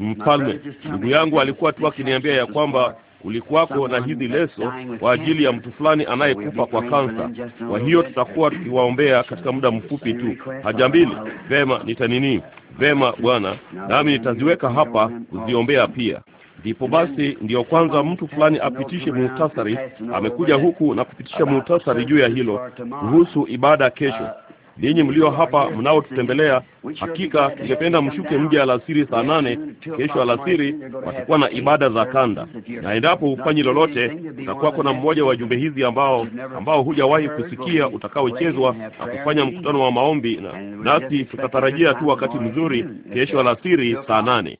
Mfalme, ndugu yangu alikuwa tu akiniambia ya kwamba kulikuwako na hizi leso kwa ajili ya mtu fulani anayekufa kwa kansa. Kwa hiyo tutakuwa tukiwaombea katika muda mfupi tu. Haja mbili. Vema, nitanini. Vema bwana, nami nitaziweka hapa kuziombea pia. Ndipo basi ndiyo kwanza mtu fulani apitishe muhtasari. Amekuja huku na kupitisha muhtasari juu ya hilo kuhusu ibada kesho. Uh, ninyi mlio hapa mnaotutembelea, hakika tungependa mshuke mji alasiri saa nane kesho alasiri. Watakuwa na ibada za kanda, na endapo hufanyi lolote, utakuwa kuna mmoja wa jumbe hizi ambao ambao hujawahi kusikia utakaochezwa na kufanya mkutano wa maombi, na nasi tutatarajia tu wakati mzuri kesho alasiri saa nane.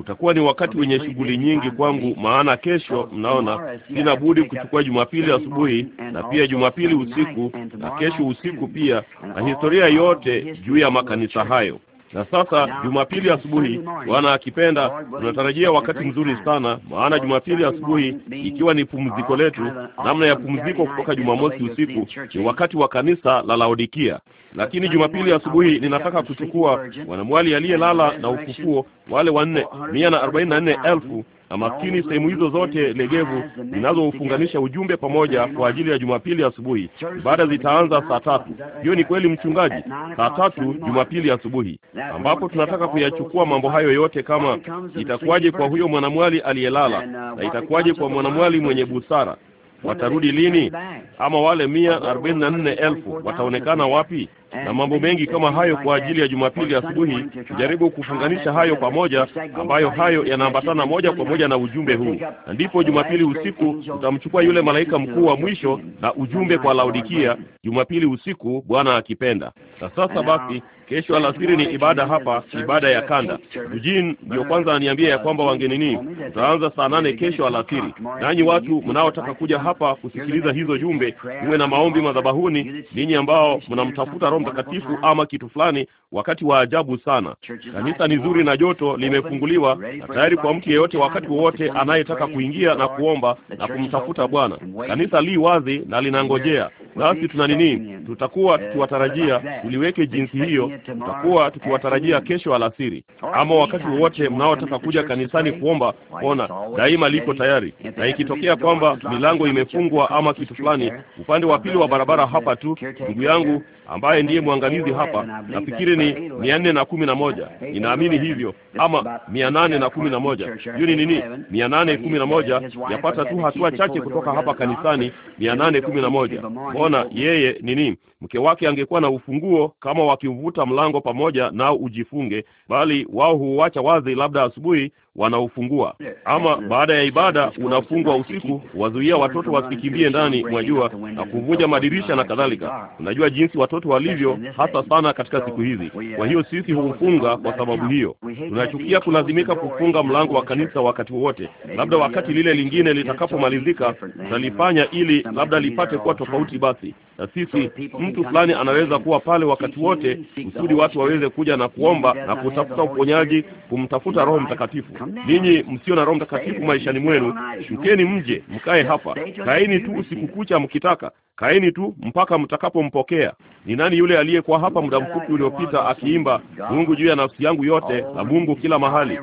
Utakuwa ni wakati wenye shughuli nyingi kwangu, maana kesho, mnaona, sina budi kuchukua Jumapili asubuhi na pia Jumapili usiku na kesho usiku pia, na historia yote juu ya makanisa hayo. Na sasa Jumapili asubuhi, Bwana akipenda, tunatarajia wakati mzuri sana, maana Jumapili asubuhi ikiwa ni pumziko letu, namna ya pumziko kutoka Jumamosi usiku, ni wakati wa kanisa la Laodikia. Lakini Jumapili asubuhi ninataka kuchukua wanamwali aliyelala na ufufuo, wale wanne mia na arobaini na nne elfu na maskini, sehemu hizo zote legevu zinazoufunganisha ujumbe pamoja kwa ajili ya Jumapili asubuhi. Ibada zitaanza saa tatu. Hiyo ni kweli, mchungaji? Saa tatu Jumapili asubuhi, ambapo tunataka kuyachukua mambo hayo yote, kama itakuwaje kwa huyo mwanamwali aliyelala na itakuwaje kwa mwanamwali mwenye busara Watarudi lini? Ama wale mia arobaini na nne elfu wataonekana wapi? Na mambo mengi kama hayo kwa ajili ya Jumapili asubuhi. Jaribu kufunganisha hayo pamoja, ambayo hayo yanaambatana moja kwa moja na ujumbe huu, na ndipo Jumapili usiku utamchukua yule malaika mkuu wa mwisho na ujumbe kwa Laodikia, Jumapili usiku, Bwana akipenda. Na sasa basi Kesho alasiri ni ibada hapa, ibada ya kanda. Eugene ndio kwanza aniambia ya kwamba wangenini, tutaanza saa nane kesho alasiri. Nanyi watu mnaotaka kuja hapa kusikiliza hizo jumbe, muwe na maombi madhabahuni, ninyi ambao mnamtafuta Roho Mtakatifu ama kitu fulani, wakati wa ajabu sana. Kanisa ni zuri na joto limefunguliwa na tayari kwa mtu yeyote wakati wowote anayetaka kuingia na kuomba na kumtafuta Bwana. Kanisa li wazi na linangojea, nasi tuna nini, tutakuwa tukiwatarajia. Tuliweke jinsi hiyo tutakuwa tukiwatarajia kesho alasiri, ama wakati wowote mnaotaka kuja kanisani kuomba. Ona, daima liko tayari, na ikitokea kwamba milango imefungwa ama kitu fulani upande wa pili wa barabara hapa tu, ndugu yangu ambaye ndiye mwangalizi hapa, nafikiri ni mia nne na kumi na moja, ninaamini hivyo, ama mia nane na kumi na moja. Hiyo ni nini? Mia nane kumi na moja, yapata tu hatua chache kutoka hapa kanisani. Mia nane kumi na moja. Mbona yeye nini, mke wake angekuwa na ufunguo kama wakivuta mlango pamoja nao ujifunge, bali wao huuacha wazi, labda asubuhi wanaofungua ama baada ya ibada unafungwa usiku, wazuia watoto wasikimbie ndani, mwajua, na kuvunja madirisha na kadhalika. Unajua jinsi watoto walivyo, hasa sana katika siku hizi. Uh, kwa hiyo sisi huufunga kwa sababu hiyo. Tunachukia kulazimika kufunga mlango wa kanisa wakati wowote, labda wakati lile lingine litakapomalizika tutalifanya ili labda lipate kuwa tofauti. Basi na sisi, mtu fulani anaweza kuwa pale wakati wote kusudi watu waweze kuja na kuomba na kutafuta uponyaji, kumtafuta Roho Mtakatifu ninyi msio na Roho Mtakatifu maishani mwenu, shukeni mje mkae hapa, kaeni tu usiku kucha mkitaka, kaeni tu mpaka mtakapompokea. Ni nani yule aliyekuwa hapa muda mfupi uliopita akiimba Mungu juu ya nafsi yangu yote na Mungu kila mahali?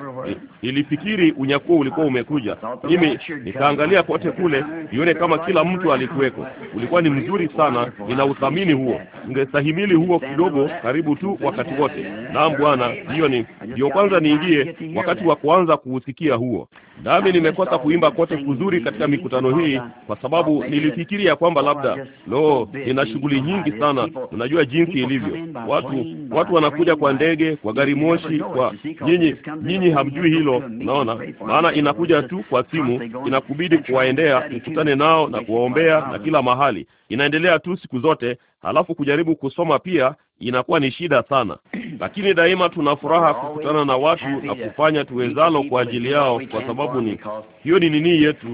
Nilifikiri unyakuo ulikuwa umekuja, mimi nikaangalia pote kule nione kama kila mtu alikuweko. Ulikuwa ni mzuri sana, nina uthamini huo. ungesahimili huo kidogo, karibu tu wakati wote. Naam Bwana, hiyo ni ndio kwanza niingie wakati wa kuanza kuusikia huo. Nami nimekosa kuimba kote kuzuri katika mikutano hii, kwa sababu nilifikiria kwamba labda Lo, nina shughuli nyingi sana. Unajua jinsi ilivyo, watu watu wanakuja kwa ndege, kwa gari moshi, kwa nyinyi. Nyinyi hamjui hilo, naona maana inakuja tu kwa simu, inakubidi kuwaendea, ukutane nao na kuwaombea na kila mahali, inaendelea tu siku zote, halafu kujaribu kusoma pia inakuwa ni shida sana, lakini daima tuna furaha kukutana na watu na kufanya tuwezalo kwa ajili yao, kwa sababu ni hiyo ni nini yetu.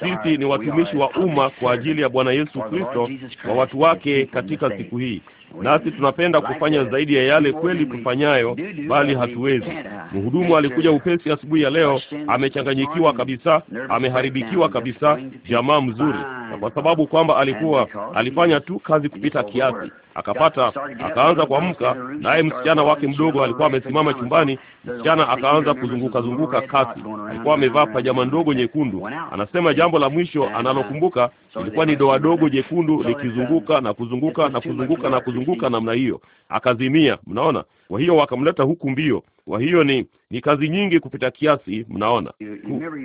Sisi ni watumishi wa umma kwa ajili ya Bwana Yesu Kristo, kwa watu wake katika siku hii nasi tunapenda kufanya zaidi ya yale kweli tufanyayo, bali hatuwezi. Mhudumu alikuja upesi asubuhi ya, leo, amechanganyikiwa kabisa, ameharibikiwa kabisa, jamaa mzuri, na kwa sababu kwamba alikuwa alifanya tu kazi kupita kiasi akapata akaanza kuamka, naye msichana wake mdogo alikuwa amesimama chumbani. Msichana akaanza kuzunguka zunguka kasi, alikuwa amevaa pajama ndogo nyekundu. Anasema jambo la mwisho uh, analokumbuka ilikuwa ni doa dogo jekundu likizunguka um, na kuzunguka na kuzunguka na kuzunguka akazunguka namna hiyo akazimia. Mnaona, kwa hiyo wakamleta huku mbio, kwa hiyo ni ni kazi nyingi kupita kiasi. Mnaona,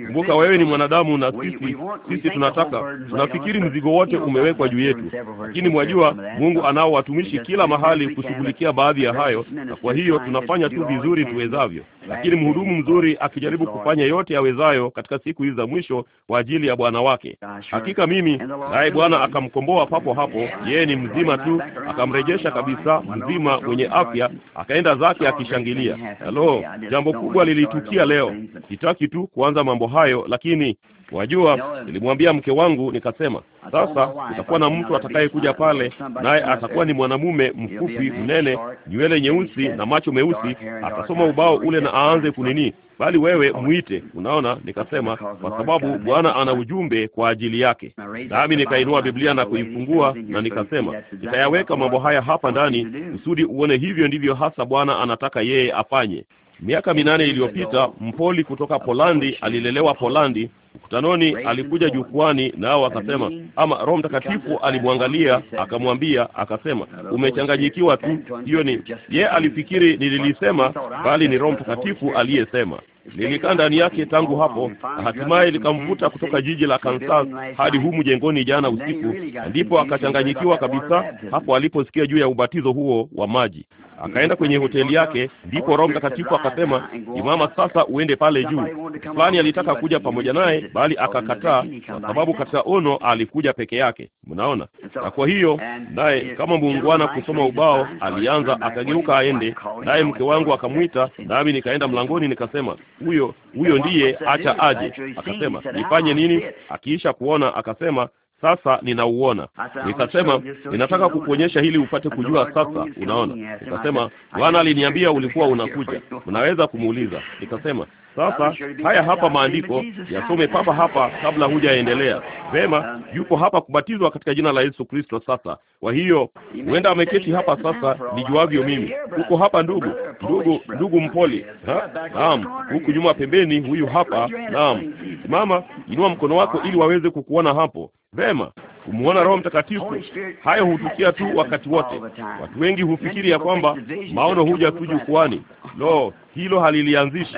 kumbuka wewe ni mwanadamu na sisi sisi tunataka tunafikiri mzigo wote umewekwa juu yetu, lakini mwajua Mungu anao watumishi kila mahali kushughulikia baadhi ya hayo, na kwa hiyo tunafanya tu vizuri tuwezavyo, lakini mhudumu mzuri akijaribu kufanya yote awezayo katika siku hizi za mwisho kwa ajili ya bwana wake. Hakika mimi naye Bwana akamkomboa papo hapo, yeye ni mzima tu, akamrejesha kabisa mzima, mwenye afya, akaenda zake akishangilia. Lo, jambo kubwa lilitukia leo. Sitaki tu kuanza mambo hayo, lakini wajua, nilimwambia mke wangu nikasema, sasa utakuwa na mtu atakayekuja pale, naye atakuwa ni mwanamume mfupi, mnene, nywele nyeusi na macho meusi, atasoma ubao ule na aanze kunini bali wewe mwite. Unaona, nikasema kwa sababu Bwana ana ujumbe kwa ajili yake. Nami nikainua Biblia na kuifungua na nikasema, nitayaweka mambo haya hapa ndani kusudi uone hivyo ndivyo hasa Bwana anataka yeye afanye. Miaka minane iliyopita Mpoli kutoka Polandi alilelewa Polandi. Mkutanoni alikuja jukwani, nao akasema, ama Roho Mtakatifu alimwangalia akamwambia, akasema umechanganyikiwa tu. Hiyo ni ye alifikiri nililisema, bali ni Roho Mtakatifu aliyesema. Lilikaa ndani yake tangu hapo, na hatimaye likamvuta kutoka jiji la Kansas hadi humu jengoni jana usiku, ndipo akachanganyikiwa kabisa hapo aliposikia juu ya ubatizo huo wa maji. Akaenda kwenye hoteli yake, ndipo Roho Mtakatifu akasema, imama sasa uende pale juu. Fulani alitaka kuja pamoja naye, bali akakataa, kwa sababu katika ono alikuja peke yake. Mnaona? Na kwa hiyo naye kama muungwana kusoma ubao alianza, akageuka aende naye, mke wangu akamwita, nami nikaenda mlangoni nikasema huyo huyo ndiye acha aje. Akasema nifanye nini? Akiisha kuona akasema sasa ninauona. Nikasema ninataka kukuonyesha hili upate kujua sasa unaona. Nikasema Bwana aliniambia ulikuwa unakuja, unaweza kumuuliza. Nikasema sasa haya hapa maandiko yasome papa hapa kabla hujaendelea. Vema, um, yupo hapa kubatizwa katika jina la Yesu Kristo. Sasa kwa hiyo huenda ameketi hapa sasa, nijuavyo mimi. Huko hapa ndugu, ndugu, ndugu Mpoli. Naam, huku nyuma pembeni, huyu hapa. Naam, simama, inua mkono wako ili waweze kukuona hapo. Vema, kumwona Roho Mtakatifu, hayo hutukia tu wakati wote. Watu wengi hufikiri ya kwamba maono huja tu jukwani. Lo, hilo halilianzishi.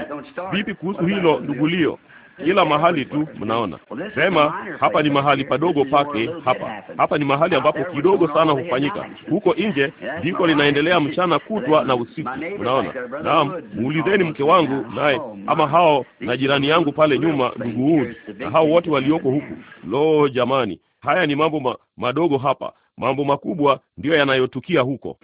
Vipi kuhusu hilo, ndugu Leo? kila mahali tu mnaona. Sema hapa ni mahali padogo pake hapa. Hapa ni mahali ambapo kidogo sana hufanyika. Huko nje jiko linaendelea mchana kutwa na usiku, mnaona. Naam, muulizeni mke wangu naye, ama hao na jirani yangu pale nyuma, ndugu huyu na hao wote walioko huku. Lo, jamani, haya ni mambo ma, madogo hapa. Mambo makubwa ndiyo yanayotukia huko.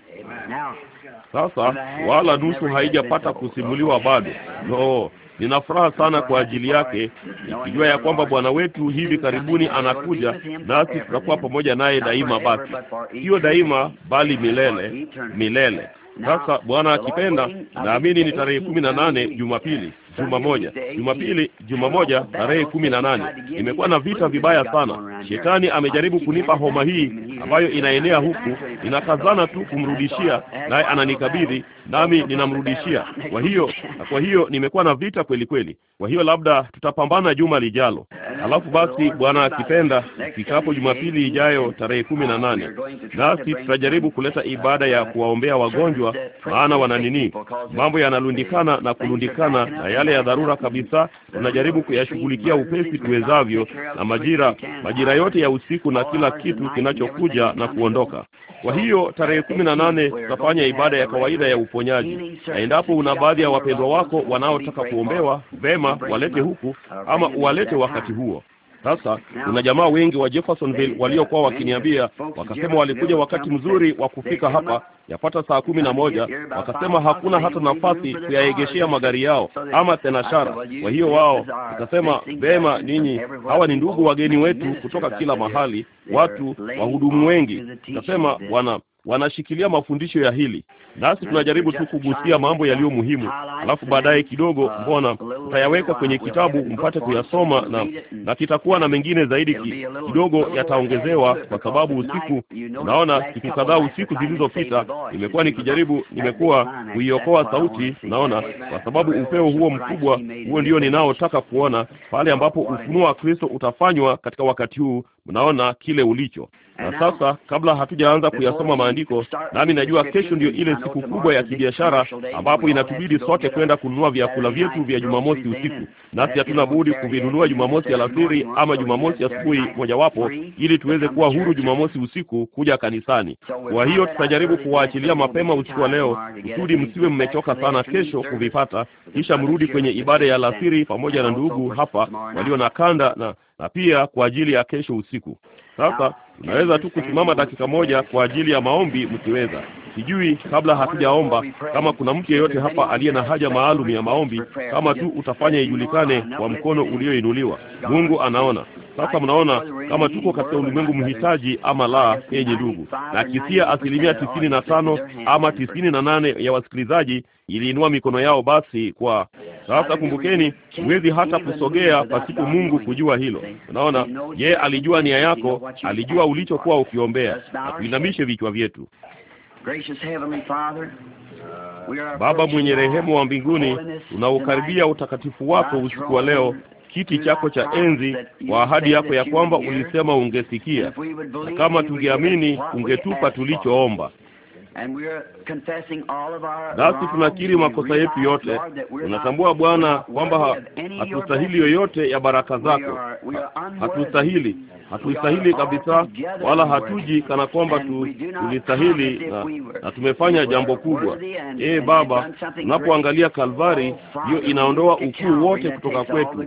Sasa wala nusu haijapata kusimuliwa bado. Lo, Nina furaha sana kwa ajili yake nikijua ya kwamba Bwana wetu hivi karibuni anakuja, nasi tutakuwa pamoja naye daima. Basi hiyo daima, bali milele milele. Sasa Bwana akipenda, naamini ni tarehe kumi na nane Jumapili juma moja, Jumapili, juma moja tarehe kumi na nane. Nimekuwa na vita vibaya sana. Shetani amejaribu kunipa homa hii ambayo inaenea huku, inakazana tu kumrudishia, naye ananikabidhi nami ninamrudishia. Kwa hiyo kwa hiyo nimekuwa na vita kweli kweli. Kwa hiyo labda tutapambana juma lijalo, alafu basi, Bwana akipenda, ifikapo Jumapili ijayo tarehe kumi na nane, nasi tutajaribu kuleta ibada ya uh, kuwaombea wagonjwa, maana wana nini, mambo yanalundikana na kulundikana na yale yale ya dharura kabisa, tunajaribu kuyashughulikia upesi tuwezavyo, na majira majira yote ya usiku na kila kitu kinachokuja na kuondoka. Kwa hiyo tarehe kumi na nane tutafanya ibada ya kawaida ya uponyaji, na endapo una baadhi ya wapendwa wako wanaotaka kuombewa, vema, walete huku ama uwalete wakati huo. Sasa kuna jamaa wengi wa Jeffersonville waliokuwa wakiniambia, wakasema walikuja wakati mzuri wa kufika hapa, yapata saa kumi na moja wakasema hakuna hata nafasi kuyaegeshea magari yao ama thenashara. Kwa hiyo wao wakasema vema, ninyi hawa ni ndugu wageni wetu kutoka kila mahali, watu wahudumu wengi. Kasema bwana wanashikilia mafundisho ya hili nasi tunajaribu tu kugusia mambo yaliyo muhimu, alafu baadaye kidogo, mbona tutayaweka kwenye kitabu mpate kuyasoma, na na kitakuwa na mengine zaidi kidogo yataongezewa, kwa sababu usiku, unaona, siku kadhaa usiku zilizopita nimekuwa nikijaribu, nimekuwa kuiokoa sauti, naona, kwa sababu upeo huo mkubwa, huo ndio ninaotaka kuona, pale ambapo ufunuo wa Kristo utafanywa katika wakati huu. Mnaona kile ulicho na sasa kabla hatujaanza kuyasoma maandiko, nami najua kesho ndio ile siku kubwa ya kibiashara ambapo inatubidi sote kwenda kununua vyakula vyetu vya Jumamosi usiku, nasi hatuna budi kuvinunua Jumamosi alasiri ama Jumamosi asubuhi mojawapo, ili tuweze kuwa huru Jumamosi usiku kuja kanisani. Kwa hiyo tutajaribu kuwaachilia mapema usiku wa leo kusudi msiwe mmechoka sana kesho kuvipata, kisha mrudi kwenye ibada ya alasiri pamoja na ndugu hapa walio na kanda na na pia kwa ajili ya kesho usiku. Sasa Tunaweza tu kusimama dakika moja kwa ajili ya maombi mkiweza. Sijui kabla hatujaomba kama kuna mtu yeyote hapa aliye na haja maalum ya maombi, kama tu utafanya ijulikane kwa mkono ulioinuliwa. Mungu anaona. Sasa mnaona kama tuko katika ulimwengu mhitaji ama la, yenye ndugu, na kisia asilimia tisini na tano ama tisini na nane ya wasikilizaji iliinua mikono yao. Basi kwa sasa, kumbukeni, huwezi hata kusogea pasipo Mungu kujua hilo. Unaona, yeye alijua nia yako, alijua ulichokuwa ukiombea. Na tuinamishe vichwa vyetu. Baba mwenye rehemu wa mbinguni, unaokaribia utakatifu wako usiku wa leo, kiti chako cha enzi, kwa ahadi yako ya kwamba ulisema ungesikia, na kama tungeamini ungetupa tulichoomba nasi tunakiri makosa yetu yote. Unatambua Bwana kwamba hatustahili yoyote ya baraka zako, hatustahili, hatustahili kabisa, wala hatuji kana kwamba tu tulistahili, na, na tumefanya jambo kubwa. Ee Baba, tunapoangalia Kalvari, oh, hiyo inaondoa ukuu wote kutoka kwetu.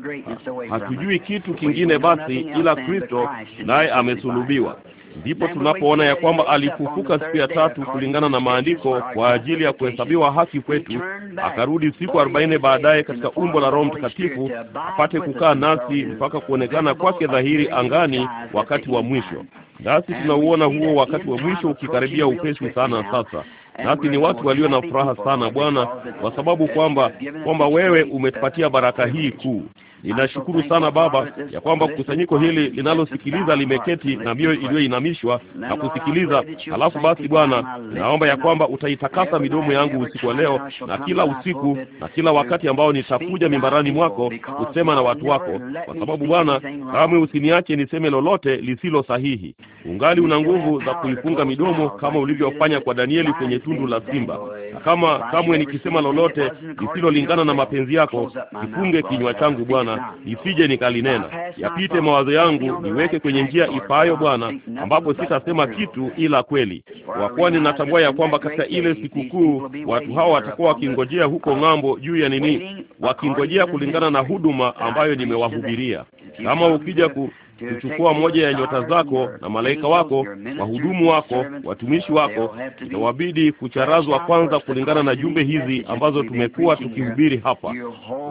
Hatujui kitu kingine basi ila Kristo, naye amesulubiwa Ndipo tunapoona ya kwamba alifufuka siku ya tatu kulingana na maandiko kwa ajili ya kuhesabiwa haki kwetu, akarudi siku arobaini baadaye katika umbo la Roho Mtakatifu apate kukaa nasi mpaka kuonekana kwake dhahiri angani wakati wa mwisho. Nasi tunauona huo wakati wa mwisho ukikaribia upesi sana sasa. Nasi ni watu walio na furaha sana Bwana, kwa sababu kwamba kwamba wewe umetupatia baraka hii kuu. Ninashukuru sana Baba ya kwamba kusanyiko hili linalosikiliza limeketi na mioyo iliyoinamishwa na kusikiliza. alafu basi, Bwana, naomba ya kwamba utaitakasa midomo yangu usiku wa leo na kila usiku na kila wakati ambao nitakuja mimbarani mwako kusema na watu wako, kwa sababu Bwana, kamwe usiniache niseme lolote lisilo sahihi. Ungali una nguvu za kuifunga midomo kama ulivyofanya kwa Danieli kwenye tundu la simba, na kama kamwe nikisema lolote lisilolingana na mapenzi yako, kifunge kinywa changu Bwana Bwana, nisije nikalinena. Yapite mawazo yangu, niweke kwenye njia ifayo Bwana, ambapo sitasema kitu ila kweli. Kwa kuwa ninatambua ya kwamba katika ile sikukuu watu hao watakuwa wakingojea huko ng'ambo juu ya nini, wakingojea kulingana na huduma ambayo nimewahubiria. Kama ukija ku kuchukua moja ya nyota zako na malaika wako, wahudumu wako, watumishi wako, itawabidi kucharazwa kwanza kulingana na jumbe hizi ambazo tumekuwa tukihubiri hapa.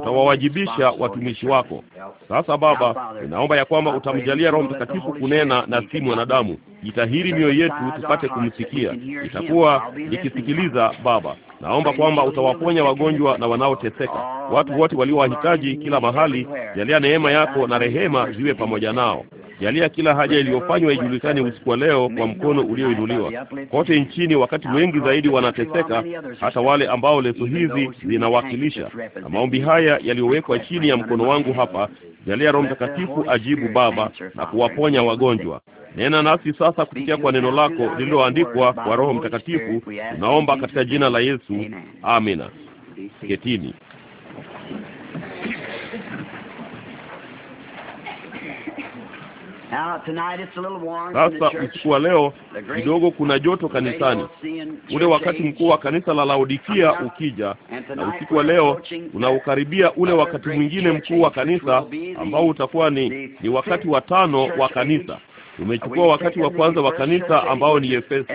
Utawawajibisha watumishi wako. Sasa Baba, ninaomba ya kwamba utamjalia Roho Mtakatifu kunena na si mwanadamu. Jitahiri mioyo yetu tupate kumsikia. Itakuwa nikisikiliza Baba, naomba kwamba utawaponya wagonjwa na wanaoteseka, watu wote waliowahitaji kila mahali. Jalia neema yako na rehema ziwe pamoja nao. Jalia kila haja iliyofanywa ijulikane usiku wa leo kwa mkono ulioinuliwa kote nchini, wakati wengi zaidi wanateseka, hata wale ambao leso hizi zinawakilisha. Na maombi haya yaliyowekwa chini ya mkono wangu hapa, jalia Roho Mtakatifu ajibu Baba na kuwaponya wagonjwa. Nena nasi sasa kupitia kwa neno lako lililoandikwa kwa Roho Mtakatifu, tunaomba katika jina la Yesu, amina. Ketini. Sasa usiku wa leo kidogo kuna joto kanisani, ule wakati mkuu wa kanisa la Laodikia ukija, na usiku wa leo unaukaribia ule wakati mwingine mkuu wa kanisa ambao utakuwa ni ni wakati wa tano wa kanisa Tumechukua wakati wa kwanza wa kanisa ambao ni Efeso.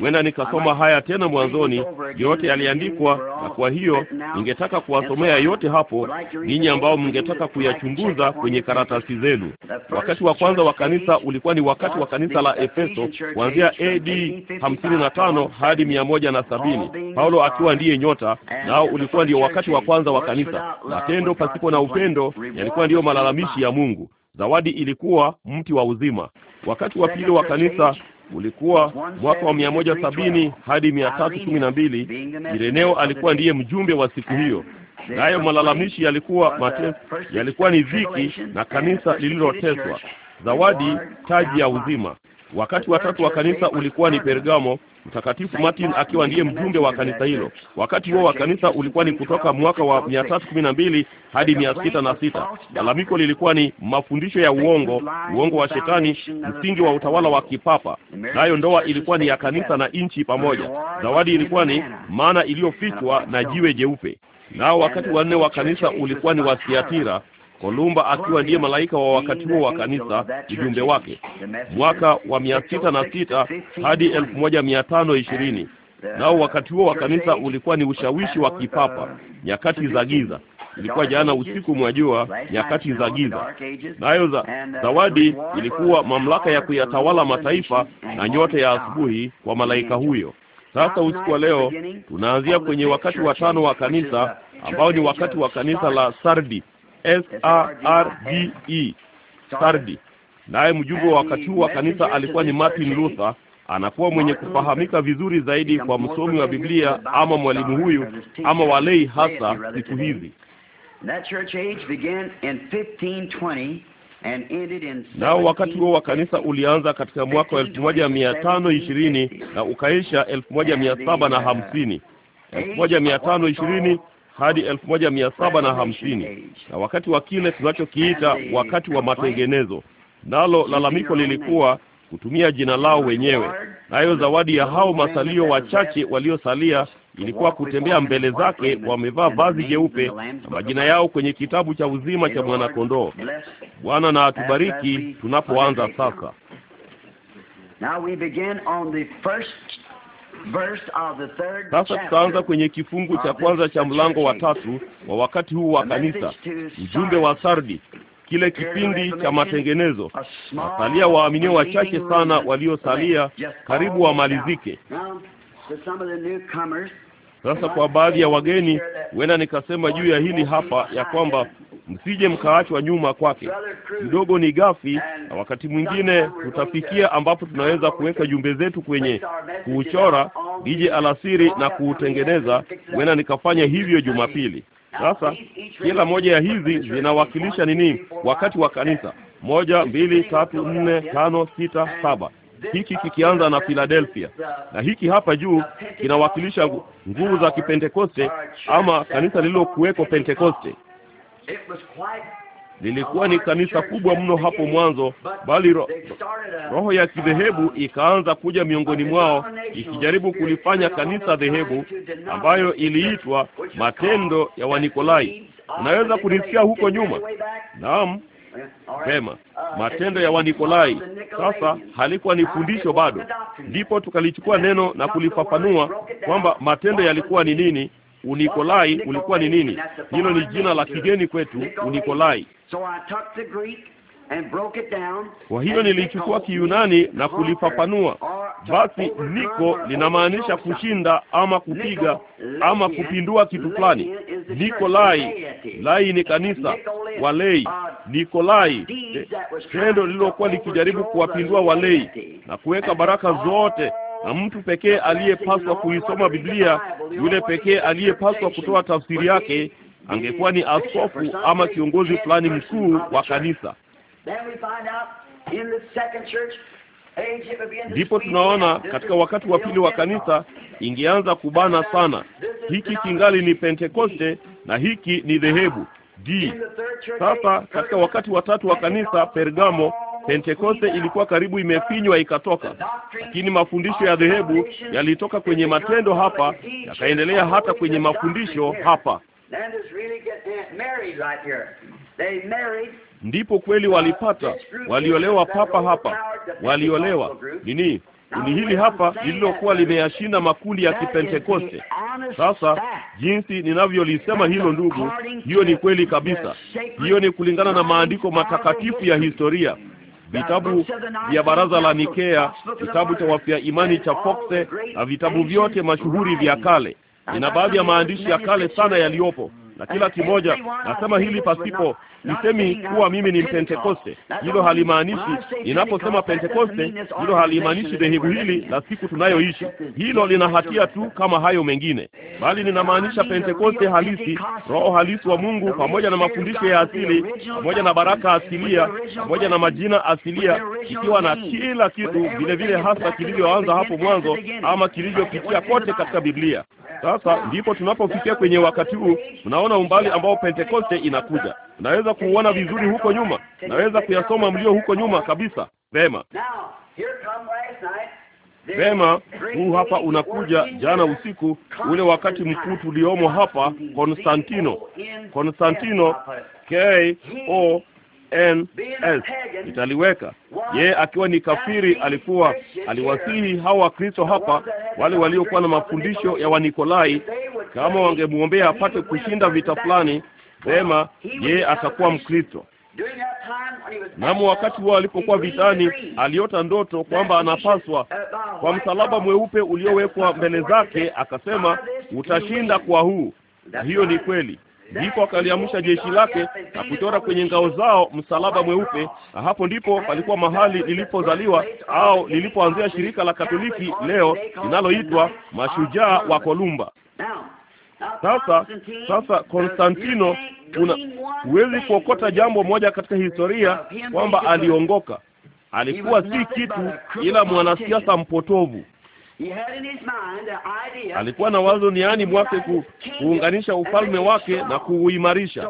Huenda nikasoma haya tena mwanzoni, yote yaliandikwa, na kwa hiyo ningetaka kuwasomea yote hapo ninyi ambao mngetaka kuyachunguza kwenye karatasi zenu. Wakati wa kwanza wa kanisa ulikuwa ni wakati wa kanisa la Efeso kuanzia AD 55 hadi mia moja na sabini, Paulo akiwa ndiye nyota, nao ulikuwa ndio wakati wa kwanza wa kanisa. Matendo pasipo na upendo yalikuwa ndiyo malalamishi ya Mungu. Zawadi ilikuwa mti wa uzima. Wakati wa pili wa kanisa ulikuwa mwaka wa mia moja sabini hadi mia tatu kumi na mbili. Ireneo alikuwa ndiye mjumbe wa siku hiyo, nayo malalamishi yalikuwa uh, mateso, yalikuwa ni dhiki na kanisa lililoteswa, zawadi taji ya uzima. Wakati wa tatu wa kanisa ulikuwa ni Pergamo, Mtakatifu Martin akiwa ndiye mjumbe wa kanisa hilo. Wakati huo wa kanisa ulikuwa ni kutoka mwaka wa 312 hadi mia na sita. Lalamiko lilikuwa ni mafundisho ya uongo, uongo wa shetani, msingi wa utawala wa kipapa, nayo ndoa ilikuwa ni ya kanisa na nchi pamoja. Zawadi ilikuwa ni mana iliyofichwa na jiwe jeupe. Nao wakati wa nne wa kanisa ulikuwa ni wa Thiatira, Kolumba akiwa ndiye malaika wa wakati huo wa kanisa, ujumbe wake, mwaka wa mia sita na sita hadi elfu moja mia tano ishirini. Nao wakati huo wa kanisa ulikuwa ni ushawishi wa kipapa, nyakati za giza ilikuwa jana usiku mwa jua, nyakati za giza. Nayo za zawadi ilikuwa mamlaka ya kuyatawala mataifa na nyota ya asubuhi kwa malaika huyo. Sasa usiku wa leo tunaanzia kwenye wakati wa tano wa kanisa ambao ni wakati wa kanisa la Sardi, S A R D E sardi. E. Naye mjumbe wa wakati wa kanisa alikuwa ni Martin Luther. Anakuwa mwenye kufahamika vizuri zaidi kwa msomi wa Biblia ama mwalimu huyu ama walei, hasa siku hizi. Nao wakati huo wa kanisa ulianza katika mwaka wa elfu moja mia tano ishirini na ukaisha elfu moja mia saba na hamsini elfu moja mia tano ishirini hadi elfu moja mia saba na hamsini na wakati wa kile tunachokiita wakati wa matengenezo, nalo lalamiko lilikuwa kutumia jina lao wenyewe, nayo zawadi ya hao masalio wachache waliosalia ilikuwa kutembea mbele zake wamevaa vazi jeupe na majina yao kwenye kitabu cha uzima cha mwanakondoo. Bwana na atubariki tunapoanza sasa. Sasa tutaanza kwenye kifungu cha kwanza cha mlango wa tatu wa wakati huu wa kanisa, ujumbe wa Sardi, kile kipindi cha matengenezo. Wasalia waaminio wachache sana waliosalia, karibu wamalizike. Sasa kwa baadhi ya wageni, huenda nikasema juu ya hili hapa ya kwamba msije mkaachwa nyuma kwake. Mdogo ni gafi, na wakati mwingine tutafikia ambapo tunaweza kuweka jumbe zetu kwenye kuuchora dije alasiri na kuutengeneza. Huenda nikafanya hivyo Jumapili. Sasa kila moja ya hizi zinawakilisha nini wakati wa kanisa? Moja, mbili, tatu, nne, tano, sita, saba hiki kikianza na Philadelphia, na hiki hapa juu kinawakilisha nguvu za Kipentekoste ama kanisa lililokuweko Pentekoste. Lilikuwa ni kanisa kubwa mno hapo mwanzo, bali ro roho ya kidhehebu ikaanza kuja miongoni mwao ikijaribu kulifanya kanisa dhehebu, ambayo iliitwa matendo ya Wanikolai. Unaweza kunisikia huko nyuma? Naam. Pema, eh, uh, Matendo ya Wanikolai sasa halikuwa ni ah, fundisho bado, ndipo tukalichukua neno na kulifafanua kwamba matendo yalikuwa ni nini, Unikolai ulikuwa ni nini. Hilo ni jina la kigeni kwetu, Unikolai. Kwa hiyo nilichukua oh, Kiyunani na kulifafanua. Basi niko linamaanisha kushinda ama kupiga ama kupindua kitu fulani. Nikolai, lai ni kanisa, walei Nikolai, eh, tendo lililokuwa likijaribu kuwapindua walei na kuweka baraka zote na mtu pekee aliyepaswa kuisoma Biblia, yule pekee aliyepaswa kutoa tafsiri yake angekuwa ni askofu ama kiongozi fulani mkuu wa kanisa. Ndipo tunaona katika wakati wa pili wa kanisa ingeanza kubana sana. Hiki kingali ni Pentekoste na hiki ni dhehebu d. Sasa katika wakati wa tatu wa kanisa Pergamo, Pentekoste ilikuwa karibu imefinywa ikatoka, lakini mafundisho ya dhehebu yalitoka kwenye matendo hapa, yakaendelea hata kwenye mafundisho hapa. Ndipo kweli walipata, waliolewa papa hapa, waliolewa nini kundi hili hapa lililokuwa limeyashinda makundi ya Kipentekoste. Sasa jinsi ninavyolisema hilo, ndugu, hiyo ni kweli kabisa. Hiyo ni kulingana na maandiko matakatifu ya historia, vitabu vya baraza la Nikea, kitabu cha wafia imani cha Foxe na vitabu vyote mashuhuri vya kale. Nina baadhi ya maandishi ya kale sana yaliyopo na kila kimoja nasema hili pasipo Nisemi kuwa mimi ni Mpentekoste. Hilo halimaanishi, ninaposema Pentekoste, hilo halimaanishi dhehebu hili la siku tunayoishi. Hilo lina hatia tu kama hayo mengine, bali ninamaanisha Pentekoste halisi, roho halisi wa Mungu pamoja na mafundisho ya asili, pamoja na baraka asilia, pamoja na majina asilia, ikiwa na kila kitu vile vile hasa kilivyoanza hapo mwanzo ama kilivyopitia kote katika Biblia. Sasa ndipo tunapofikia kwenye wakati huu, tunaona umbali ambao Pentekoste inakuja. Unaweza kuona vizuri huko nyuma, naweza kuyasoma mlio huko nyuma kabisa. Vema, vema, huu hapa unakuja jana usiku, ule wakati mkuu tuliomo hapa Konstantino, Konstantino K O N S italiweka ye akiwa ni kafiri. Alikuwa aliwasihi hawa Wakristo hapa, wale waliokuwa na mafundisho ya Wanikolai, kama wangemwombea apate kushinda vita fulani kusema ye atakuwa Mkristo. Namu wakati wao alipokuwa vitani, aliota ndoto kwamba anapaswa kwa msalaba mweupe uliowekwa mbele zake, akasema utashinda kwa huu, na hiyo ni kweli. Ndipo akaliamsha jeshi lake na kuchora kwenye ngao zao msalaba mweupe, na hapo ndipo palikuwa mahali lilipozaliwa au lilipoanzia shirika la Katoliki leo linaloitwa mashujaa wa Kolumba. Sasa sasa, Konstantino, una huwezi kuokota jambo moja katika historia kwamba aliongoka. Alikuwa si kitu ila mwanasiasa mpotovu. Alikuwa na wazo niani mwake ku, kuunganisha ufalme wake na kuuimarisha.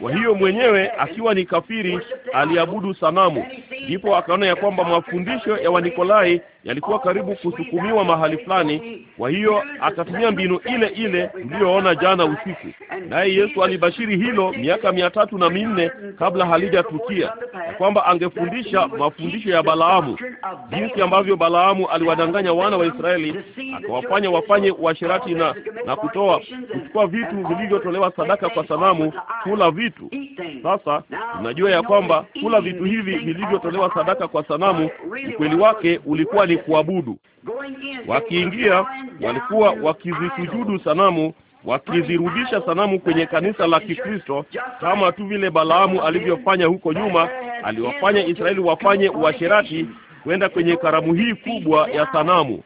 Kwa hiyo mwenyewe akiwa ni kafiri aliabudu sanamu, ndipo akaona ya kwamba mafundisho ya Wanikolai yalikuwa karibu kusukumiwa mahali fulani. Kwa hiyo akatumia mbinu ile ile mliyoona jana usiku, naye Yesu alibashiri hilo miaka mia tatu na minne kabla halijatukia, na kwamba angefundisha mafundisho ya Balaamu, jinsi ambavyo Balaamu aliwadanganya wana wa Israeli akawafanya wafanye uasherati na, na kutoa kuchukua vitu vilivyotolewa sadaka kwa sanamu, kula vitu. Sasa tunajua ya kwamba kula vitu hivi vilivyotolewa sadaka kwa sanamu, ukweli wake ulikuwa ni kuabudu. Wakiingia walikuwa wakizisujudu sanamu wakizirudisha sanamu kwenye kanisa la Kikristo kama tu vile Balaamu alivyofanya huko nyuma. Aliwafanya Israeli wafanye uasherati kwenda kwenye karamu hii kubwa ya sanamu.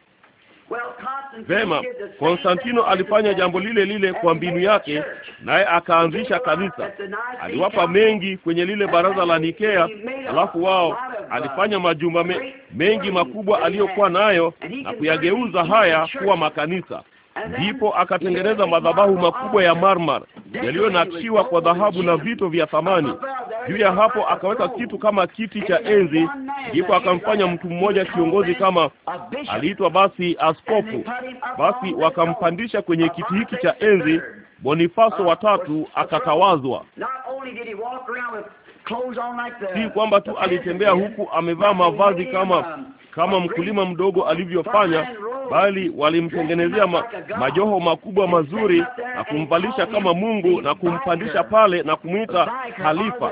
Vema, Konstantino alifanya jambo lile lile kwa mbinu yake, naye akaanzisha kanisa. Aliwapa mengi kwenye lile baraza la Nikea, alafu wao uh, alifanya majumba me, mengi makubwa aliyokuwa nayo na kuyageuza haya kuwa makanisa. Ndipo akatengeneza madhabahu makubwa ya uh, marmar yaliyonakshiwa kwa dhahabu na vito vya thamani, juu ya hapo akaweka kitu kama kiti cha enzi, ndipo akamfanya mtu mmoja kiongozi, kama aliitwa basi askofu. Basi wakampandisha kwenye kiti hiki cha enzi. Bonifaso watatu akatawazwa. Si kwamba tu alitembea huku amevaa mavazi kama kama mkulima mdogo alivyofanya, bali walimtengenezea ma, majoho makubwa mazuri na kumvalisha kama Mungu na kumpandisha pale na kumwita halifa.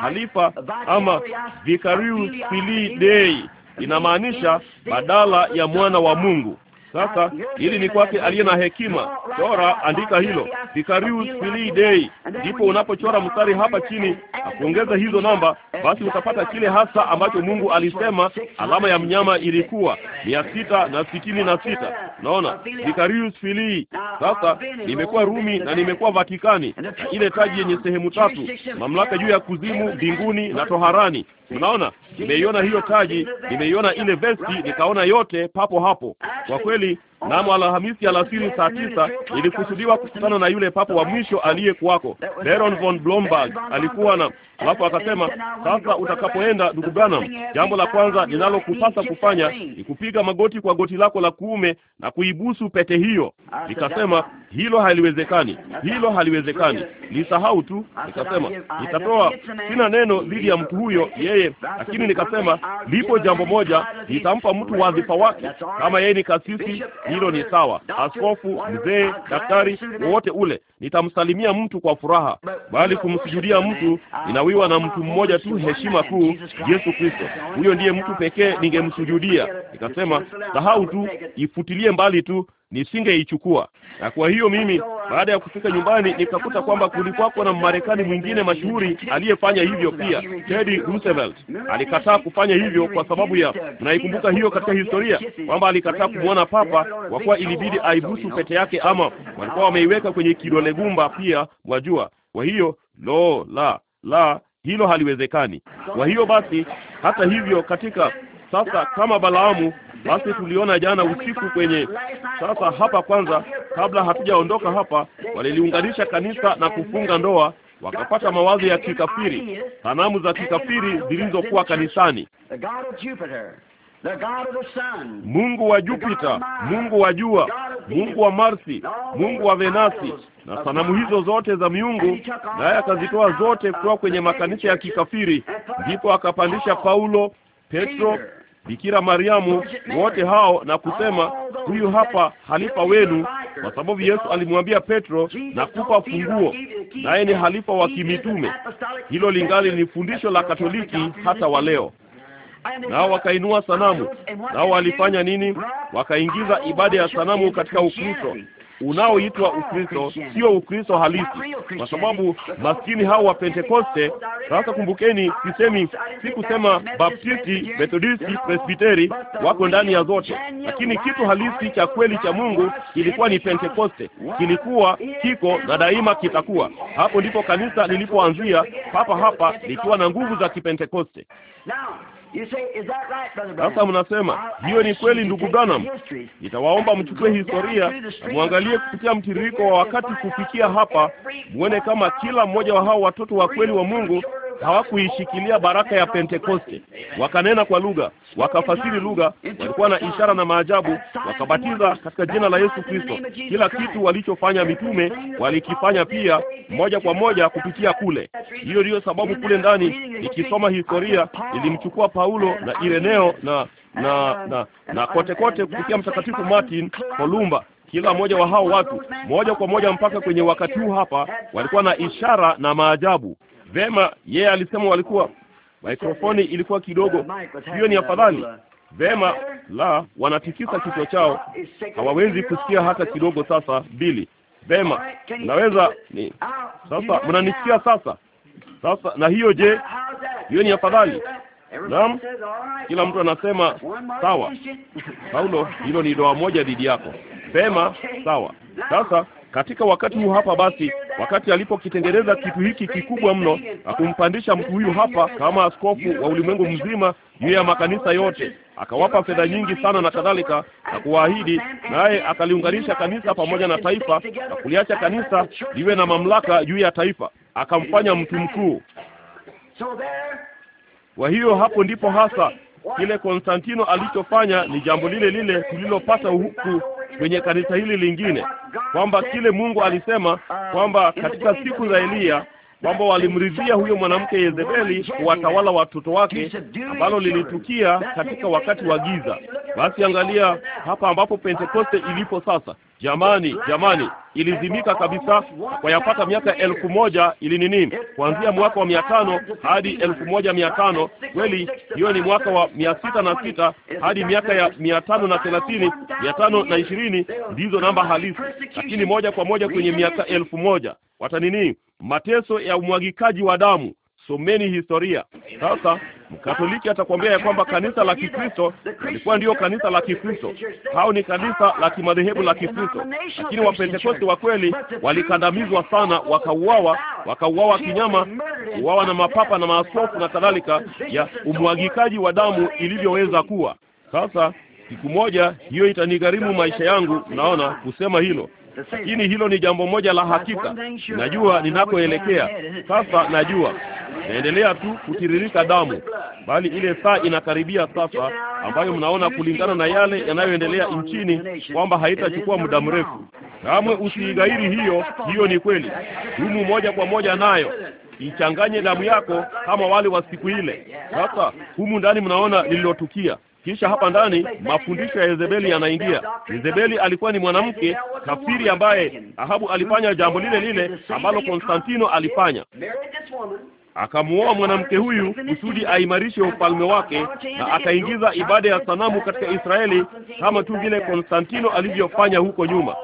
Halifa ama vikariu filii dei inamaanisha badala ya mwana wa Mungu. Sasa hili ni kwake aliye na hekima. Chora, andika hilo Vicarius Filii Dei, ndipo unapochora mstari hapa chini na kuongeza hizo namba, basi utapata kile hasa ambacho Mungu alisema alama ya mnyama ilikuwa mia sita na sitini na sita. Naona Vicarius Filii. Sasa nimekuwa Rumi na nimekuwa Vatikani na ile taji yenye sehemu tatu, mamlaka juu ya kuzimu, mbinguni na toharani. Unaona, nimeiona hiyo taji, nimeiona ile vesti, nikaona yote papo hapo, kwa kweli. only Namo Alhamisi alasiri saa tisa ilikusudiwa kukutana na yule papo wa mwisho aliyekuwako Baron von Blomberg alikuwa na alafu akasema, sasa utakapoenda ndugu Branham, jambo la kwanza linalokupasa kufanya ni kupiga magoti kwa goti lako la kuume na kuibusu pete hiyo. Nikasema hilo haliwezekani, hilo haliwezekani, nisahau tu. Nikasema nitatoa, sina neno dhidi ya mtu huyo yeye, lakini nikasema lipo jambo moja, nitampa mtu wadhifa wake, kama yeye ni kasisi hilo ni sawa. Askofu, mzee, daktari, wowote ule, nitamsalimia mtu kwa furaha, bali kumsujudia mtu inawiwa na mtu mmoja tu heshima kuu, Yesu Kristo. Huyo ndiye mtu pekee ningemsujudia. Nikasema sahau tu, ifutilie mbali tu nisingeichukua. Na kwa hiyo mimi, baada ya kufika nyumbani, nikakuta kwamba kulikuwako na Mmarekani mwingine mashuhuri aliyefanya hivyo pia. Teddy Roosevelt alikataa kufanya hivyo kwa sababu ya, mnaikumbuka hiyo katika historia kwamba alikataa kumwona Papa kwa kuwa ilibidi aibusu pete yake, ama walikuwa wameiweka kwenye kidole gumba pia, mwajua. Kwa hiyo lo, la la, hilo haliwezekani. Kwa hiyo basi, hata hivyo, katika sasa kama Balaamu, basi tuliona jana usiku kwenye. Sasa hapa kwanza, kabla hatujaondoka hapa, waliliunganisha kanisa na kufunga ndoa, wakapata mawazo ya kikafiri, sanamu za kikafiri zilizokuwa kanisani. Mungu wa Jupita, Mungu wa jua, Mungu wa Marsi, Mungu wa Venasi na sanamu hizo zote za miungu, naye akazitoa zote kutoka kwenye makanisa ya kikafiri. Ndipo akapandisha Paulo Petro, Bikira Mariamu, wote hao na kusema, huyu hapa halifa wenu, kwa sababu Yesu alimwambia Petro, nakupa funguo, naye ni halifa wa kimitume. Hilo lingali ni fundisho la Katoliki hata wa leo. Nao wakainua sanamu. Nao walifanya nini? Wakaingiza ibada ya sanamu katika Ukristo unaoitwa Ukristo sio Ukristo halisi, kwa sababu maskini hao wa Pentekoste. Sasa kumbukeni, sisemi, kusema Baptisti, Methodisti, Presbiteri wako ndani ya zote, lakini kitu halisi cha kweli cha Mungu kilikuwa ni Pentekoste, kilikuwa kiko na daima kitakuwa. Hapo ndipo kanisa lilipoanzia, papa hapa likiwa na nguvu za Kipentekoste. Sasa mnasema hiyo ni kweli, ndugu Branham? Nitawaomba mchukue historia na mwangalie kupitia mtiririko wa wakati kufikia hapa, muone kama kila mmoja wa hao watoto wa kweli wa Mungu hawakuishikilia baraka ya Pentekoste. Wakanena kwa lugha, wakafasiri lugha, walikuwa na ishara na maajabu, wakabatiza katika jina la Yesu Kristo. Kila kitu walichofanya mitume walikifanya pia, moja kwa moja kupitia kule. Hiyo ndiyo sababu kule ndani, nikisoma historia, ilimchukua Paulo na Ireneo na na na na kote kote kupitia Mtakatifu Martin Kolumba kila mmoja wa hao watu moja kwa moja mpaka kwenye wakati huu hapa walikuwa na ishara na maajabu. Vema, yeye alisema walikuwa mikrofoni ilikuwa kidogo, hiyo ni afadhali. Vema, la, wanatikisa kichwa chao, hawawezi kusikia hata kidogo. Sasa bili vema, naweza ni sasa, mnanisikia sasa? Sasa na hiyo je, hiyo ni afadhali? Naam, kila mtu anasema sawa. Paulo, hilo ni doa moja dhidi yako. Vema, sawa. Sasa katika wakati huu hapa. Basi wakati alipokitengeneza kitu hiki kikubwa mno na kumpandisha mtu huyu hapa kama askofu wa ulimwengu mzima juu ya makanisa yote, akawapa fedha nyingi sana na kadhalika, na kuwaahidi, naye akaliunganisha kanisa pamoja na taifa na kuliacha kanisa liwe na mamlaka juu ya taifa, akamfanya mtu mkuu. Kwa hiyo hapo ndipo hasa Kile Konstantino alichofanya ni jambo lile lile tulilopata huku kwenye kanisa hili lingine, kwamba kile Mungu alisema kwamba katika siku za Eliya kwamba walimridhia huyo mwanamke Yezebeli kuwatawala watoto wake, ambalo lilitukia katika wakati wa giza. Basi angalia hapa ambapo Pentekoste ilipo sasa. Jamani, jamani, ilizimika kabisa kwa yapata miaka elfu moja ili nini, kuanzia mwaka wa mia tano hadi elfu moja mia tano Kweli hiyo ni mwaka wa mia sita na sita hadi miaka ya mia tano na thelathini mia tano na ishirini ndizo namba halisi, lakini moja kwa moja kwenye miaka elfu moja watanini, mateso ya umwagikaji wa damu someni historia. Sasa Mkatoliki atakwambia ya kwamba kanisa la Kikristo lilikuwa ndiyo kanisa la Kikristo, hao ni kanisa la kimadhehebu la Kikristo. Lakini Wapentekosti wa kweli walikandamizwa sana, wakauawa, wakauawa kinyama, kuuawa na mapapa na maaskofu na kadhalika, ya umwagikaji wa damu ilivyoweza kuwa. Sasa siku moja hiyo itanigharimu maisha yangu, naona kusema hilo lakini hilo ni jambo moja la hakika. Najua ninakoelekea sasa, najua naendelea tu kutiririka damu, bali ile saa inakaribia sasa, ambayo mnaona kulingana na yale yanayoendelea nchini kwamba haitachukua muda mrefu. Kamwe usiigairi hiyo, hiyo ni kweli. Dumu moja kwa moja nayo ichanganye damu yako kama wale wa siku ile. Sasa humu ndani mnaona lililotukia. Kisha hapa ndani mafundisho ya Yezebeli yanaingia. Yezebeli alikuwa ni mwanamke kafiri ambaye Ahabu alifanya jambo lile lile ambalo Konstantino alifanya akamuoa mwanamke huyu kusudi aimarishe ufalme wake na akaingiza ibada ya sanamu katika Israeli kama tu vile Konstantino alivyofanya huko nyuma.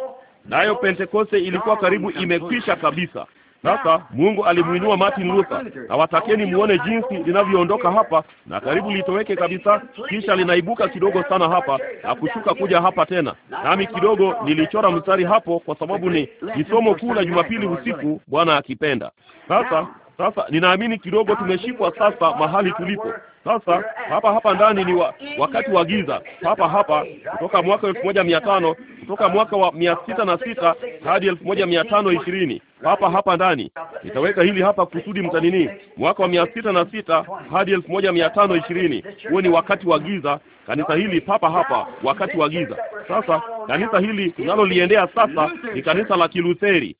Nayo Pentekoste ilikuwa karibu imekwisha kabisa. Sasa ah. Mungu alimuinua ah, Martin Luther, na watakeni ah, muone jinsi linavyoondoka hapa na karibu litoweke kabisa, kisha linaibuka kidogo sana hapa na kushuka kuja hapa tena. Nami kidogo nilichora mstari hapo, kwa sababu ni kisomo kuu la Jumapili usiku, Bwana akipenda. Sasa sasa ninaamini kidogo tumeshikwa sasa mahali tulipo. Sasa hapa hapa ndani ni wa, wakati wa giza hapa hapa kutoka mwaka elfu moja mia tano kutoka mwaka wa mia sita na sita hadi elfu moja mia tano ishirini hapa hapa ndani. Nitaweka hili hapa kusudi mtanini, mwaka wa mia sita na sita hadi elfu moja mia tano ishirini huo ni wakati wa giza. Kanisa hili papa hapa, wakati wa giza. Sasa kanisa hili tunaloliendea sasa ni kanisa la Kilutheri.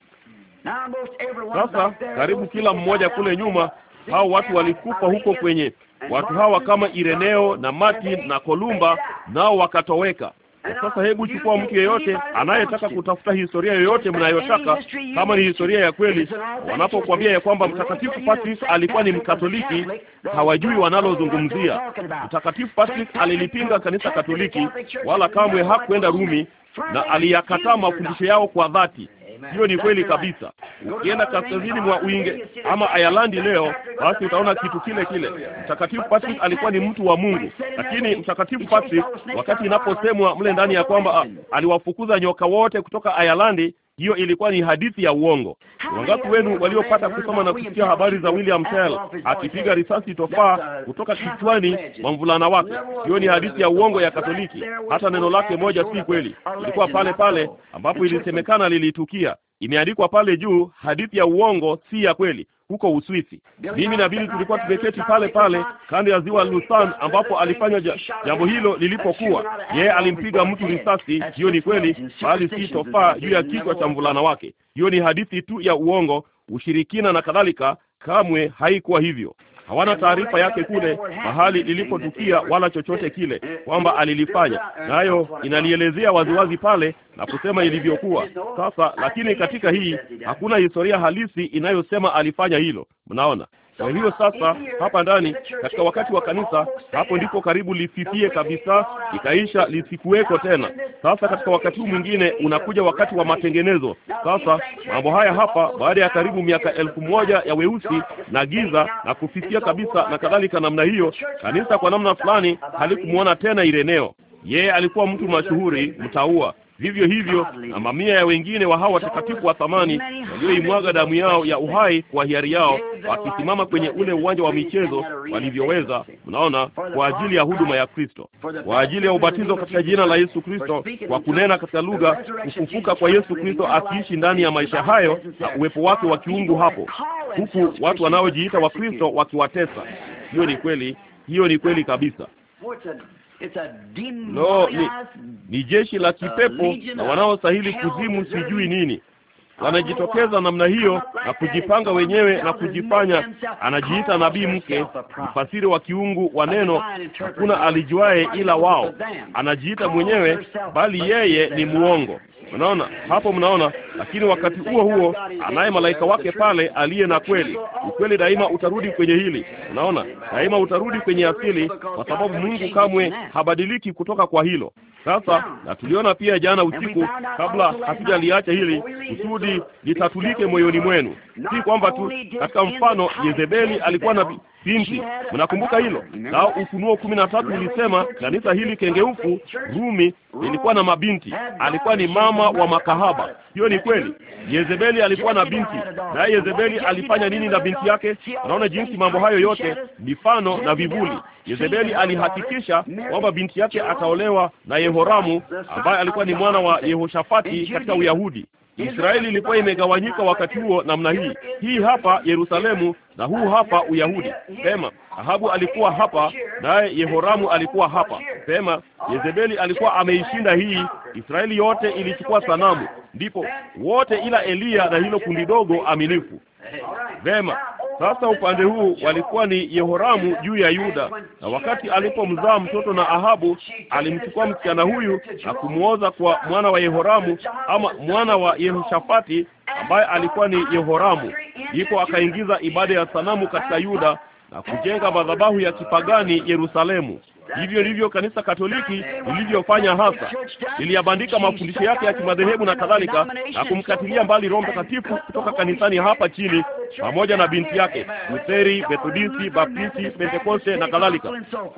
Sasa karibu kila mmoja kule nyuma, hao watu walikufa huko kwenye Watu hawa kama Ireneo na Martin na Kolumba nao wakatoweka. Na sasa hebu chukua mtu yeyote anayetaka kutafuta historia yoyote mnayotaka, kama ni historia ya kweli. Wanapokuambia ya kwamba Mtakatifu Patrick alikuwa ni Mkatoliki, hawajui wanalozungumzia. Mtakatifu Patrick alilipinga kanisa Katoliki, wala kamwe hakwenda Rumi na aliyakataa mafundisho yao kwa dhati. Hiyo ni kweli kabisa. Ukienda kaskazini mwa Uinge ama Ayalandi leo, basi utaona kitu kile kile. Mtakatifu Patrick alikuwa ni mtu wa Mungu, lakini Mtakatifu Patrick, wakati inaposemwa mle ndani ya kwamba aliwafukuza nyoka wote kutoka Ayalandi, hiyo ilikuwa ni hadithi ya uongo. Wangapi wenu waliopata kusoma na kusikia habari za William Tell akipiga risasi tofaa kutoka kichwani mwa mvulana wake? Hiyo ni hadithi ya uongo ya Katoliki, hata neno lake moja si kweli. Ilikuwa pale pale ambapo ilisemekana lilitukia. Imeandikwa pale juu, hadithi ya uongo si ya kweli, huko Uswisi. Mimi na Bili tulikuwa tumeketi pale pale kando ya ziwa Lusan ambapo alifanya jambo hilo lilipokuwa. Yeye alimpiga mtu risasi, hiyo ni kweli, bali si tofaa juu ya kichwa cha mvulana wake. Hiyo ni hadithi tu ya uongo, ushirikina na kadhalika. Kamwe haikuwa hivyo hawana taarifa yake kule mahali lilipotukia wala chochote kile kwamba alilifanya, nayo inalielezea waziwazi pale na kusema ilivyokuwa sasa. Lakini katika hii hakuna historia halisi inayosema alifanya hilo. Mnaona, kwa hiyo sasa, hapa ndani katika wakati wa kanisa, hapo ndipo karibu lififie kabisa, ikaisha, lisikuweko tena. Sasa katika wakati huu mwingine unakuja wakati wa matengenezo. Sasa mambo haya hapa, baada ya karibu miaka elfu moja ya weusi na giza na kufifia kabisa na kadhalika, namna hiyo, kanisa kwa namna fulani halikumwona tena Ireneo. Yeye alikuwa mtu mashuhuri mtaua Vivyo hivyo na mamia ya wengine wa hawa watakatifu wa thamani walioimwaga damu yao ya uhai kwa hiari yao, wakisimama kwenye ule uwanja wa michezo walivyoweza, mnaona, kwa ajili ya huduma ya Kristo, kwa ajili ya ubatizo katika jina la Yesu Kristo, kwa kunena katika lugha, kufufuka kwa Yesu Kristo akiishi ndani ya maisha hayo na uwepo wake wa kiungu hapo, huku watu wanaojiita Wakristo wakiwatesa. Hiyo ni kweli, hiyo ni kweli kabisa no, ni, ni jeshi la kipepo na wanaostahili kuzimu sijui nini wanajitokeza namna hiyo na kujipanga wenyewe na kujifanya, anajiita nabii mke, mfasiri wa kiungu wa neno, hakuna alijuae ila wao. Anajiita mwenyewe, bali yeye ni muongo. Mnaona hapo, mnaona lakini wakati huo huo anaye malaika wake pale aliye na kweli. Ukweli daima utarudi kwenye hili, unaona, daima utarudi kwenye asili, kwa sababu Mungu kamwe habadiliki kutoka kwa hilo. Sasa na tuliona pia jana usiku, kabla hatujaliacha hili kusudi litatulike moyoni mwenu, si kwamba tu katika mfano Yezebeli alikuwa na binti, mnakumbuka hilo? Na Ufunuo kumi na tatu ulisema kanisa hili kengeufu Rumi lilikuwa na mabinti, alikuwa ni mama wa makahaba. Hiyo ni kweli. Yezebeli alikuwa na binti, naye Yezebeli alifanya nini na binti yake? Unaona jinsi mambo hayo yote mifano na vivuli. Yezebeli alihakikisha kwamba binti yake ataolewa na Yehoramu ambaye alikuwa ni mwana wa Yehoshafati katika Uyahudi. Israeli ilikuwa imegawanyika wakati huo namna hii. Hii hapa Yerusalemu na huu hapa Uyahudi. Sema Ahabu alikuwa hapa naye Yehoramu alikuwa hapa. Sema Yezebeli alikuwa ameishinda hii. Israeli yote ilichukua sanamu, ndipo wote ila Eliya na hilo kundi dogo aminifu. Vema, sasa upande huu walikuwa ni Yehoramu juu ya Yuda, na wakati alipomzaa mtoto na Ahabu, alimchukua msichana huyu na kumwoza kwa mwana wa Yehoramu ama mwana wa Yehoshafati ambaye alikuwa ni Yehoramu, ndipo akaingiza ibada ya sanamu katika Yuda na kujenga madhabahu ya kipagani Yerusalemu. Hivyo ndivyo kanisa Katoliki lilivyofanya hasa. Liliyabandika mafundisho yake ya kimadhehebu na kadhalika, na kumkatilia mbali Roho Mtakatifu kutoka kanisani hapa chini, pamoja na binti yake Lutheri, Methodisti, Baptisti, Pentekoste na kadhalika.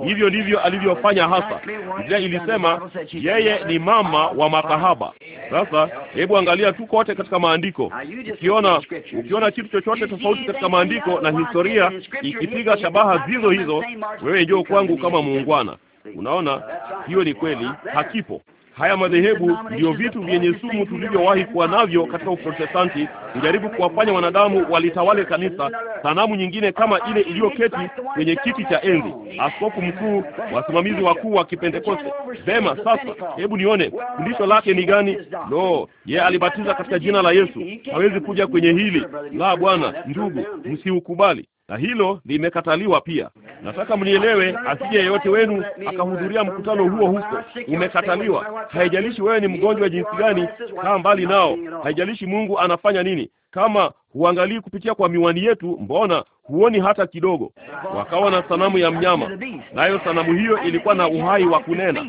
Hivyo ndivyo alivyofanya hasa. Biblia ilisema yeye ni mama wa makahaba. Sasa hebu angalia tu kote katika maandiko, ukiona ukiona kitu chochote tofauti katika maandiko na historia ikipiga shabaha zizo hizo, wewe njoo kwangu kama muungwana. Bwana. Unaona, hiyo ni kweli, hakipo. Haya madhehebu ndiyo vitu vyenye sumu tulivyowahi kuwa navyo katika Uprotestanti, kujaribu kuwafanya wanadamu walitawale kanisa. Sanamu nyingine kama ile iliyoketi kwenye kiti cha enzi, askofu mkuu, wasimamizi wakuu wa Kipentekoste. Vema, sasa hebu nione fundisho lake ni gani? Lo, ye alibatiza katika jina la Yesu. Hawezi kuja kwenye hili la Bwana. Ndugu, msiukubali na hilo limekataliwa pia. Nataka mnielewe asije yeyote wenu akahudhuria mkutano huo huko. Umekataliwa. Haijalishi wewe ni mgonjwa jinsi gani, kaa mbali nao. Haijalishi Mungu anafanya nini, kama huangalii kupitia kwa miwani yetu, mbona huoni hata kidogo? Wakawa na sanamu ya mnyama, nayo sanamu hiyo ilikuwa na uhai wa kunena.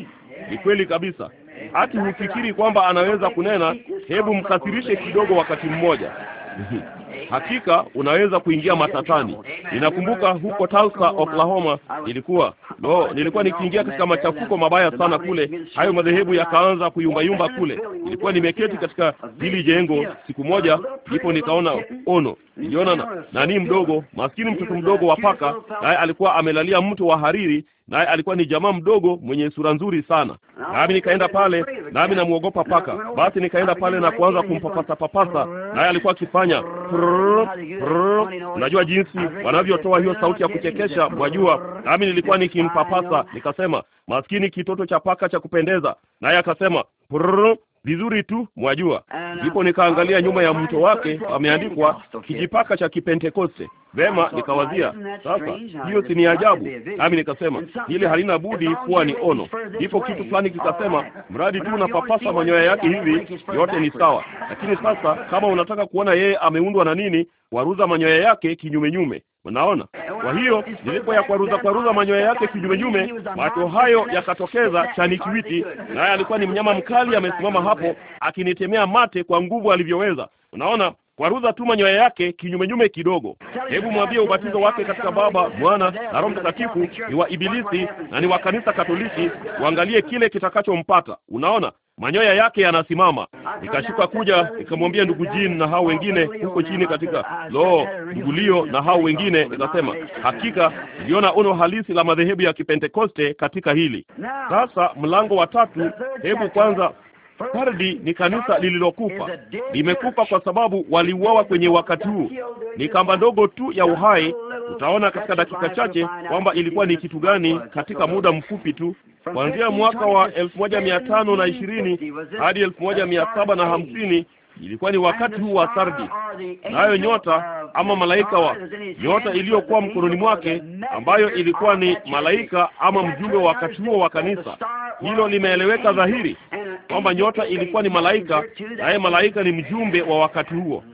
Ni kweli kabisa. Ati hufikiri kwamba anaweza kunena? Hebu mkasirishe kidogo wakati mmoja Hakika unaweza kuingia matatani. Ninakumbuka huko Tulsa, Oklahoma, nilikuwa no, nilikuwa nikiingia katika machafuko mabaya sana kule, hayo madhehebu yakaanza kuyumbayumba kule. Nilikuwa nimeketi katika hili jengo siku moja, ndipo nikaona ono, niliona na nani mdogo maskini, mtoto mdogo wa paka, naye alikuwa amelalia mto wa hariri naye alikuwa ni jamaa mdogo mwenye sura nzuri sana, nami nikaenda pale, nami namwogopa paka. Basi nikaenda pale na kuanza kumpapasa papasa, naye alikuwa akifanya Unajua jinsi wanavyotoa hiyo sauti ya kuchekesha, mwajua. Nami nilikuwa nikimpapasa, nikasema maskini kitoto cha paka cha kupendeza, naye akasema vizuri tu mwajua. Ah, Ndipo nikaangalia ah, nyuma ya mto wake pameandikwa kijipaka cha Kipentekoste. Vema, ah, nikawazia sasa, hiyo si ni ajabu? Nami nikasema hili halina budi kuwa ni ono. Ndipo kitu fulani uh, kikasema, mradi tu unapapasa manyoya yake hivi, yote ni sawa. Lakini sasa, kama unataka kuona yeye ameundwa na nini, waruza manyoya yake kinyumenyume. Unaona? Kwa hiyo nilipo ya kwaruza kwaruza manyoya yake kinyumenyume, mato hayo yakatokeza kiwiti, naye alikuwa ni mnyama mkali, amesimama hapo akinitemea mate kwa nguvu alivyoweza. Unaona, kwaruza tu manyoya yake kinyumenyume kidogo. Hebu mwambie ubatizo wake katika Baba, Mwana na Roho Mtakatifu ni wa Ibilisi na ni wa kanisa Katoliki, uangalie kile kitakachompata. Unaona, manyoya yake yanasimama. Nikashuka kuja nikamwambia ndugu Jin na hao wengine huko chini katika loo, ndugu Leo na hao wengine, nikasema hakika niliona ono halisi la madhehebu ya Kipentekoste katika hili. Sasa mlango wa tatu, hebu kwanza Sardi ni kanisa lililokufa, limekufa kwa sababu waliuawa kwenye wakati huu. Ni kamba ndogo tu ya uhai. Utaona katika dakika chache kwamba ilikuwa ni kitu gani katika muda mfupi tu kuanzia mwaka wa elfu moja mia tano na ishirini hadi elfu moja mia saba na hamsini ilikuwa ni wakati huu wa sardi, nayo nyota uh, ama malaika wa nyota iliyokuwa mkononi mwake, ambayo ilikuwa ni malaika ama mjumbe wa wakati huo wa kanisa. Hilo limeeleweka dhahiri kwamba nyota ilikuwa ni malaika, naye malaika ni mjumbe wa wakati huo.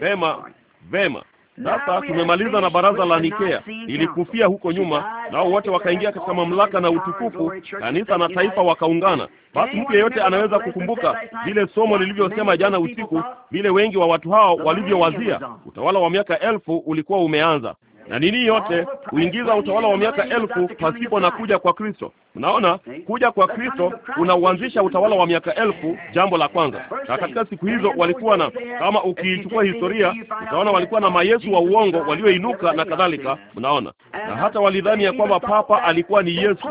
Vema, vema. Sasa tumemaliza na baraza la Nikea, ilikufia huko nyuma, nao wote wakaingia katika mamlaka na utukufu, kanisa na taifa wakaungana. Basi mtu yeyote anaweza kukumbuka vile somo lilivyosema jana usiku, vile wengi wa watu hao walivyowazia. Utawala wa miaka elfu ulikuwa umeanza na nini yote huingiza utawala wa miaka elfu pasipo na kuja kwa Kristo. Mnaona, kuja kwa Kristo unauanzisha utawala wa miaka elfu, jambo la kwanza. Na katika siku hizo walikuwa na, kama ukiichukua historia, utaona walikuwa na mayesu wa uongo walioinuka na kadhalika. Mnaona, na hata walidhani ya kwamba papa alikuwa ni Yesu,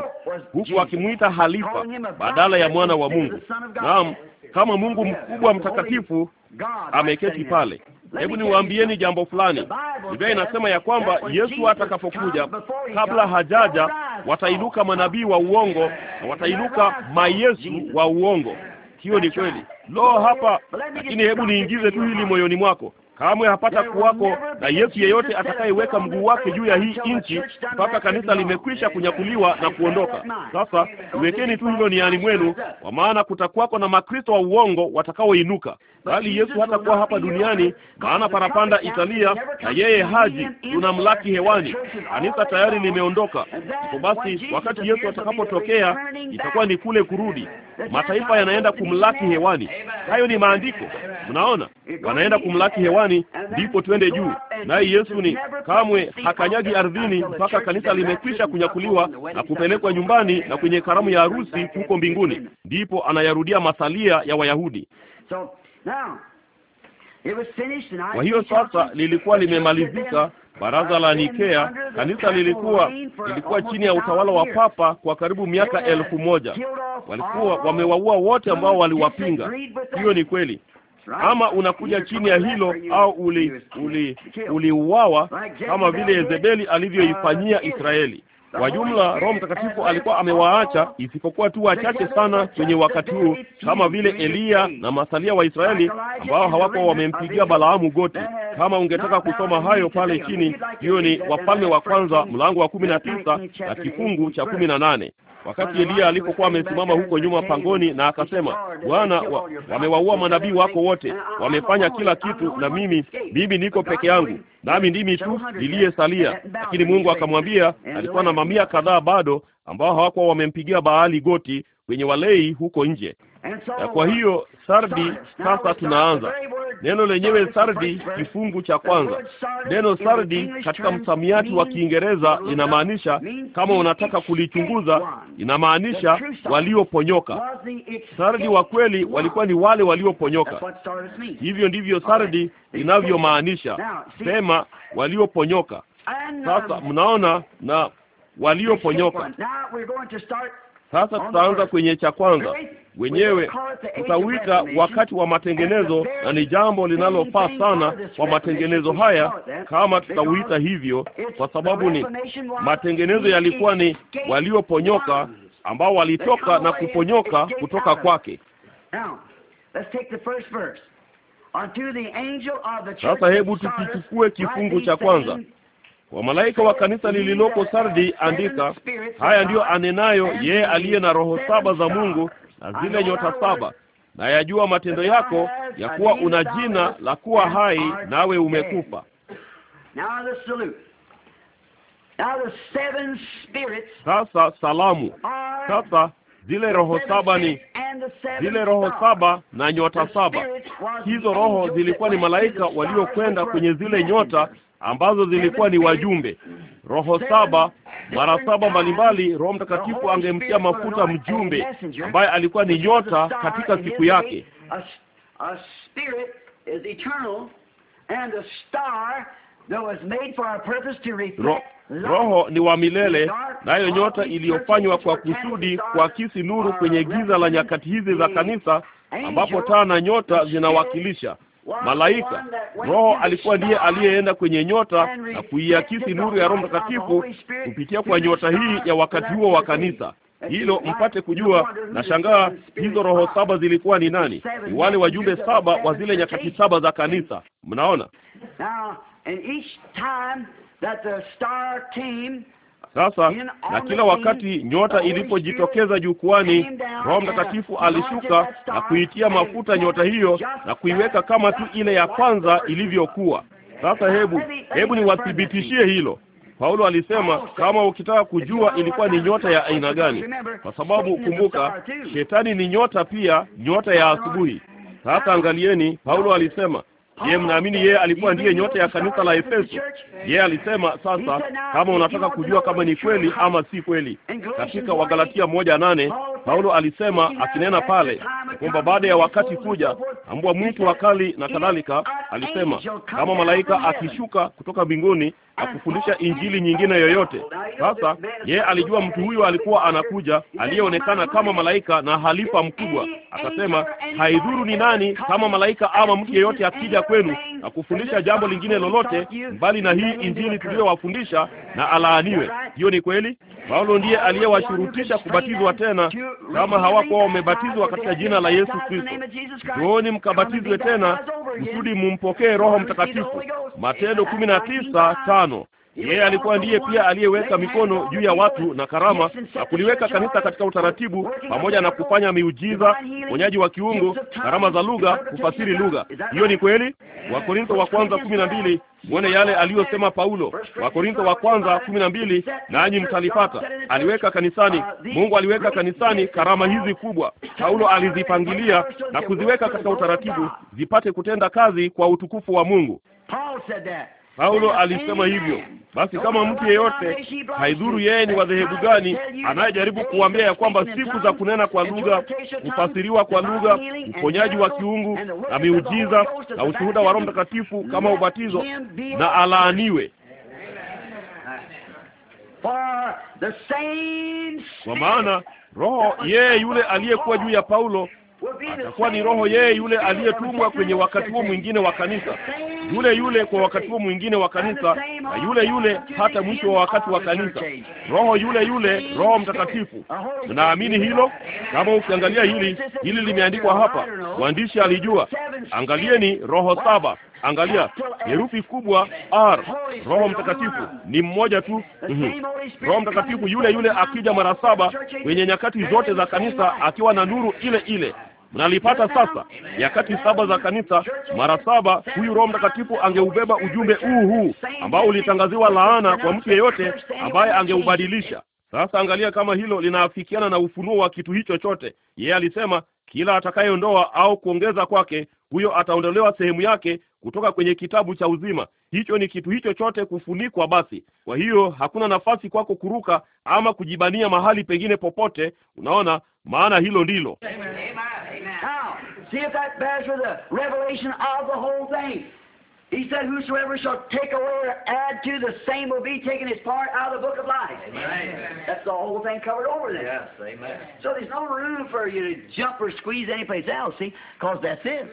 huku akimwita halifa badala ya mwana wa Mungu. Naam, kama Mungu mkubwa mtakatifu ameketi pale Hebu niwaambieni jambo fulani. Biblia inasema ya kwamba Yesu atakapokuja, kabla hajaja, watainuka manabii wa uongo na watainuka mayesu wa uongo. Hiyo ni kweli. Lo, hapa lakini, hebu niingize tu hili moyoni mwako. Kamwe hapata kuwako na Yesu yeyote atakayeweka mguu wake juu ya hii nchi mpaka kanisa limekwisha kunyakuliwa na kuondoka. Sasa iwekeni tu hilo niani mwenu, kwa maana kutakuwako na makristo wa uongo watakaoinuka, bali Yesu hatakuwa hapa duniani, maana parapanda italia na yeye haji, mlaki hewani. Kanisa tayari limeondoka. Hivyo basi, wakati Yesu atakapotokea itakuwa ni kule kurudi, mataifa yanaenda kumlaki hewani. Hayo ni maandiko, mnaona, wanaenda kumlaki hewani duniani, ndipo twende juu. Naye Yesu ni kamwe hakanyagi ardhini mpaka kanisa limekwisha kunyakuliwa na kupelekwa nyumbani na kwenye karamu ya harusi huko mbinguni, ndipo anayarudia masalia ya Wayahudi. Kwa hiyo sasa lilikuwa limemalizika. Baraza la Nikea, kanisa lilikuwa lilikuwa chini ya utawala wa papa kwa karibu miaka elfu moja. Walikuwa wamewaua wote ambao waliwapinga. Hiyo ni kweli. Kama unakuja chini ya hilo au uli uli uliuawa uh, kama vile Yezebeli alivyoifanyia Israeli. Kwa jumla, Roho Mtakatifu alikuwa amewaacha isipokuwa tu wachache sana kwenye wakati huu, kama vile Eliya na masalia wa Israeli ambao hawakuwa wamempigia Balaamu goti. Kama ungetaka kusoma hayo pale chini, hiyo ni Wafalme wa Kwanza mlango wa kumi na tisa na kifungu cha kumi na nane wakati Eliya alipokuwa amesimama huko nyuma pangoni, na akasema, Bwana, wamewaua manabii wako wote, wamefanya kila kitu, na mimi mimi niko peke yangu, nami ndimi tu niliyesalia. Lakini Mungu akamwambia, alikuwa na mamia kadhaa bado ambao hawakuwa wamempigia Baali goti kwenye walei huko nje, na kwa hiyo sardi, sasa tunaanza neno lenyewe. Sardi, kifungu cha kwanza. Neno sardi katika msamiati wa Kiingereza inamaanisha, kama unataka kulichunguza, inamaanisha walioponyoka. Sardi wa kweli walikuwa ni wale walioponyoka. Hivyo ndivyo sardi inavyomaanisha, sema walioponyoka. Um, sasa mnaona, na walioponyoka. Sasa tutaanza kwenye cha kwanza wenyewe tutauita wakati wa matengenezo, na ni jambo linalofaa sana kwa matengenezo haya kama tutauita hivyo, kwa sababu ni matengenezo yalikuwa ni walioponyoka ambao walitoka na kuponyoka kutoka kwake. Sasa hebu tukichukue kifungu cha kwanza. Kwa malaika wa kanisa lililoko Sardi andika, haya ndiyo anenayo yeye aliye na roho saba za Mungu na zile nyota saba, na yajua matendo yako ya kuwa una jina la kuwa hai nawe umekufa. Sasa salamu. Sasa zile roho saba ni zile roho saba na nyota saba. Hizo roho zilikuwa ni malaika waliokwenda kwenye zile nyota ambazo zilikuwa ni wajumbe roho saba mara saba mbalimbali. Roho Mtakatifu angemtia mafuta mjumbe ambaye alikuwa ni nyota katika siku yake. roho ni wa milele, nayo nyota iliyofanywa kwa kusudi kuakisi nuru kwenye giza la nyakati hizi za kanisa, ambapo taa na nyota zinawakilisha malaika. Roho alikuwa ndiye aliyeenda kwenye nyota na kuiakisi nuru ya Roho Mtakatifu kupitia kwa nyota hii ya wakati huo wa kanisa hilo mpate kujua. Na shangaa hizo roho saba zilikuwa ni nani? Ni wale wajumbe saba wa zile nyakati saba za kanisa. Mnaona sasa na kila wakati nyota ilipojitokeza jukwani, Roho Mtakatifu alishuka na kuitia mafuta nyota hiyo na kuiweka kama tu ile ya kwanza ilivyokuwa. Sasa hebu hebu niwathibitishie hilo. Paulo alisema kama ukitaka kujua ilikuwa ni nyota ya aina gani, kwa sababu kumbuka, shetani ni nyota pia, nyota ya asubuhi. Sasa angalieni, Paulo alisema Je, mnaamini yeye alikuwa ndiye nyota ya kanisa la Efeso? Yeye alisema, sasa kama unataka kujua kama ni kweli ama si kweli, katika Wagalatia moja nane Paulo alisema akinena pale kwamba baada ya wakati kuja ambwa mwitu wakali na kadhalika, alisema kama malaika akishuka kutoka mbinguni hakufundisha injili nyingine yoyote. Sasa ye alijua mtu huyo alikuwa anakuja, aliyeonekana kama malaika na halifa mkubwa. Akasema, haidhuru ni nani, kama malaika ama mtu yeyote akija kwenu na kufundisha jambo lingine lolote mbali na hii injili tuliyowafundisha, na alaaniwe. Hiyo ni kweli. Paulo ndiye aliyewashurutisha kubatizwa tena, kama hawakuwa wamebatizwa katika jina la Yesu Kristo, tuoni mkabatizwe tena kusudi mumpokee Roho Mtakatifu. Matendo kumi na tisa tano tano. Yeye alikuwa ndiye pia aliyeweka mikono juu ya watu na karama na kuliweka kanisa katika utaratibu, pamoja na kufanya miujiza, uponyaji wa kiungu, karama za lugha, kufasiri lugha. Hiyo ni kweli. Wakorintho wa kwanza kumi na mbili. Mwone yale aliyosema Paulo, Wakorintho wa kwanza kumi na mbili, nanyi mtalipata. Aliweka kanisani, Mungu aliweka kanisani karama hizi kubwa. Paulo alizipangilia na kuziweka katika utaratibu, zipate kutenda kazi kwa utukufu wa Mungu. Paulo alisema hivyo. Basi kama mtu yeyote, haidhuru yeye ni wa dhehebu gani, anayejaribu kuambia ya kwamba siku za kunena kwa lugha, kufasiriwa kwa lugha, uponyaji wa kiungu na miujiza na ushuhuda wa Roho Mtakatifu kama ubatizo, na alaaniwe kwa maana roho yeye yule aliyekuwa juu ya Paulo atakuwa ni roho yeye yule aliyetumwa kwenye wakati huo mwingine wa kanisa, yule yule kwa wakati huo mwingine wa kanisa, na yule yule hata mwisho wa wakati wa kanisa, roho yule yule, Roho Mtakatifu. Tunaamini hilo. Kama ukiangalia hili hili, limeandikwa hapa, mwandishi alijua. Angalieni roho saba Angalia herufi kubwa R, Roho Mtakatifu ni mmoja tu. mm-hmm. Roho Mtakatifu yule yule akija mara saba kwenye nyakati zote za kanisa akiwa na nuru ile ile, mnalipata sasa. Nyakati saba za kanisa mara saba, huyu Roho Mtakatifu angeubeba ujumbe huu huu ambao ulitangaziwa laana kwa mtu yeyote ambaye angeubadilisha. Sasa angalia kama hilo linaafikiana na ufunuo wa kitu hicho chote. Yeye alisema kila atakayeondoa au kuongeza kwake, huyo ataondolewa sehemu yake kutoka kwenye kitabu cha uzima. Hicho ni kitu hicho chote kufunikwa basi. Kwa hiyo hakuna nafasi kwako kuruka ama kujibania mahali pengine popote. Unaona, maana hilo ndilo Now, see if that bears with the revelation of the whole thing. He said, Whosoever shall take away or add to the same will be taking his part out of the book of life. Amen. That's the whole thing covered over there. Yes, amen. So there's no room for you to jump or squeeze anyplace else, see, because that's it.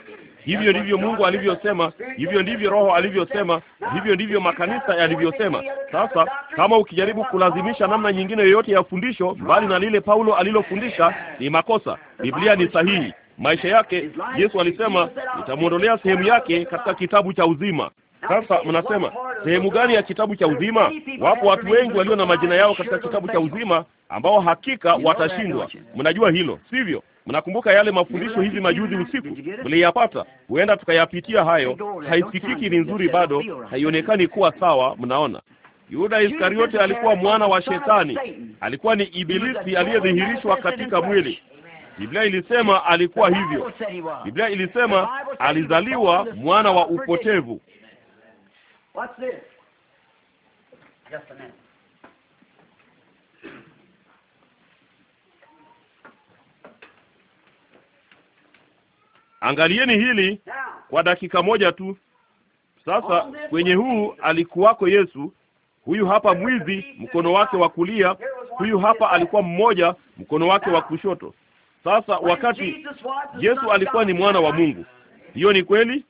Hivyo ndivyo Mungu alivyosema, hivyo ndivyo Roho alivyosema, hivyo ndivyo makanisa yalivyosema. Sasa kama ukijaribu kulazimisha namna nyingine yoyote ya fundisho mbali na lile Paulo alilofundisha, ni makosa. Biblia ni sahihi maisha yake. Yesu alisema nitamwondolea sehemu yake katika kitabu cha uzima. Sasa mnasema sehemu gani ya kitabu cha uzima? Wapo watu wengi walio na majina yao katika kitabu cha uzima ambao hakika watashindwa. Mnajua hilo, sivyo? Mnakumbuka yale mafundisho hivi majuzi usiku mliyapata? Huenda tukayapitia hayo. Haisikiki ni nzuri bado, haionekani kuwa sawa. Mnaona, Yuda Iskariote alikuwa mwana wa Shetani, alikuwa ni ibilisi aliyedhihirishwa katika mwili. Biblia ilisema alikuwa hivyo. Biblia ilisema alizaliwa mwana wa upotevu. Angalieni hili kwa dakika moja tu. Sasa kwenye huu alikuwako Yesu, huyu hapa mwizi mkono wake wa kulia, huyu hapa alikuwa mmoja mkono wake wa kushoto. Sasa wakati Yesu alikuwa ni mwana wa Mungu, hiyo ni kweli.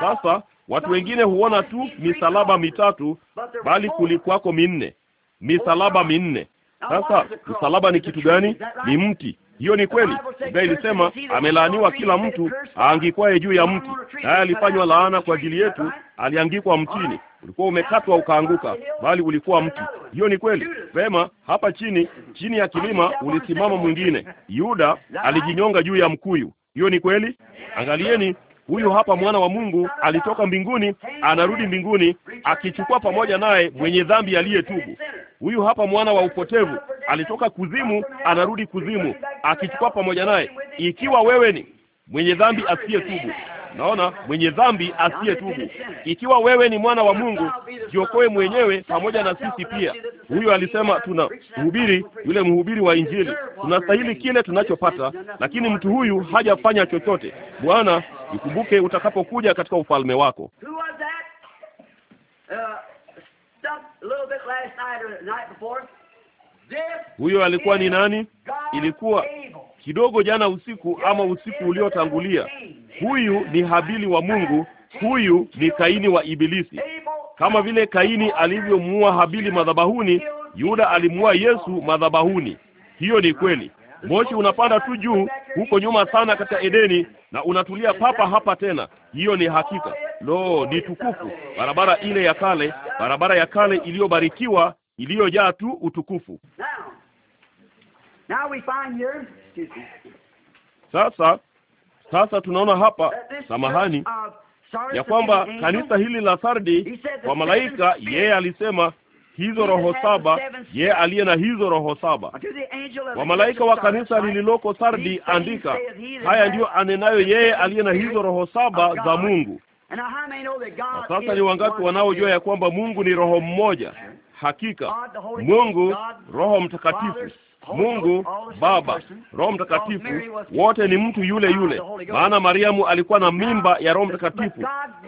Sasa watu wengine huona tu misalaba mitatu, bali kulikuwako minne, misalaba minne. Sasa msalaba ni kitu gani? Ni mti. Hiyo ni kweli. Biblia ilisema amelaaniwa kila mtu aangikwaye juu ya mti, naye alifanywa laana kwa ajili yetu, aliangikwa mtini. Ulikuwa umekatwa ukaanguka, bali ulikuwa mti. Hiyo ni kweli. Vema, hapa chini, chini ya kilima ulisimama mwingine, Yuda alijinyonga juu ya mkuyu. Hiyo ni kweli. Angalieni huyu hapa mwana wa Mungu alitoka mbinguni, anarudi mbinguni akichukua pamoja naye mwenye dhambi aliyetubu. Huyu hapa mwana wa upotevu alitoka kuzimu, anarudi kuzimu akichukua pamoja naye, ikiwa wewe ni mwenye dhambi asiyetubu. Naona mwenye dhambi asiyetubu. Ikiwa wewe ni mwana wa Mungu, jiokoe mwenyewe pamoja na sisi pia. Huyo alisema, tuna mhubiri yule mhubiri wa Injili, tunastahili kile tunachopata, lakini mtu huyu hajafanya chochote. Bwana, ikumbuke utakapokuja katika ufalme wako. Uh, Huyo alikuwa ni nani? Ilikuwa kidogo jana usiku ama usiku uliotangulia. Huyu ni Habili wa Mungu, huyu ni Kaini wa Ibilisi. Kama vile Kaini alivyomuua Habili madhabahuni, Yuda alimuua Yesu madhabahuni. Hiyo ni kweli. Moshi unapanda tu juu huko nyuma sana katika Edeni na unatulia papa hapa tena. Hiyo ni hakika. Lo, ni tukufu, barabara ile ya kale, barabara ya kale iliyobarikiwa iliyojaa tu utukufu. Sasa sasa tunaona hapa, samahani, ya kwamba kanisa hili la Sardi kwa malaika yeye alisema hizo roho saba, yeye aliye na hizo roho saba. Kwa malaika wa kanisa lililoko Sardi andika, haya ndiyo anenayo yeye aliye na hizo roho saba za Mungu. Na sasa ni wangapi wanaojua ya kwamba Mungu ni roho mmoja? Hakika Mungu Roho Mtakatifu Mungu Baba, Roho Mtakatifu wote ni mtu yule yule, maana Mariamu alikuwa na mimba ya Roho Mtakatifu.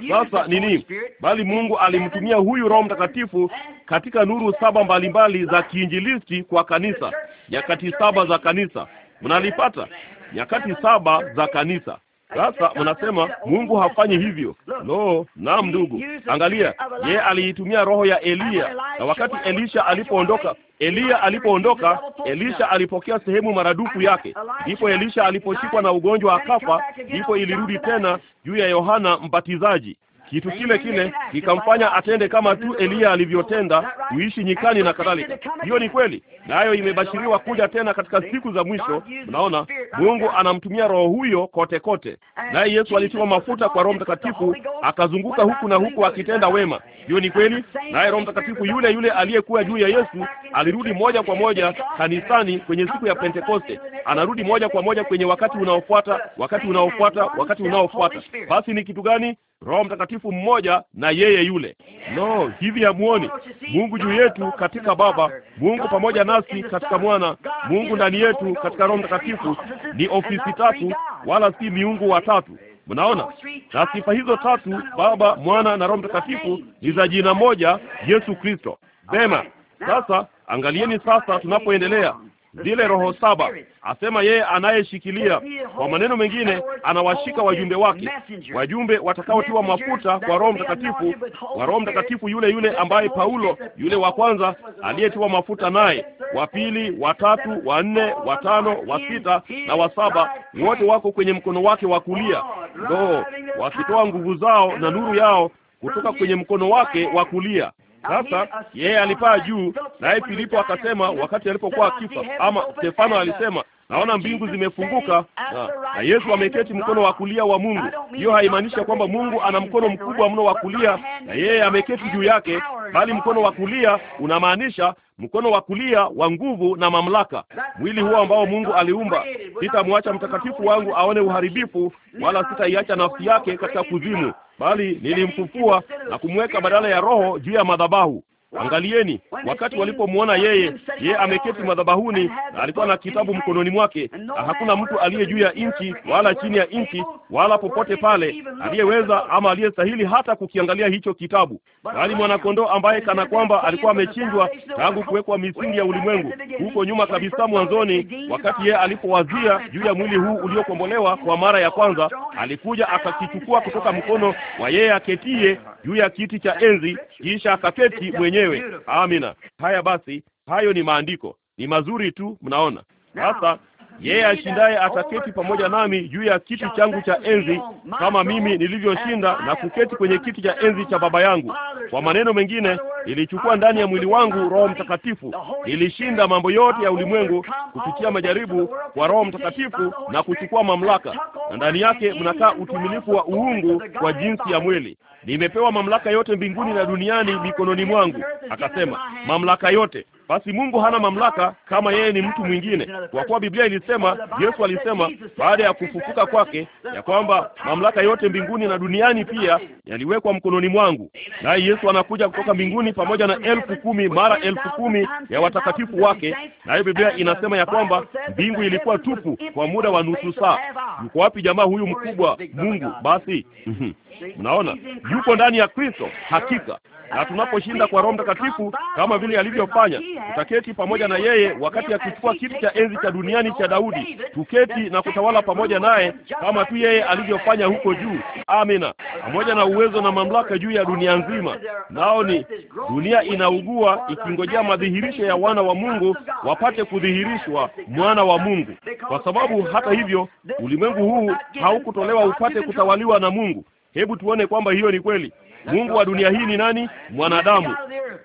Sasa nini? Bali Mungu alimtumia huyu Roho Mtakatifu katika nuru saba mbalimbali za kiinjilisti kwa kanisa, nyakati saba za kanisa. Mnalipata? Nyakati saba za kanisa. Sasa mnasema Mungu hafanyi hivyo. Lo, naam ndugu, angalia, yeye aliitumia roho ya Eliya, na wakati Elisha alipoondoka Eliya alipoondoka, Elisha alipokea sehemu maradufu yake. Ndipo Elisha aliposhikwa na ugonjwa akafa, ndipo ilirudi tena juu ya Yohana Mbatizaji kitu kile kile kikamfanya atende kama tu Eliya alivyotenda, kuishi nyikani na kadhalika. Hiyo ni kweli, nayo imebashiriwa kuja tena katika siku za mwisho. Unaona, Mungu anamtumia roho huyo kote kote, naye Yesu alitiwa mafuta kwa Roho Mtakatifu, akazunguka huku na huku akitenda wema. Hiyo ni kweli, naye Roho Mtakatifu yule yule aliyekuwa juu ya Yesu alirudi moja kwa moja kanisani kwenye siku ya Pentekoste, anarudi moja kwa moja kwenye wakati unaofuata, wakati unaofuata, wakati unaofuata. Basi ni kitu gani Roho Mtakatifu mtakatifu mmoja na yeye yule. No, hivi hamuoni Mungu juu yetu katika Baba, Mungu pamoja nasi katika Mwana, Mungu ndani yetu katika Roho Mtakatifu? Ni ofisi tatu, wala si miungu watatu. Mnaona, na sifa hizo tatu, Baba, Mwana na Roho Mtakatifu, ni za jina moja, Yesu Kristo. Sema sasa, angalieni sasa tunapoendelea zile roho saba, asema yeye anayeshikilia. Kwa maneno mengine, anawashika wajumbe wake, wajumbe watakaotiwa mafuta kwa Roho Mtakatifu, kwa Roho Mtakatifu yule yule ambaye Paulo yule wa kwanza aliyetiwa mafuta naye, wa pili, wa tatu, wa nne, wa tano, wa sita na wa saba, wote wako kwenye mkono wake wa kulia, ndio wakitoa nguvu zao na nuru yao kutoka kwenye mkono wake wa kulia. Sasa yeye alipaa juu, naye Filipo akasema wakati alipokuwa akifa, ama Stefano alisema naona mbingu zimefunguka na, na Yesu ameketi mkono wa kulia wa Mungu. Hiyo haimaanishi kwamba Mungu ana mkono mkubwa mno wa kulia na yeye ameketi juu yake, bali mkono wa kulia unamaanisha mkono wa kulia wa nguvu na mamlaka. Mwili huo ambao Mungu aliumba, sitamwacha mtakatifu wangu aone uharibifu, wala sitaiacha nafsi yake katika kuzimu bali nilimfufua na kumweka badala ya roho juu ya madhabahu Angalieni, wakati walipomwona yeye, yeye ameketi madhabahuni na alikuwa na kitabu mkononi mwake, na hakuna mtu aliye juu ya nchi wala chini ya nchi wala popote pale aliyeweza ama aliyestahili hata kukiangalia hicho kitabu, bali mwanakondoo ambaye kana kwamba alikuwa amechinjwa tangu kuwekwa misingi ya ulimwengu, huko nyuma kabisa mwanzoni, wakati yeye alipowazia juu ya mwili huu uliokombolewa kwa mara ya kwanza, alikuja akakichukua kutoka mkono wa yeye aketie juu ya kiti cha enzi, kisha akaketi mwenyewe mwenyewe. Amina. Haya basi, hayo ni maandiko, ni mazuri tu, mnaona. Sasa yeye ashindaye ataketi pamoja nami juu ya kiti changu cha enzi, kama mimi nilivyoshinda na kuketi kwenye kiti cha enzi cha Baba yangu. Kwa maneno mengine, nilichukua ndani ya mwili wangu Roho Mtakatifu. Nilishinda mambo yote ya ulimwengu kupitia majaribu kwa Roho Mtakatifu na kuchukua mamlaka, na ndani yake mnakaa utimilifu wa uungu kwa jinsi ya mwili nimepewa mamlaka yote mbinguni na duniani mikononi mwangu. Akasema mamlaka yote. Basi Mungu hana mamlaka kama yeye ni mtu mwingine, kwa kuwa Biblia ilisema, Yesu alisema baada ya kufufuka kwake ya kwamba mamlaka yote mbinguni na duniani pia yaliwekwa mkononi mwangu. Naye Yesu anakuja kutoka mbinguni pamoja na elfu kumi mara elfu kumi ya watakatifu wake, nayo Biblia inasema ya kwamba mbingu ilikuwa tupu kwa muda wa nusu saa. Yuko wapi jamaa huyu mkubwa Mungu? Basi mhm mnaona yuko ndani ya Kristo hakika. Na tunaposhinda kwa Roho Mtakatifu kama vile alivyofanya, tutaketi pamoja na yeye wakati akichukua kiti cha enzi cha duniani cha Daudi, tuketi na kutawala pamoja naye kama tu yeye alivyofanya huko juu. Amina, pamoja na uwezo na mamlaka juu ya dunia nzima. Nao ni dunia inaugua ikingojea madhihirisho ya wana wa Mungu wapate kudhihirishwa mwana wa Mungu, kwa sababu hata hivyo ulimwengu huu haukutolewa upate kutawaliwa na Mungu Hebu tuone kwamba hiyo ni kweli. Mungu wa dunia hii ni nani? Mwanadamu.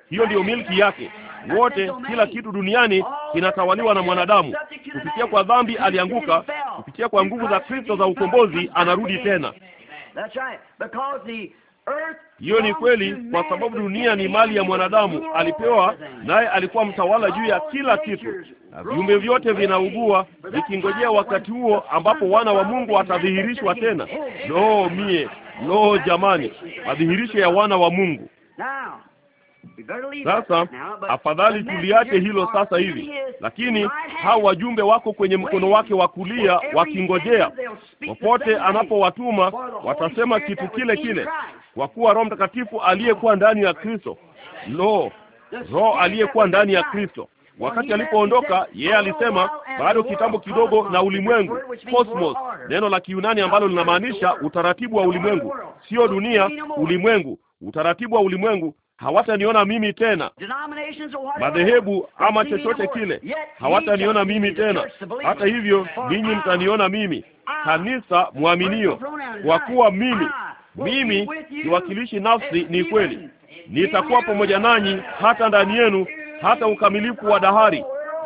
Hiyo ndiyo milki yake. Wote, kila kitu duniani kinatawaliwa na mwanadamu. Kupitia kwa dhambi alianguka, kupitia kwa nguvu za Kristo za ukombozi anarudi tena. Hiyo ni kweli, kwa sababu dunia ni mali ya mwanadamu. Alipewa naye, alikuwa mtawala juu ya kila kitu. Viumbe vyote vinaugua vikingojea wakati huo ambapo wana wa Mungu watadhihirishwa tena. No, mie lo jamani, madhihirisho ya wana wa Mungu. Sasa afadhali tuliache hilo sasa hivi, lakini hao wajumbe wako kwenye mkono wake wa kulia wakingojea, popote anapowatuma watasema kitu kile kile, kwa kuwa Roho Mtakatifu aliyekuwa ndani ya Kristo, lo, Roho aliyekuwa ndani ya Kristo Wakati alipoondoka yeye alisema, bado kitambo kidogo na ulimwengu, cosmos, neno la Kiunani ambalo linamaanisha utaratibu wa ulimwengu, sio dunia, ulimwengu, utaratibu wa ulimwengu. Hawataniona mimi tena, madhehebu ama chochote kile, hawataniona mimi tena. Hata hivyo, ninyi mtaniona mimi, kanisa mwaminio, kwa kuwa mimi mimi niwakilishi nafsi, ni kweli nitakuwa pamoja nanyi hata ndani yenu hata ukamilifu wa dahari.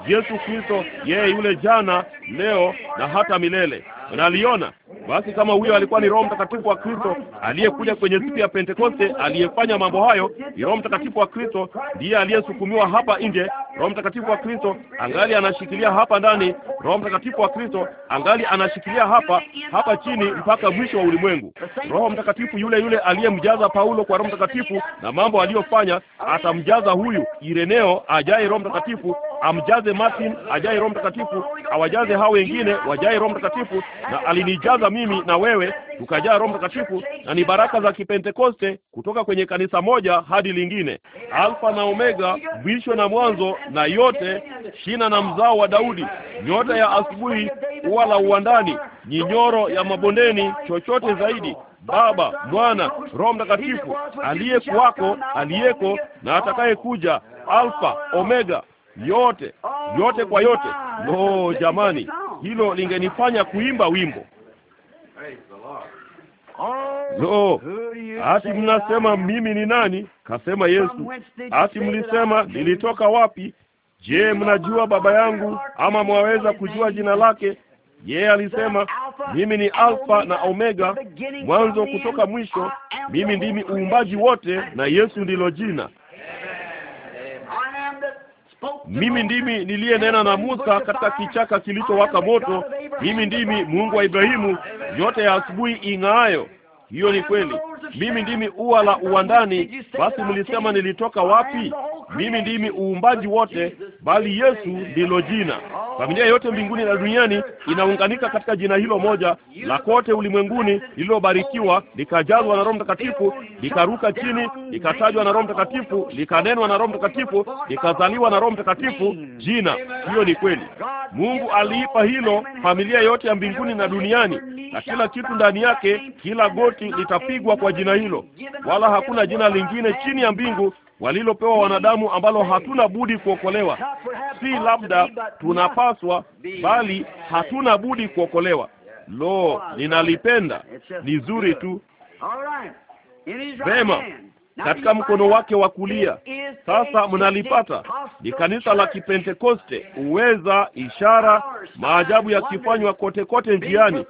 Yesu Kristo, yeye yule jana, leo na hata milele na aliona. Basi kama huyo alikuwa ni Roho Mtakatifu wa Kristo aliyekuja kwenye siku ya Pentekoste, aliyefanya mambo hayo, ni Roho Mtakatifu wa Kristo ndiye aliyesukumiwa hapa nje. Roho Mtakatifu wa Kristo angali anashikilia hapa ndani. Roho Mtakatifu wa Kristo angali anashikilia hapa hapa chini mpaka mwisho wa ulimwengu. Roho Mtakatifu yule yule aliyemjaza Paulo kwa Roho Mtakatifu na mambo aliyofanya, atamjaza huyu Ireneo ajaye Roho Mtakatifu, amjaze Martin ajaye Roho Mtakatifu, awajaze hao wengine wajaye Roho Mtakatifu na alinijaza mimi na wewe tukajaa Roho Mtakatifu, na ni baraka za Kipentekoste kutoka kwenye kanisa moja hadi lingine, Alfa na Omega, mwisho na mwanzo, na yote, shina na mzao wa Daudi, nyota ya asubuhi, ua la uwandani, nyinyoro ya mabondeni, chochote zaidi Baba, Mwana, Roho Mtakatifu, aliyekuwako, aliyeko na atakaye kuja, Alfa Omega, yote oh, yote kwa yote. No jamani, hilo lingenifanya kuimba wimbo oh, Lo, ati mnasema mimi ni nani? Kasema Yesu. Ati mlisema nilitoka wapi? Je, mnajua baba yangu ama mwaweza kujua jina lake? Yeye alisema mimi ni Alfa na Omega, mwanzo kutoka mwisho. Mimi ndimi uumbaji wote, na Yesu ndilo jina mimi ndimi niliyenena na Musa katika kichaka kilichowaka moto, mimi ndimi Mungu wa Ibrahimu, yote ya asubuhi ing'aayo. Hiyo ni kweli. Mimi ndimi ua la uwandani. Basi mlisema nilitoka wapi? mimi ndimi uumbaji wote, bali Yesu ndilo jina. Familia yote mbinguni na duniani inaunganika katika jina hilo moja la kote ulimwenguni lililobarikiwa, likajazwa na Roho Mtakatifu, likaruka chini, likatajwa na Roho Mtakatifu, likanenwa na Roho Mtakatifu, likazaliwa na Roho Mtakatifu. Jina hiyo ni kweli. Mungu aliipa hilo familia yote ya mbinguni na duniani na kila kitu ndani yake, kila goti litapigwa kwa jina hilo, wala hakuna jina lingine chini ya mbingu walilopewa wanadamu ambalo hatuna budi kuokolewa. Si labda tunapaswa, bali hatuna budi kuokolewa. Lo, ninalipenda, uh, ni zuri tu. Vema, katika mkono wake wa kulia sasa mnalipata ni kanisa la Kipentekoste, uweza, ishara, maajabu yakifanywa kote kote njiani.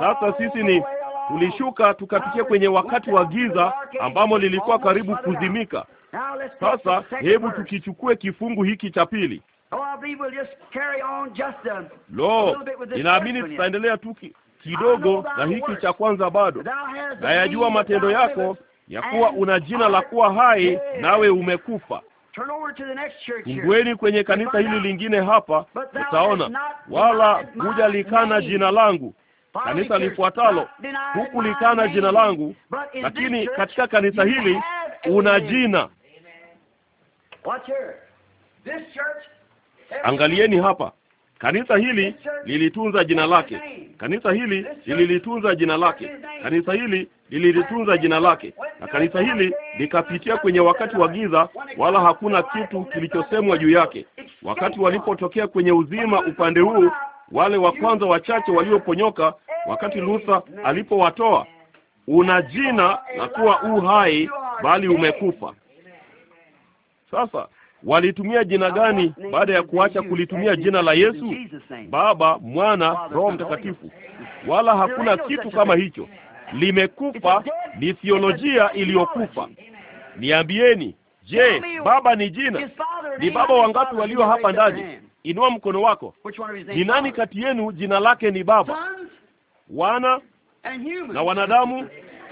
Sasa sisi ni tulishuka tukapitia kwenye wakati wa giza ambamo lilikuwa karibu kuzimika, sasa hebu tukichukue kifungu hiki cha pili. Oh, um, Lo, inaamini tutaendelea tu kidogo na hiki cha kwanza bado. Na yajua matendo yako ya kuwa una jina la kuwa hai nawe umekufa. Fungueni kwenye kanisa hili lingine hapa, utaona wala hujalikana jina langu. Kanisa lifuatalo hukulikana jina langu, lakini katika kanisa hili una jina Angalieni hapa, kanisa hili lilitunza jina lake, kanisa hili lililitunza jina lake, kanisa hili lililitunza jina lake, na kanisa hili likapitia kwenye wakati wa giza, wala hakuna kitu kilichosemwa juu yake. Wakati walipotokea kwenye uzima upande huu, wale wa kwanza wachache walioponyoka, wakati Luther alipowatoa, una jina na kuwa u hai, bali umekufa. Sasa walitumia jina gani baada ya kuacha kulitumia jina la Yesu? Baba, Mwana, Roho Mtakatifu. Wala hakuna kitu kama hicho, limekufa. Ni theolojia iliyokufa. Niambieni, je, baba ni jina? Ni baba wangapi walio hapa ndani? Inua mkono wako. Ni nani kati yenu jina lake ni baba? Wana na wanadamu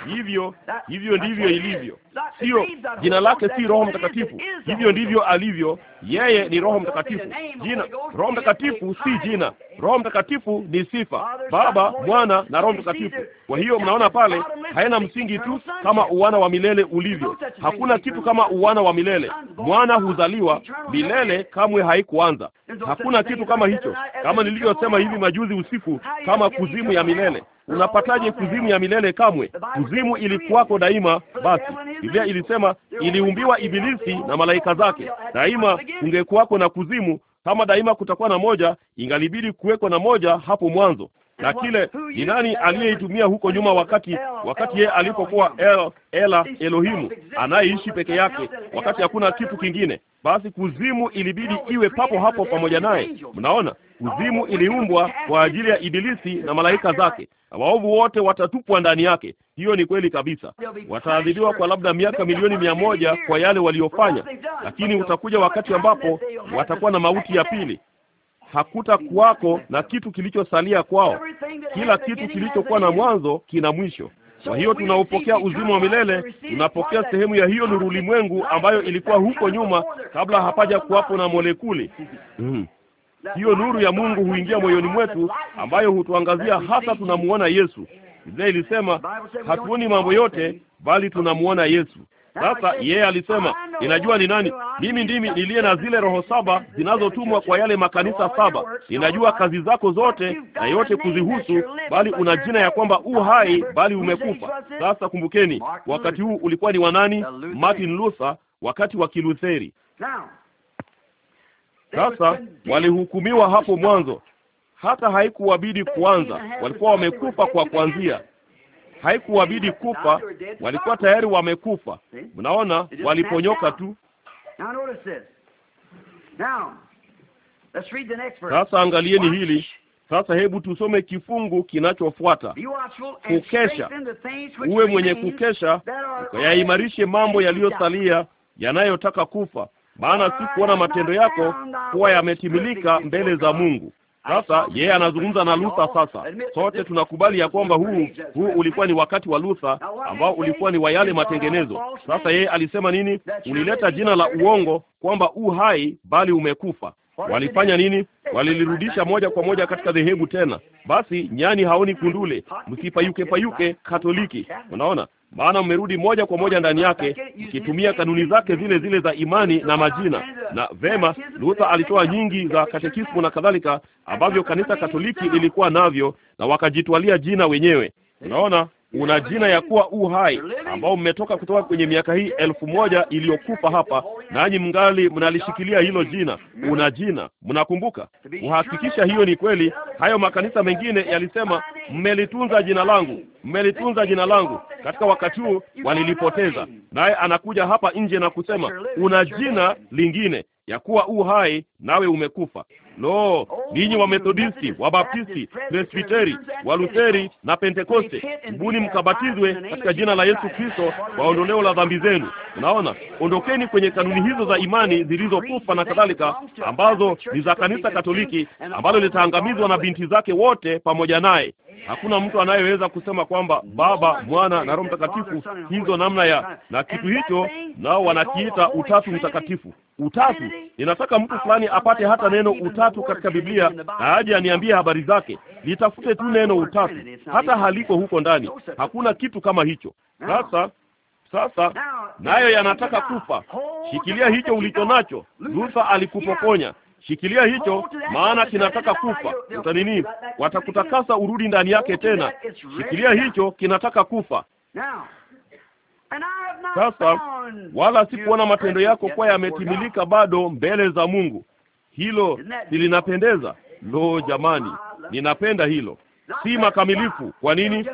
Hivyo hivyo ndivyo ilivyo, sio jina lake, si Roho Mtakatifu. Hivyo ndivyo alivyo yeye, ni Roho Mtakatifu. Jina Roho Mtakatifu si jina. Roho Mtakatifu ni sifa, Baba, Mwana na Roho Mtakatifu. Kwa hiyo mnaona pale, haina msingi tu kama uwana wa milele ulivyo. Hakuna kitu kama uwana wa milele. Mwana huzaliwa milele, kamwe haikuanza. Hakuna kitu kama hicho, kama nilivyosema hivi majuzi usiku, kama kuzimu ya milele unapataje kuzimu ya milele kamwe? Kuzimu ilikuwako daima. Basi Biblia ilisema iliumbiwa Ibilisi na malaika zake, daima kungekuwako na kuzimu. Kama daima kutakuwa na moja, ingalibidi kuweko na moja hapo mwanzo na kile ni nani aliyeitumia huko nyuma, wakati wakati yeye alipokuwa El, Ela Elohimu anayeishi peke yake, wakati hakuna kitu kingine, basi kuzimu ilibidi iwe papo hapo pamoja naye. Mnaona, oh, kuzimu iliumbwa kwa ajili ya Ibilisi na malaika zake, na waovu wote watatupwa ndani yake. Hiyo ni kweli kabisa. Wataadhibiwa kwa labda miaka milioni mia moja kwa yale waliofanya, lakini utakuja wakati ambapo watakuwa na mauti ya pili hakutakuwako na kitu kilichosalia kwao. Kila kitu kilichokuwa na mwanzo kina mwisho. Kwa hiyo tunaupokea uzima wa milele, tunapokea sehemu ya hiyo nuru ulimwengu ambayo ilikuwa huko nyuma kabla hapaja kuwapo na molekuli mm. Hiyo nuru ya Mungu huingia moyoni mwetu, ambayo hutuangazia hata tunamuona Yesu. Biblia ilisema hatuoni mambo yote, bali tunamuona Yesu. Sasa yeye alisema, ninajua ni nani mimi. Ndimi niliye na zile roho saba zinazotumwa kwa yale makanisa saba. Ninajua kazi zako zote na yote kuzihusu, bali una jina ya kwamba u hai, bali umekufa. Sasa kumbukeni, wakati huu ulikuwa ni wanani Martin Luther, wakati wa Kilutheri. Sasa walihukumiwa hapo mwanzo, hata haikuwabidi kuanza, walikuwa wamekufa kwa kuanzia haikuwabidi kufa, walikuwa tayari wamekufa. Mnaona, waliponyoka tu. Sasa angalieni hili sasa. Hebu tusome kifungu kinachofuata: kukesha, uwe mwenye kukesha, ukayaimarishe mambo yaliyosalia yanayotaka kufa, maana si kuona matendo yako kuwa yametimilika mbele za Mungu. Sasa yeye anazungumza na Luther. Oh, sasa sote tunakubali ya kwamba huu huu ulikuwa ni wakati wa Luther ambao ulikuwa ni wa yale uh, matengenezo. Sasa yeye alisema nini? Ulileta jina la uongo kwamba u hai bali umekufa. Walifanya nini? Walilirudisha moja kwa moja katika dhehebu tena. Basi nyani haoni kundule, msipayuke payuke Katoliki. Unaona, maana mmerudi moja kwa moja ndani yake, ikitumia kanuni zake zile zile za imani na majina. Na vema, Luther alitoa nyingi za katekismu na kadhalika, ambavyo kanisa Katoliki lilikuwa navyo, na wakajitwalia jina wenyewe. Unaona, una jina ya kuwa u ambao mmetoka kutoka kwenye miaka hii elfu moja iliyokufa hapa, nanyi mngali mnalishikilia hilo jina. Una jina, mnakumbuka? Uhakikisha hiyo ni kweli. Hayo makanisa mengine yalisema, mmelitunza jina langu, mmelitunza jina langu. Katika wakati huu walilipoteza, naye anakuja hapa nje na kusema, una jina lingine ya kuwa uhai nawe umekufa. Lo, oh, ninyi Wamethodisti, Wabaptisti, Presbiteri, Walutheri na Pentekoste, mbuni mkabatizwe katika jina la Yesu Kristo kwa ondoleo la dhambi zenu. Unaona, ondokeni kwenye kanuni hizo za imani zilizokufa na kadhalika, ambazo ni za kanisa Katoliki ambalo litaangamizwa na binti zake wote pamoja naye. Hakuna mtu anayeweza kusema kwamba Baba, Mwana na Roho Mtakatifu, hizo namna ya na kitu hicho, nao wanakiita utatu mtakatifu. Utatu, ninataka mtu fulani apate hata neno utatu katika Biblia na aje aniambie habari zake. Litafute tu neno utatu, hata haliko huko ndani, hakuna kitu kama hicho. Sasa sasa nayo yanataka kufa. Shikilia hicho ulicho nacho. Luther alikupokonya Shikilia hicho maana kinataka kufa. nini? watakutakasa urudi ndani yake tena. Shikilia hicho kinataka kufa. Sasa wala sikuona matendo yako kuwa yametimilika bado mbele za Mungu. Hilo lilinapendeza. Lo, jamani, ninapenda hilo. Si makamilifu. Kwa nini?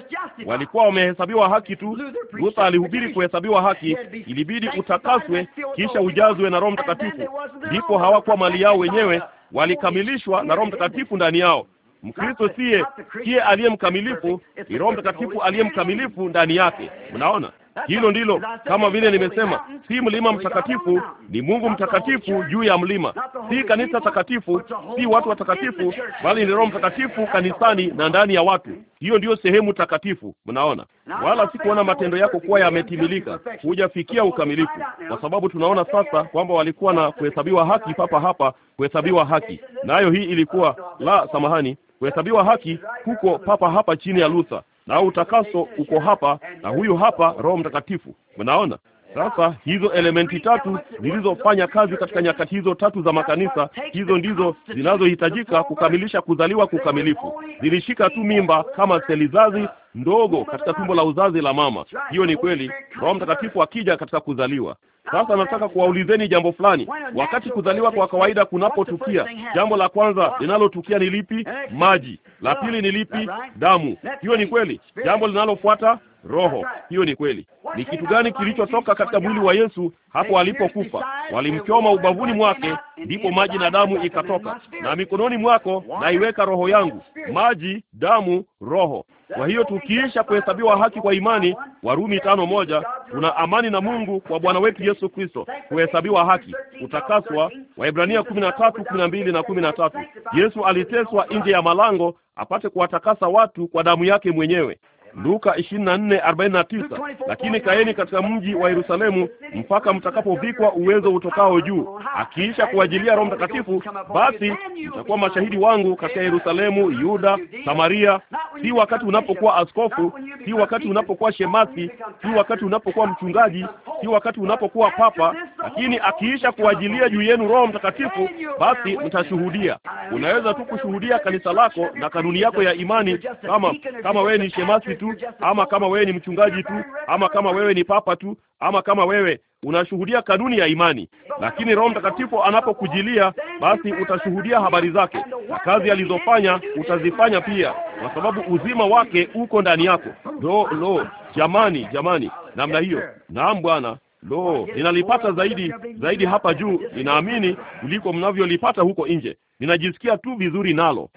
Walikuwa wamehesabiwa haki tu. Luther alihubiri kuhesabiwa haki, ilibidi utakaswe kisha ujazwe na Roho Mtakatifu, ndipo hawakuwa mali yao wenyewe, walikamilishwa na Roho Mtakatifu ndani yao. Mkristo siye siye aliye mkamilifu, ni Roho Mtakatifu aliye mkamilifu ndani yake. Mnaona, hilo ndilo kama vile nimesema, si mlima mtakatifu, ni Mungu mtakatifu juu ya mlima, si kanisa takatifu, si watu watakatifu, bali ni Roho Mtakatifu kanisani na ndani ya watu. Hiyo ndiyo sehemu takatifu, mnaona. Wala sikuona matendo yako kuwa yametimilika, hujafikia ukamilifu, kwa sababu tunaona sasa kwamba walikuwa na kuhesabiwa haki papa hapa, kuhesabiwa haki, nayo hii ilikuwa la, samahani, kuhesabiwa haki huko papa hapa chini ya Luther na utakaso uko hapa, na huyu hapa Roho Mtakatifu. Mnaona, sasa hizo elementi tatu zilizofanya kazi katika nyakati hizo tatu za makanisa, hizo ndizo zinazohitajika kukamilisha kuzaliwa kukamilifu. Zilishika tu mimba kama selizazi ndogo katika tumbo la uzazi la mama. Hiyo ni kweli. Roho Mtakatifu akija katika kuzaliwa. Sasa nataka kuwaulizeni jambo fulani. Wakati kuzaliwa kwa kawaida kunapotukia, jambo la kwanza linalotukia ni lipi? Maji. La pili ni lipi? Damu. Hiyo ni kweli. Jambo linalofuata Roho. Hiyo ni kweli. Ni kitu gani kilichotoka katika mwili wa Yesu hapo alipokufa? Walimchoma ubavuni mwake, ndipo maji na damu ikatoka, na mikononi mwako naiweka roho yangu. Maji, damu, roho. Kwa hiyo tukiisha kuhesabiwa haki kwa imani, Warumi tano moja, tuna amani na Mungu kwa Bwana wetu Yesu Kristo, kuhesabiwa haki, kutakaswa. Waebrania kumi na tatu kumi na mbili na kumi na tatu. Yesu aliteswa nje ya malango apate kuwatakasa watu kwa damu yake mwenyewe. Luka 24:49, lakini kaeni katika mji wa Yerusalemu mpaka mtakapovikwa uwezo utokao juu, akiisha kuajilia Roho Mtakatifu, basi mtakuwa mashahidi wangu katika Yerusalemu, Yuda, Samaria. Si wakati unapokuwa askofu, si wakati unapokuwa shemasi, si wakati unapokuwa mchungaji, si wakati unapokuwa papa, lakini akiisha kuajilia juu yenu Roho Mtakatifu, basi mtashuhudia. Unaweza tu kushuhudia kanisa lako na kanuni yako ya imani, kama kama wewe ni shemasi tu, ama kama wewe ni mchungaji tu, ama kama wewe ni papa tu, ama kama wewe unashuhudia kanuni ya imani, lakini Roho Mtakatifu anapokujilia, basi utashuhudia habari zake na kazi alizofanya utazifanya pia, kwa sababu uzima wake uko ndani yako. Lo, lo, jamani, jamani, namna hiyo. Naam Bwana. Lo, ninalipata zaidi zaidi hapa juu, ninaamini kuliko mnavyolipata huko nje. Ninajisikia tu vizuri nalo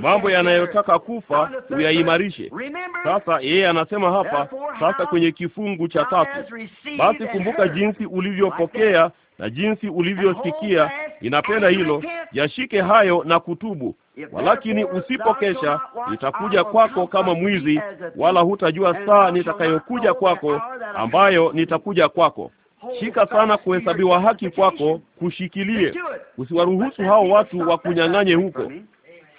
mambo yanayotaka kufa uyaimarishe. Sasa yeye anasema hapa sasa kwenye kifungu cha tatu, basi kumbuka jinsi ulivyopokea na jinsi ulivyosikia, inapenda hilo, yashike hayo na kutubu. Walakini usipokesha, nitakuja kwako kama mwizi, wala hutajua saa nitakayokuja kwako, ambayo nitakuja kwako. Shika sana kuhesabiwa haki kwako, kushikilie, usiwaruhusu hao watu wakunyang'anye huko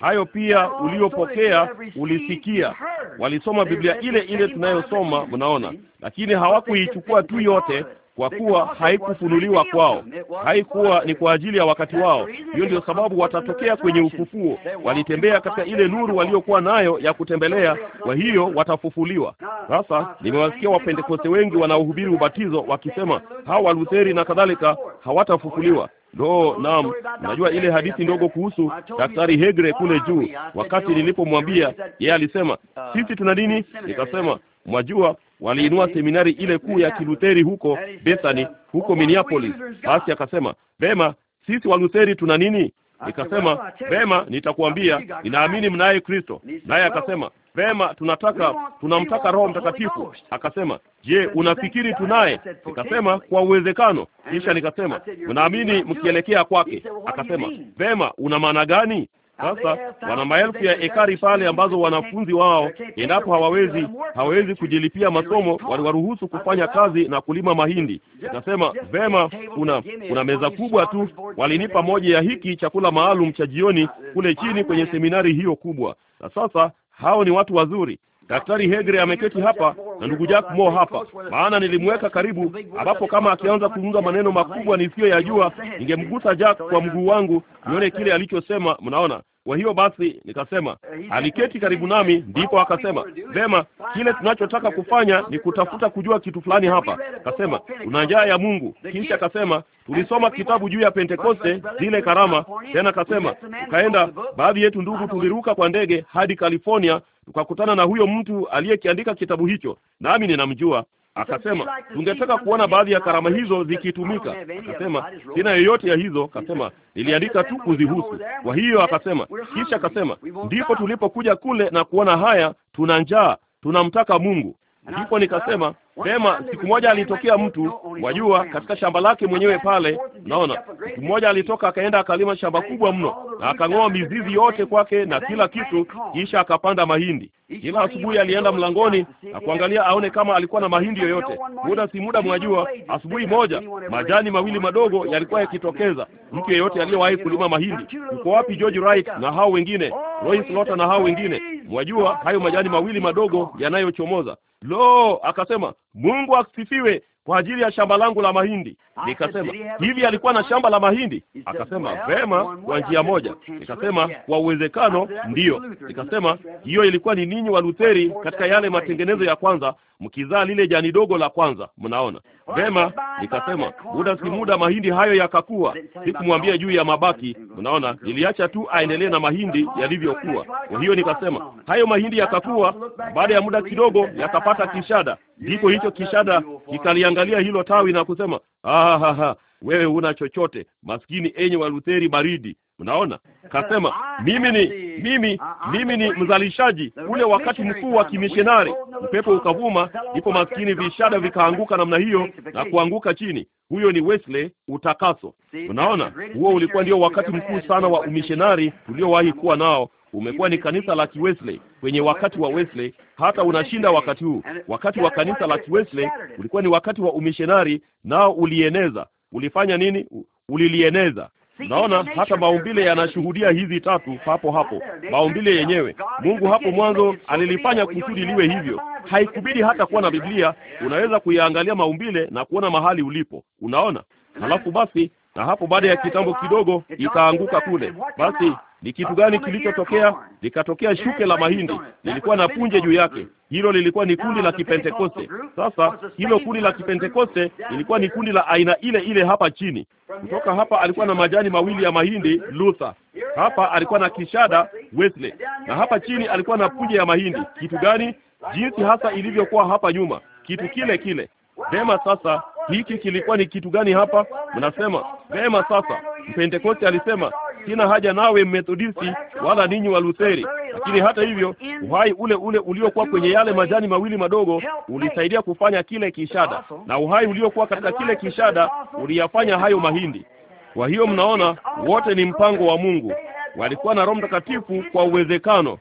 hayo pia uliopokea ulisikia. Walisoma Biblia ile ile tunayosoma, mnaona, lakini hawakuichukua tu yote, kwa kuwa haikufunuliwa kwao, haikuwa ni kwa ajili ya wakati wao. Hiyo ndio sababu watatokea kwenye ufufuo, walitembea katika ile nuru waliokuwa nayo ya kutembelea, kwa hiyo watafufuliwa. Sasa nimewasikia Wapentekoste wengi wanaohubiri ubatizo wakisema, hawa Walutheri na kadhalika hawatafufuliwa. Ndoo, naam. Unajua ile hadithi ndogo kuhusu Daktari Hegre kule juu, wakati nilipomwambia yeye, alisema sisi tuna nini? Nikasema mwajua waliinua seminari ile kuu ya Kilutheri huko Bethany, huko Minneapolis. Basi akasema vema, sisi Walutheri tuna nini? Nikasema vema, nitakuambia, ninaamini mnaye Kristo. Naye akasema vema, tunataka tunamtaka Roho Mtakatifu. Akasema je, unafikiri tunaye? Nikasema kwa uwezekano. Kisha nikasema mnaamini mkielekea kwake? Akasema vema, una maana gani? Sasa wana maelfu ya ekari pale ambazo wanafunzi wao, endapo hawawezi hawawezi kujilipia masomo, waliwaruhusu kufanya kazi na kulima mahindi. Nasema vema, kuna kuna meza kubwa tu. Walinipa moja ya hiki chakula maalum cha jioni kule chini kwenye seminari hiyo kubwa. Na sasa hao ni watu wazuri. Daktari Hegre ameketi hapa na ndugu Jack Mo hapa, maana nilimweka karibu, ambapo kama akianza kuzungumza maneno makubwa nisiyo yajua, ningemgusa Jack kwa mguu wangu nione kile alichosema. Mnaona, kwa hiyo basi nikasema, eh, aliketi karibu nami, ndipo akasema, vema, kile tunachotaka kufanya ni kutafuta kujua kitu fulani hapa. Akasema tuna njaa ya Mungu. Kisha akasema tulisoma kitabu juu ya Pentekoste, zile karama. Tena akasema tukaenda, baadhi yetu ndugu, tuliruka kwa ndege hadi California, tukakutana na huyo mtu aliyekiandika kitabu hicho, nami ninamjua Akasema, tungetaka kuona baadhi ya karama hizo zikitumika. Oh, akasema, sina yoyote ya hizo. Akasema, niliandika tu kuzihusu. Kwa hiyo akasema, kisha akasema, ndipo tulipokuja kule na kuona haya, tuna njaa, tunamtaka Mungu Ndipo nikasema sema, siku moja alitokea mtu wajua, katika shamba lake mwenyewe pale, naona siku moja alitoka akaenda akalima shamba kubwa mno, na akang'oa mizizi yote kwake na kila kitu, kisha akapanda mahindi. Kila asubuhi alienda mlangoni na kuangalia aone kama alikuwa na mahindi yoyote. Muda si muda, mwajua, asubuhi moja majani mawili madogo yalikuwa yakitokeza. Mtu yeyote aliyewahi kulima mahindi, uko wapi George Wright oh, na hao wengine, Roy Slaughter na hao wengine, mwajua hayo majani mawili madogo yanayochomoza Lo, akasema Mungu asifiwe kwa ajili ya shamba langu la mahindi. Nikasema hivi, alikuwa na shamba la mahindi? Akasema vema, kwa njia moja. Nikasema kwa uwezekano ndiyo. Nikasema hiyo ilikuwa ni ninyi wa Lutheri katika yale matengenezo ya kwanza, mkizaa lile jani dogo la kwanza. Mnaona Vema, nikasema muda si muda mahindi hayo yakakuwa. Sikumwambia juu ya mabaki, unaona, niliacha tu aendelee na mahindi yalivyokuwa. Kwa hiyo nikasema hayo mahindi yakakuwa, baada ya muda kidogo yakapata kishada, ndipo hicho kishada kikaliangalia hilo tawi na kusema ah, ha, ha wewe huna chochote, maskini enye Walutheri baridi. unaona kasema mimi ni mimi mimi ni mzalishaji. Ule wakati mkuu wa kimishonari, upepo ukavuma, ndipo maskini vishada vikaanguka namna hiyo na kuanguka chini. Huyo ni Wesley, utakaso. Unaona, huo ulikuwa ndio wakati mkuu sana wa umishonari tuliowahi kuwa nao. Umekuwa ni kanisa la Kiwesley kwenye wakati wa Wesley, hata unashinda wakati huu. Wakati wa kanisa la Kiwesley ulikuwa ni wakati wa umishonari, nao ulieneza ulifanya nini? Ulilieneza. Naona hata maumbile yanashuhudia hizi tatu papo hapo, maumbile yenyewe. Mungu hapo mwanzo alilifanya kusudi liwe hivyo. Haikubidi hata kuwa na Biblia, unaweza kuiangalia maumbile na kuona mahali ulipo. Unaona, halafu basi, na hapo baada ya kitambo kidogo ikaanguka kule, basi ni kitu gani kilichotokea? Likatokea shuke la mahindi, lilikuwa na punje juu yake. Hilo lilikuwa ni kundi la Kipentekoste. Sasa hilo kundi la Kipentekoste lilikuwa ni kundi la aina ile ile hapa chini. Kutoka hapa alikuwa na majani mawili ya mahindi, Luther. Hapa alikuwa na kishada, Wesley. Na hapa chini alikuwa na punje ya mahindi. Kitu gani? Jinsi hasa ilivyokuwa hapa nyuma, kitu kile kile. Vema, sasa hiki kilikuwa ni kitu gani hapa? Mnasema vema. Sasa Pentekoste alisema Sina haja nawe Methodisti wala ninyi wa Lutheri, lakini hata hivyo uhai ule ule uliokuwa kwenye yale majani mawili madogo ulisaidia kufanya kile kishada, na uhai uliokuwa katika kile kishada uliyafanya hayo mahindi. Kwa hiyo mnaona, wote ni mpango wa Mungu. Walikuwa na Roho Mtakatifu kwa uwezekano,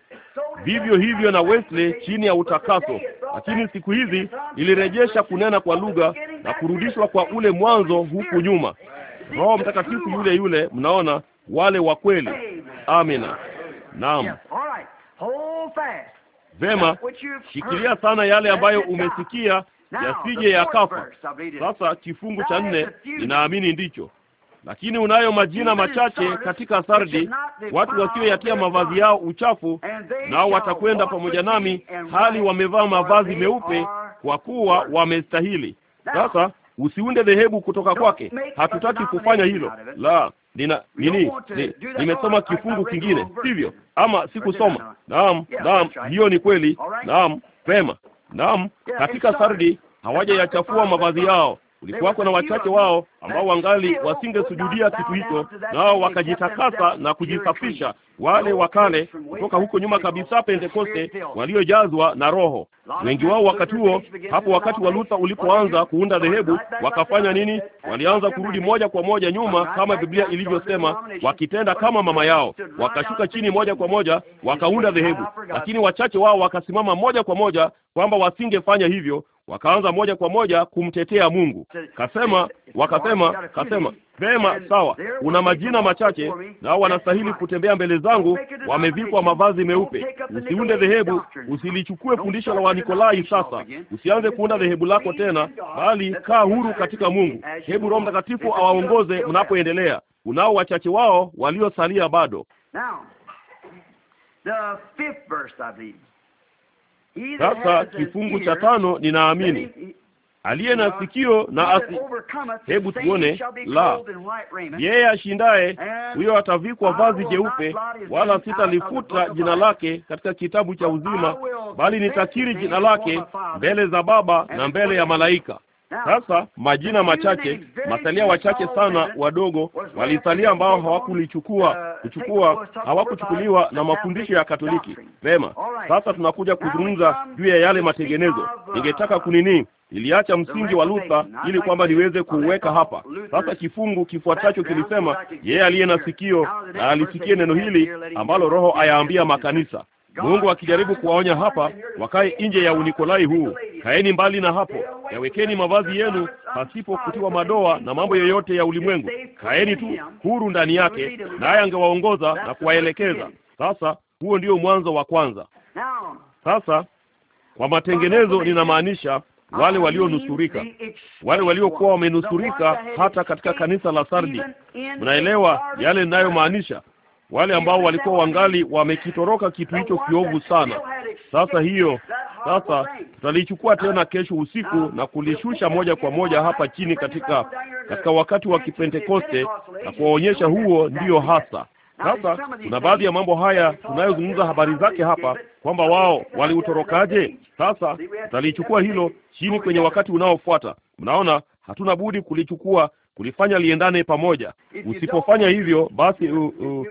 vivyo hivyo na Wesley chini ya utakaso, lakini siku hizi ilirejesha kunena kwa lugha na kurudishwa kwa ule mwanzo huku nyuma. Roho Mtakatifu yule yule, mnaona wale wa kweli. Amina, naam. Vema, shikilia sana yale ambayo umesikia yasije yakafa. Sasa kifungu cha nne, ninaamini ndicho lakini unayo majina machache katika Sardi, watu wasioyatia mavazi yao uchafu, nao watakwenda pamoja nami hali wamevaa mavazi meupe, kwa kuwa wamestahili. Sasa usiunde dhehebu kutoka kwake, hatutaki kufanya hilo la nina nini ni, nimesoma kifungu kingine sivyo? Ama sikusoma? Naam, naam, hiyo ni kweli. Naam, pema Naam, katika Sardi hawajayachafua mavazi yao, ulikuwako na wachache wao ambao wangali wasingesujudia kitu hicho, nao wakajitakasa na kujisafisha, wale wakale kutoka huko nyuma kabisa Pentekoste, waliojazwa na Roho. Wengi wao wakati huo, hapo wakati wa Luther ulipoanza kuunda dhehebu, wakafanya nini? Walianza kurudi moja kwa moja nyuma, kama Biblia ilivyosema, wakitenda kama mama yao, wakashuka chini moja kwa moja, wakaunda dhehebu. Lakini wachache wao wakasimama moja kwa moja kwamba wasingefanya hivyo, wakaanza moja kwa moja kumtetea Mungu. Kasema wakasema Kasema, akasema vema, sawa, una majina machache na wanastahili kutembea mbele zangu, wamevikwa mavazi meupe. Usiunde dhehebu, usilichukue fundisho la Wanikolai. Sasa usianze kuunda dhehebu lako tena, bali kaa huru katika Mungu. Hebu Roho Mtakatifu awaongoze mnapoendelea. Unao wachache wao waliosalia bado. Sasa kifungu cha tano ninaamini aliye na sikio na asi... hebu tuone. La, yeye ashindaye huyo atavikwa vazi jeupe, wala sitalifuta jina lake katika kitabu cha uzima, bali nitakiri jina lake mbele za Baba na mbele ya malaika. Sasa majina machache, masalia wachache sana wadogo walisalia, ambao hawakulichukua uh, kuchukua, hawakuchukuliwa na mafundisho ya Katoliki. Vema, sasa tunakuja kuzungumza juu ya yale matengenezo. Ningetaka kunini iliacha msingi wa Luther ili kwamba niweze kuuweka hapa. Sasa kifungu kifuatacho kilisema, yeye aliye na sikio na alisikie neno hili ambalo Roho ayaambia makanisa. Mungu akijaribu kuwaonya hapa, wakae nje ya unikolai huu, kaeni mbali na hapo, yawekeni mavazi yenu pasipo kutiwa madoa na mambo yoyote ya ulimwengu, kaeni tu huru ndani yake, naye angewaongoza na kuwaelekeza. Sasa huo ndio mwanzo wa kwanza. Sasa kwa matengenezo ninamaanisha wale walionusurika, wale waliokuwa wamenusurika hata katika kanisa la Sardi. Mnaelewa yale ninayomaanisha? wale ambao walikuwa wangali wamekitoroka kitu hicho kiovu sana. Sasa hiyo sasa tutalichukua tena kesho usiku um, na kulishusha moja kwa moja hapa chini katika katika wakati wa Kipentekoste na kuwaonyesha huo ndiyo hasa sasa kuna baadhi ya mambo haya tunayozungumza habari zake hapa kwamba wao waliutorokaje. Sasa tutalichukua hilo chini kwenye wakati unaofuata. Mnaona, hatuna budi kulichukua kulifanya liendane pamoja. Usipofanya hivyo, basi u, u, u,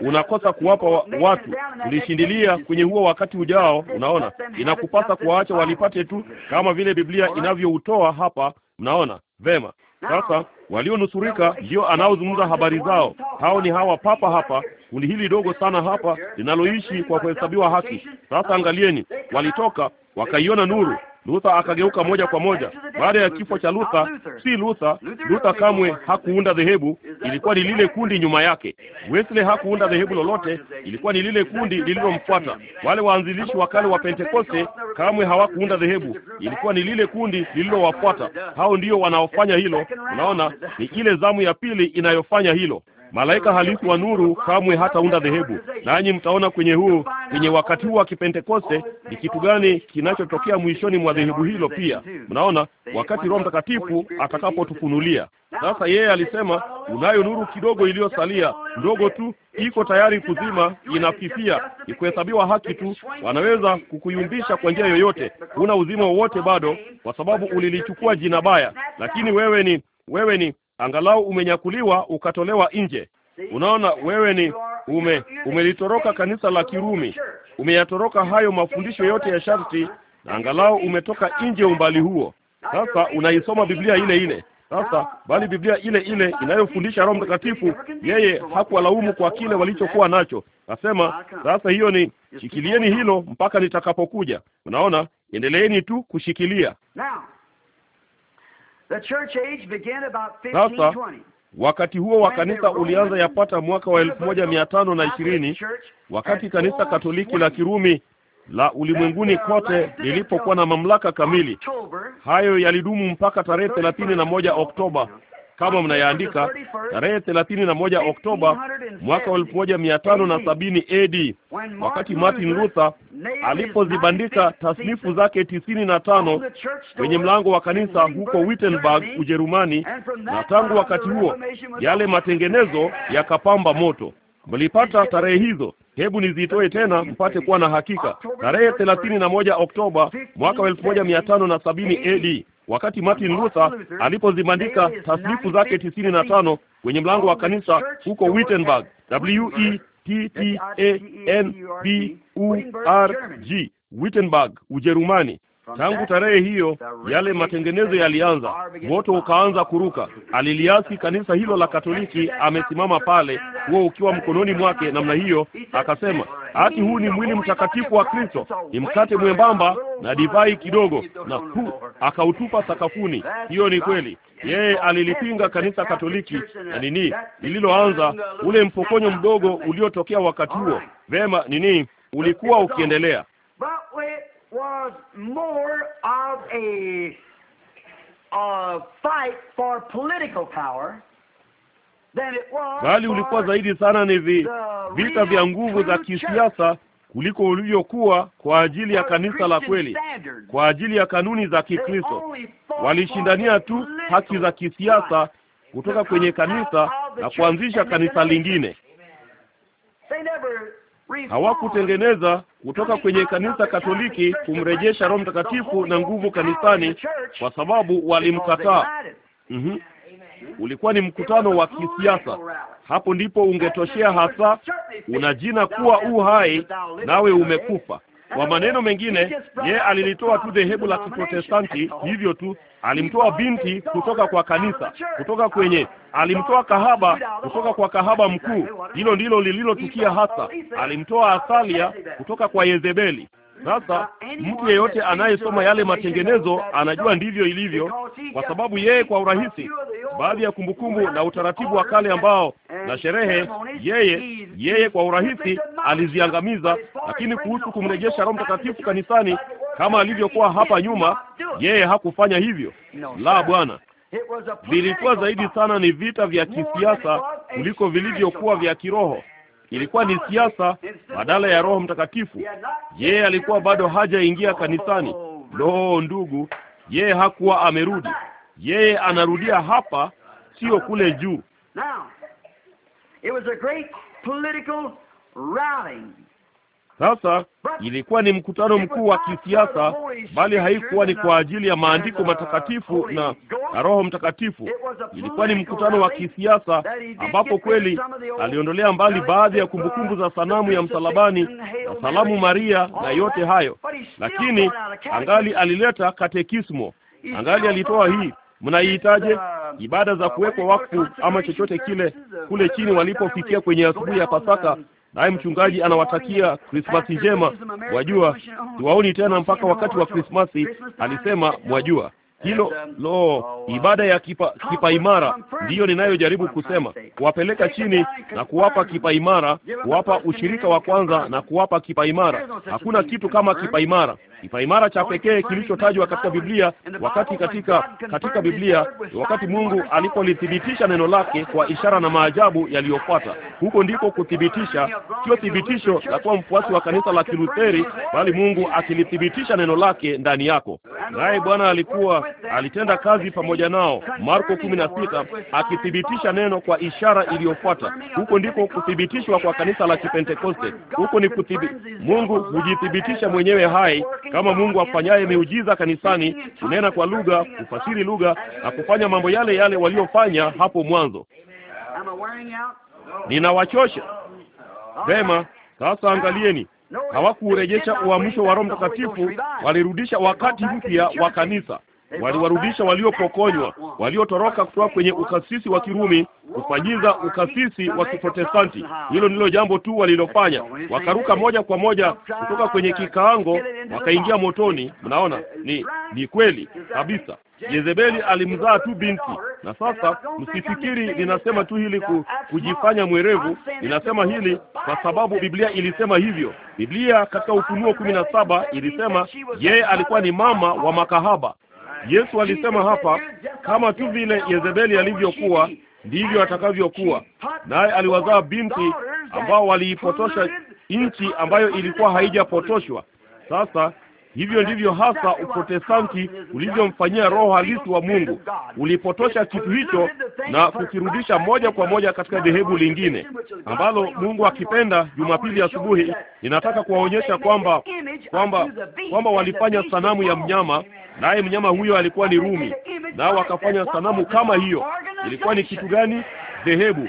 unakosa kuwapa wa, watu ulishindilia kwenye huo wakati ujao. Unaona, inakupasa kuwaacha walipate tu, kama vile Biblia inavyoutoa hapa. Mnaona vema? Sasa walionusurika ndio anaozungumza habari zao. Hao ni hawa papa hapa, kundi hili dogo sana hapa linaloishi kwa kuhesabiwa haki. Sasa angalieni, walitoka wakaiona nuru Luther akageuka moja kwa moja baada ya kifo cha Luther. Si Luther, Luther kamwe hakuunda dhehebu, ilikuwa ni lile kundi nyuma yake. Wesley hakuunda dhehebu lolote, ilikuwa ni lile kundi lililomfuata. Wale waanzilishi wa kale wa Pentekoste kamwe hawakuunda dhehebu, ilikuwa ni lile kundi lililowafuata. Hao ndio wanaofanya hilo. Unaona, ni ile zamu ya pili inayofanya hilo. Malaika halisi wa nuru kamwe hataunda dhehebu, nanyi mtaona kwenye huu kwenye wakati huu wa Kipentekoste ni kitu gani kinachotokea mwishoni mwa dhehebu hilo. Pia mnaona wakati Roho Mtakatifu atakapotufunulia. Sasa yeye alisema, unayo nuru kidogo iliyosalia, ndogo tu, iko tayari kuzima, inafifia, ikuhesabiwa haki tu. Wanaweza kukuyumbisha kwa njia yoyote, huna uzima wowote bado, kwa sababu ulilichukua jina baya, lakini wewe ni wewe ni angalau umenyakuliwa ukatolewa nje. Unaona, wewe ni ume- umelitoroka kanisa la Kirumi, umeyatoroka hayo mafundisho yote ya sharti, na angalau umetoka nje umbali huo. Sasa unaisoma Biblia ile ile sasa, bali Biblia ile ile inayofundisha Roho Mtakatifu. Yeye hakuwalaumu kwa kile walichokuwa nacho, nasema sasa, hiyo ni shikilieni hilo mpaka nitakapokuja. Unaona, endeleeni tu kushikilia sasa wakati huo wa kanisa ulianza yapata mwaka wa elfu moja mia tano na ishirini wakati kanisa Katoliki la Kirumi la ulimwenguni kote lilipokuwa na mamlaka kamili. Hayo yalidumu mpaka tarehe thelathini na moja Oktoba kama mnayaandika, tarehe thelathini na moja Oktoba mwaka wa elfu moja mia tano na sabini AD, wakati Martin Luther alipozibandika tasnifu zake tisini na tano kwenye mlango wa kanisa huko Wittenberg, Ujerumani, na tangu wakati huo yale matengenezo yakapamba moto. Mlipata tarehe hizo. Hebu nizitoe tena mpate kuwa na hakika. Tarehe thelathini na moja Oktoba mwaka wa elfu moja mia tano na sabini AD, Wakati Martin Luther alipozibandika tasnifu zake tisini na tano kwenye mlango wa kanisa huko Wittenberg, W E T T A e N B U R G, Wittenberg, Ujerumani, Tangu tarehe hiyo yale matengenezo yalianza, moto ukaanza kuruka. Aliliasi kanisa hilo la Katoliki, amesimama pale, huo ukiwa mkononi mwake namna hiyo, akasema, ati huu ni mwili mtakatifu wa Kristo, ni mkate mwembamba na divai kidogo, na hu akautupa sakafuni. Hiyo ni kweli. Yeye alilipinga kanisa Katoliki na nini lililoanza, ule mpokonyo mdogo uliotokea wakati huo. Vema, nini ulikuwa ukiendelea was more of a a fight for political power than it was, bali ulikuwa zaidi sana ni vi, vita vya nguvu za kisiasa kuliko ulivyokuwa kwa ajili ya kanisa la kweli, kwa ajili ya kanuni za Kikristo. Walishindania tu haki za kisiasa kutoka kwenye kanisa na kuanzisha kanisa lingine. Hawakutengeneza kutoka kwenye kanisa Katoliki kumrejesha Roho Mtakatifu na nguvu kanisani, kwa sababu walimkataa. mm-hmm. Ulikuwa ni mkutano wa kisiasa. Hapo ndipo ungetoshea hasa, una jina kuwa uhai hai nawe umekufa. Kwa maneno mengine, yeye alilitoa tu dhehebu la Kiprotestanti hivyo tu. Alimtoa binti kutoka kwa kanisa, kutoka kwenye, alimtoa kahaba kutoka kwa kahaba mkuu. Hilo ndilo lililotukia hasa. Alimtoa Athalia kutoka kwa Yezebeli. Sasa uh, mtu yeyote anayesoma yale matengenezo anajua ndivyo ilivyo, kwa sababu yeye kwa urahisi, baadhi ya kumbukumbu na utaratibu wa kale ambao na sherehe, yeye yeye kwa urahisi aliziangamiza. Lakini kuhusu kumrejesha Roho Mtakatifu kanisani kama alivyokuwa hapa nyuma, yeye hakufanya hivyo. La, bwana vilikuwa zaidi sana ni vita vya kisiasa kuliko vilivyokuwa vya kiroho ilikuwa ni siasa badala ya Roho Mtakatifu. Yeye alikuwa bado hajaingia kanisani. Loo, ndugu, yeye hakuwa amerudi. Yeye anarudia hapa, sio kule juu. Sasa ilikuwa ni mkutano mkuu wa kisiasa, bali haikuwa ni kwa ajili ya maandiko matakatifu na Roho Mtakatifu. Ilikuwa ni mkutano wa kisiasa ambapo kweli aliondolea mbali baadhi ya kumbukumbu za sanamu ya msalabani na salamu Maria na yote hayo, lakini angali alileta katekismo, angali alitoa hii mnaihitaje ibada za kuwekwa wakfu ama chochote kile kule chini walipofikia kwenye asubuhi ya Pasaka naye mchungaji anawatakia Krismasi njema. Wajua, siwaoni tena mpaka wakati wa Krismasi, alisema. Mwajua hilo lo, ibada ya kipa, kipa imara ndiyo ninayojaribu kusema, kuwapeleka chini na kuwapa kipa imara, kuwapa ushirika wa kwanza na kuwapa kipa imara. Hakuna kitu kama kipa imara. Kipaimara cha pekee kilichotajwa katika Biblia, wakati katika katika Biblia, wakati Mungu alipolithibitisha neno lake kwa ishara na maajabu yaliyofuata. Huko ndiko kuthibitisha, sio thibitisho la kuwa mfuasi wa kanisa la Kilutheri, bali Mungu akilithibitisha neno lake ndani yako. Naye Bwana alikuwa alitenda kazi pamoja nao, Marko 16, akithibitisha neno kwa ishara iliyofuata. Huko ndiko kuthibitishwa kwa kanisa la Kipentekoste. Huko ni kuthibi... Mungu hujithibitisha mwenyewe hai kama Mungu afanyaye miujiza kanisani, kunena kwa lugha, kufasiri lugha na kufanya mambo yale yale waliofanya hapo mwanzo, ninawachosha. Vema, sasa angalieni, hawakuurejesha uamsho wa Roho Mtakatifu, walirudisha wakati mpya wa kanisa waliwarudisha waliopokonywa, waliotoroka kutoka kwenye ukasisi wa Kirumi kufanyiza ukasisi wa Kiprotestanti. Hilo ndilo jambo tu walilofanya, wakaruka moja kwa moja kutoka kwenye kikaango wakaingia motoni. Mnaona, ni ni kweli kabisa. Jezebeli alimzaa tu binti, na sasa msifikiri ninasema tu hili ku, kujifanya mwerevu. Ninasema hili kwa sababu Biblia ilisema hivyo. Biblia katika Ufunuo kumi na saba ilisema yeye alikuwa ni mama wa makahaba. Yesu alisema hapa, kama tu vile Yezebeli alivyokuwa ndivyo atakavyokuwa, naye aliwazaa binti ambao waliipotosha nchi ambayo ilikuwa haijapotoshwa. Sasa Hivyo ndivyo hasa Uprotestanti ulivyomfanyia roho halisi wa Mungu. Ulipotosha kitu hicho na kukirudisha moja kwa moja katika dhehebu lingine ambalo Mungu akipenda, Jumapili asubuhi inataka kuwaonyesha kwamba kwamba kwamba walifanya sanamu ya mnyama, naye mnyama huyo alikuwa ni Rumi, nao wakafanya sanamu kama hiyo. Ilikuwa ni kitu gani? Dhehebu.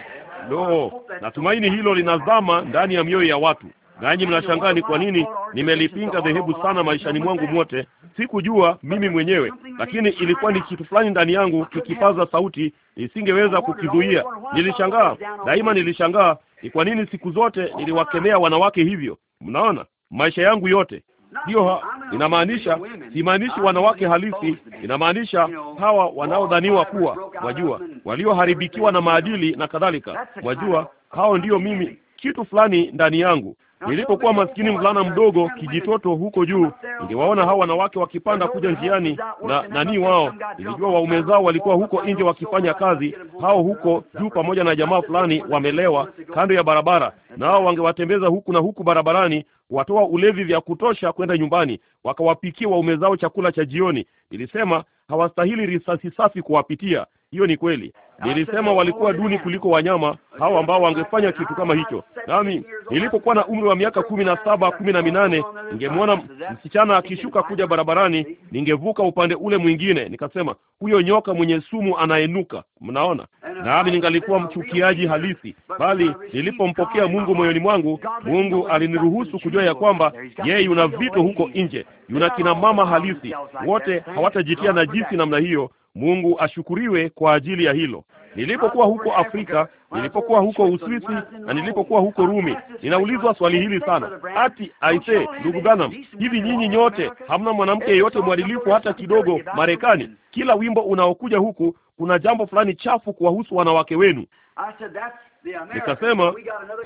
Lo, natumaini hilo linazama ndani ya mioyo ya watu nanyi mnashangaa ni kwa nini nimelipinga dhehebu sana maishani mwangu mwote. Sikujua mimi mwenyewe, lakini ilikuwa ni kitu fulani ndani yangu kikipaza sauti, nisingeweza kukizuia. Nilishangaa daima, nilishangaa ni kwa nini siku zote niliwakemea wanawake hivyo. Mnaona, maisha yangu yote hiyo inamaanisha, simaanishi wanawake halisi, inamaanisha hawa wanaodhaniwa kuwa, wajua, walioharibikiwa na maadili na kadhalika, wajua, hao ndiyo mimi, kitu fulani ndani yangu Nilipokuwa maskini mvulana mdogo kijitoto huko juu, ningewaona hao wanawake wakipanda kuja njiani na nani wao, nilijua waume zao walikuwa huko nje wakifanya kazi, hao huko juu pamoja na jamaa fulani wamelewa kando ya barabara, na hao wangewatembeza huku na huku barabarani watoa ulevi vya kutosha kwenda nyumbani, wakawapikia waume zao chakula cha jioni. Nilisema hawastahili risasi safi kuwapitia. Hiyo ni kweli. Nilisema walikuwa duni kuliko wanyama hao ambao wangefanya kitu kama hicho. Nami nilipokuwa na umri wa miaka kumi na saba kumi na minane ningemwona msichana akishuka kuja barabarani, ningevuka upande ule mwingine, nikasema huyo nyoka mwenye sumu anaenuka. Mnaona, nami ningalikuwa mchukiaji halisi, bali nilipompokea Mungu moyoni mwangu, Mungu aliniruhusu kujua ya kwamba yeye yuna vito huko nje, yuna kina mama halisi, wote hawatajitia najisi namna hiyo Mungu ashukuriwe kwa ajili ya hilo. Nilipokuwa huko Afrika, nilipokuwa huko Uswisi na nilipokuwa huko Rumi, ninaulizwa swali hili sana, ati aise, ndugu Branham, hivi nyinyi nyote hamna mwanamke yeyote mwadilifu hata kidogo Marekani? Kila wimbo unaokuja huku kuna jambo fulani chafu kuwahusu wanawake wenu. Nikasema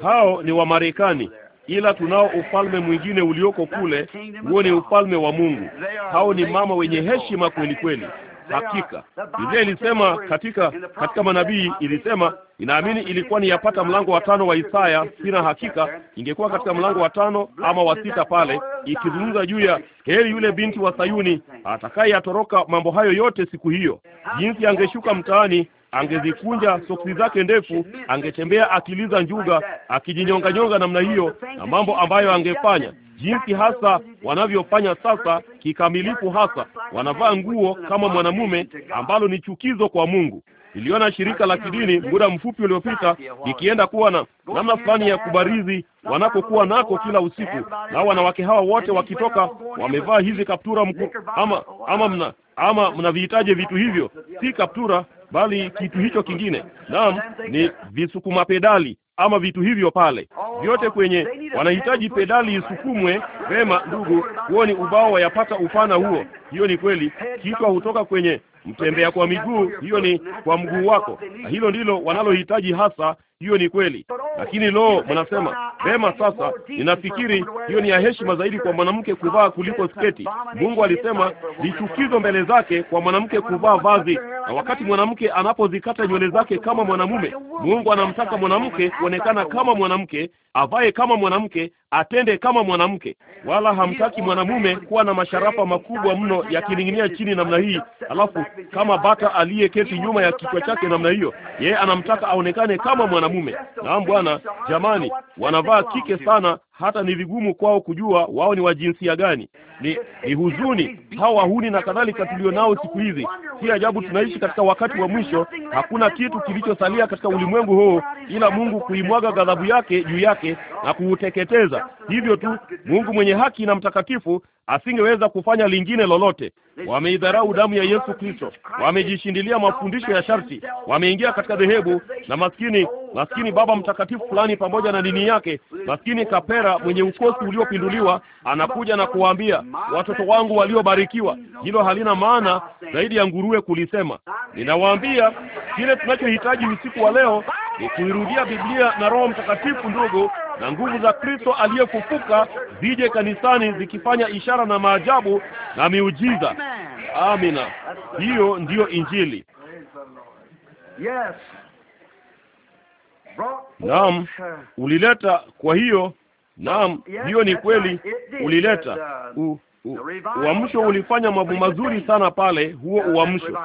hao ni Wamarekani, ila tunao ufalme mwingine ulioko kule. Huo ni ufalme wa Mungu. Hao ni mama wenye heshima kweli kweli hakika. Biblia ilisema katika katika manabii ilisema, inaamini ilikuwa ni yapata mlango wa tano wa Isaya, sina hakika, ingekuwa katika mlango wa tano ama wa sita pale, ikizungumza juu ya heri yule binti wa Sayuni atakaye yatoroka mambo hayo yote siku hiyo, jinsi angeshuka mtaani angezikunja soksi zake ndefu, angetembea akiliza njuga, akijinyonganyonga namna hiyo, na mambo ambayo angefanya jinsi hasa wanavyofanya sasa, kikamilifu hasa, wanavaa nguo kama mwanamume, ambalo ni chukizo kwa Mungu. Niliona shirika la kidini muda mfupi uliopita likienda kuwa na namna fulani ya kubarizi wanapokuwa nako kila usiku, na wanawake hawa wote wakitoka wamevaa hizi kaptura mku, ama ama mna ama mnavihitaje vitu hivyo, si kaptura bali kitu hicho kingine. Naam, ni visukuma pedali ama vitu hivyo pale vyote kwenye, wanahitaji pedali isukumwe vema. Ndugu, huo ni ubao wayapata upana huo. Hiyo ni kweli. Kichwa hutoka kwenye mtembea kwa miguu, hiyo ni kwa mguu wako. Hilo ndilo wanalohitaji hasa, hiyo ni kweli, lakini lo, mnasema vema. Sasa ninafikiri hiyo ni ya heshima zaidi kwa mwanamke kuvaa kuliko sketi. Mungu alisema lichukizo mbele zake kwa mwanamke kuvaa vazi, na wakati mwanamke anapozikata nywele zake kama mwanamume, Mungu anamtaka mwanamke kuonekana kama mwanamke, avae kama mwanamke, atende kama mwanamke, wala hamtaki mwanamume kuwa na masharafa makubwa mno yakining'inia chini namna hii, alafu kama bata aliyeketi nyuma ya kichwa chake namna hiyo. Yeye anamtaka aonekane kama mwanamke mwanamume. Naam Bwana, jamani, wanavaa kike sana hata ni vigumu kwao kujua wao ni wa jinsia gani. Ni, ni huzuni hao wahuni na kadhalika tulio nao siku hizi. Si ajabu tunaishi katika wakati wa mwisho. Hakuna kitu kilichosalia katika ulimwengu huu ila Mungu kuimwaga ghadhabu yake juu yake na kuuteketeza. Hivyo tu Mungu mwenye haki na mtakatifu asingeweza kufanya lingine lolote. Wameidharau damu ya Yesu Kristo, wamejishindilia mafundisho ya sharti, wameingia katika dhehebu. Na maskini maskini baba mtakatifu fulani pamoja na dini yake, maskini kapera biashara mwenye ukosi uliopinduliwa anakuja na kuwaambia watoto wangu waliobarikiwa, hilo halina maana zaidi ya nguruwe kulisema. Ninawaambia kile tunachohitaji usiku wa leo ni kuirudia Biblia na Roho Mtakatifu, ndugu, na nguvu za Kristo aliyefufuka zije kanisani zikifanya ishara na maajabu na miujiza. Amina, hiyo ndiyo Injili. Naam, ulileta kwa hiyo Naam, hiyo ni kweli, ulileta um, u, u, uamsho ulifanya mambo mazuri sana pale, huo uamsho,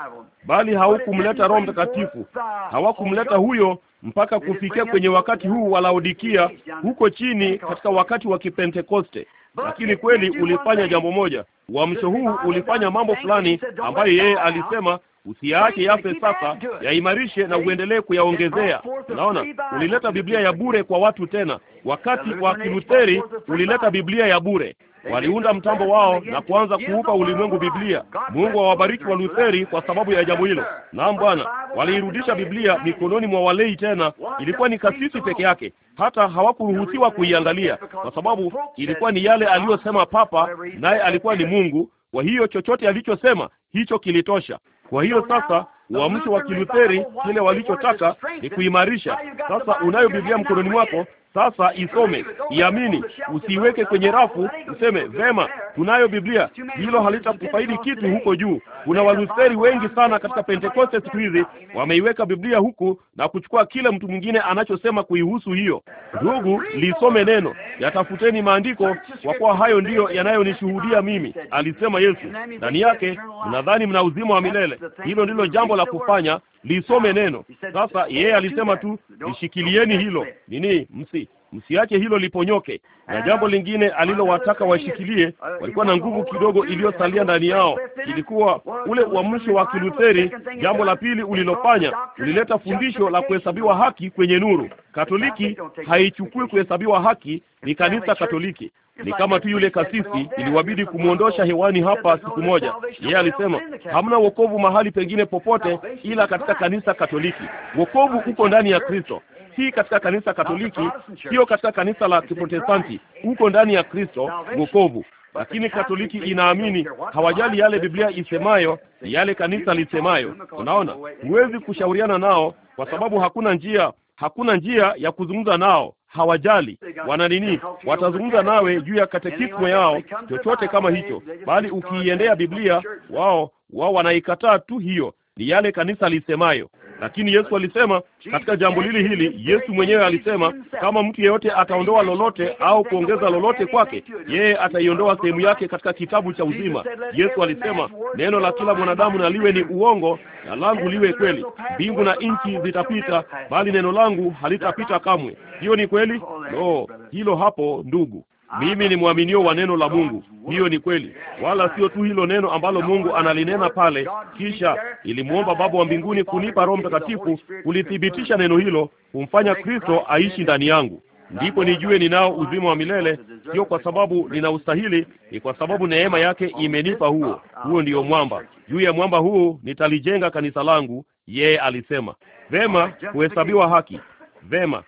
bali haukumleta Roho Mtakatifu, hawakumleta huyo mpaka kufikia kwenye wakati huu wa Laodikia huko chini katika wakati wa Kipentekoste. Lakini kweli ulifanya jambo moja, uamsho huu ulifanya mambo fulani ambayo yeye alisema usiache yafe sasa, yaimarishe na uendelee kuyaongezea. Unaona, ulileta Biblia ya bure kwa watu tena. Wakati wa Kilutheri ulileta Biblia ya bure, waliunda mtambo wao na kuanza kuupa ulimwengu Biblia. Mungu awabariki wa Lutheri kwa sababu ya jambo hilo. Naam Bwana, waliirudisha Biblia mikononi mwa walei tena. Ilikuwa ni kasisi peke yake, hata hawakuruhusiwa kuiangalia kwa sababu ilikuwa ni yale aliyosema Papa, naye alikuwa ni Mungu. Kwa hiyo chochote alichosema hicho kilitosha. Kwa hiyo sasa uamsho wa Kilutheri, kile walichotaka ni kuimarisha. Sasa unayo Biblia mkononi mwako, sasa isome, iamini, usiiweke kwenye rafu, useme vema, tunayo Biblia. Hilo halitakufaidi kitu huko juu, kuna Walutheri wengi sana katika Pentekoste siku hizi wameiweka Biblia huku na kuchukua kile mtu mwingine anachosema kuihusu hiyo. Ndugu, lisome neno, yatafuteni maandiko, kwa kuwa hayo ndiyo yanayonishuhudia mimi, alisema Yesu. Ndani yake mnadhani mna uzima wa milele. Hilo ndilo jambo la kufanya, lisome neno. Sasa yeye alisema tu lishikilieni hilo, nini msi msiache hilo liponyoke. Na ah, jambo lingine alilowataka washikilie walikuwa na nguvu kidogo iliyosalia ndani yao, ilikuwa ule uamsho wa Kilutheri. Jambo la pili ulilofanya, ulileta fundisho la kuhesabiwa haki kwenye nuru. Katoliki haichukui kuhesabiwa haki, ni kanisa Katoliki ni kama tu yule kasisi iliwabidi kumwondosha hewani hapa siku moja. Yeye alisema hamna wokovu mahali pengine popote ila katika kanisa Katoliki. Wokovu uko ndani ya Kristo si katika kanisa Katoliki, sio katika kanisa la Kiprotestanti. Uko ndani ya Kristo wokovu. Lakini Katoliki inaamini, hawajali yale Biblia isemayo, ni yale kanisa lisemayo. Unaona, huwezi kushauriana nao kwa sababu hakuna njia, hakuna njia ya kuzungumza nao hawajali wana nini, watazungumza nawe juu ya katekismo yao, chochote kama hicho, bali ukiiendea Biblia wao wao wanaikataa tu hiyo, ni yale kanisa lisemayo. Lakini Yesu alisema katika jambo lili hili, Yesu mwenyewe alisema, kama mtu yeyote ataondoa lolote au kuongeza lolote kwake, yeye ataiondoa sehemu yake katika kitabu cha uzima. Yesu alisema, neno la kila mwanadamu na liwe ni uongo na langu liwe kweli. Mbingu na nchi zitapita, bali neno langu halitapita kamwe. Hiyo ni kweli? No, hilo hapo, ndugu. Mimi ni mwaminio wa neno la Mungu, hiyo ni kweli, wala sio tu hilo neno ambalo Mungu analinena pale. Kisha ilimwomba Baba wa mbinguni kunipa Roho Mtakatifu kulithibitisha neno hilo, kumfanya Kristo aishi ndani yangu, ndipo nijue ninao uzima wa milele, sio kwa sababu nina ustahili ni kwa sababu neema yake imenipa huo. Huo ndiyo mwamba, juu ya mwamba huu nitalijenga kanisa langu, yeye alisema. Vema, kuhesabiwa haki. Vema,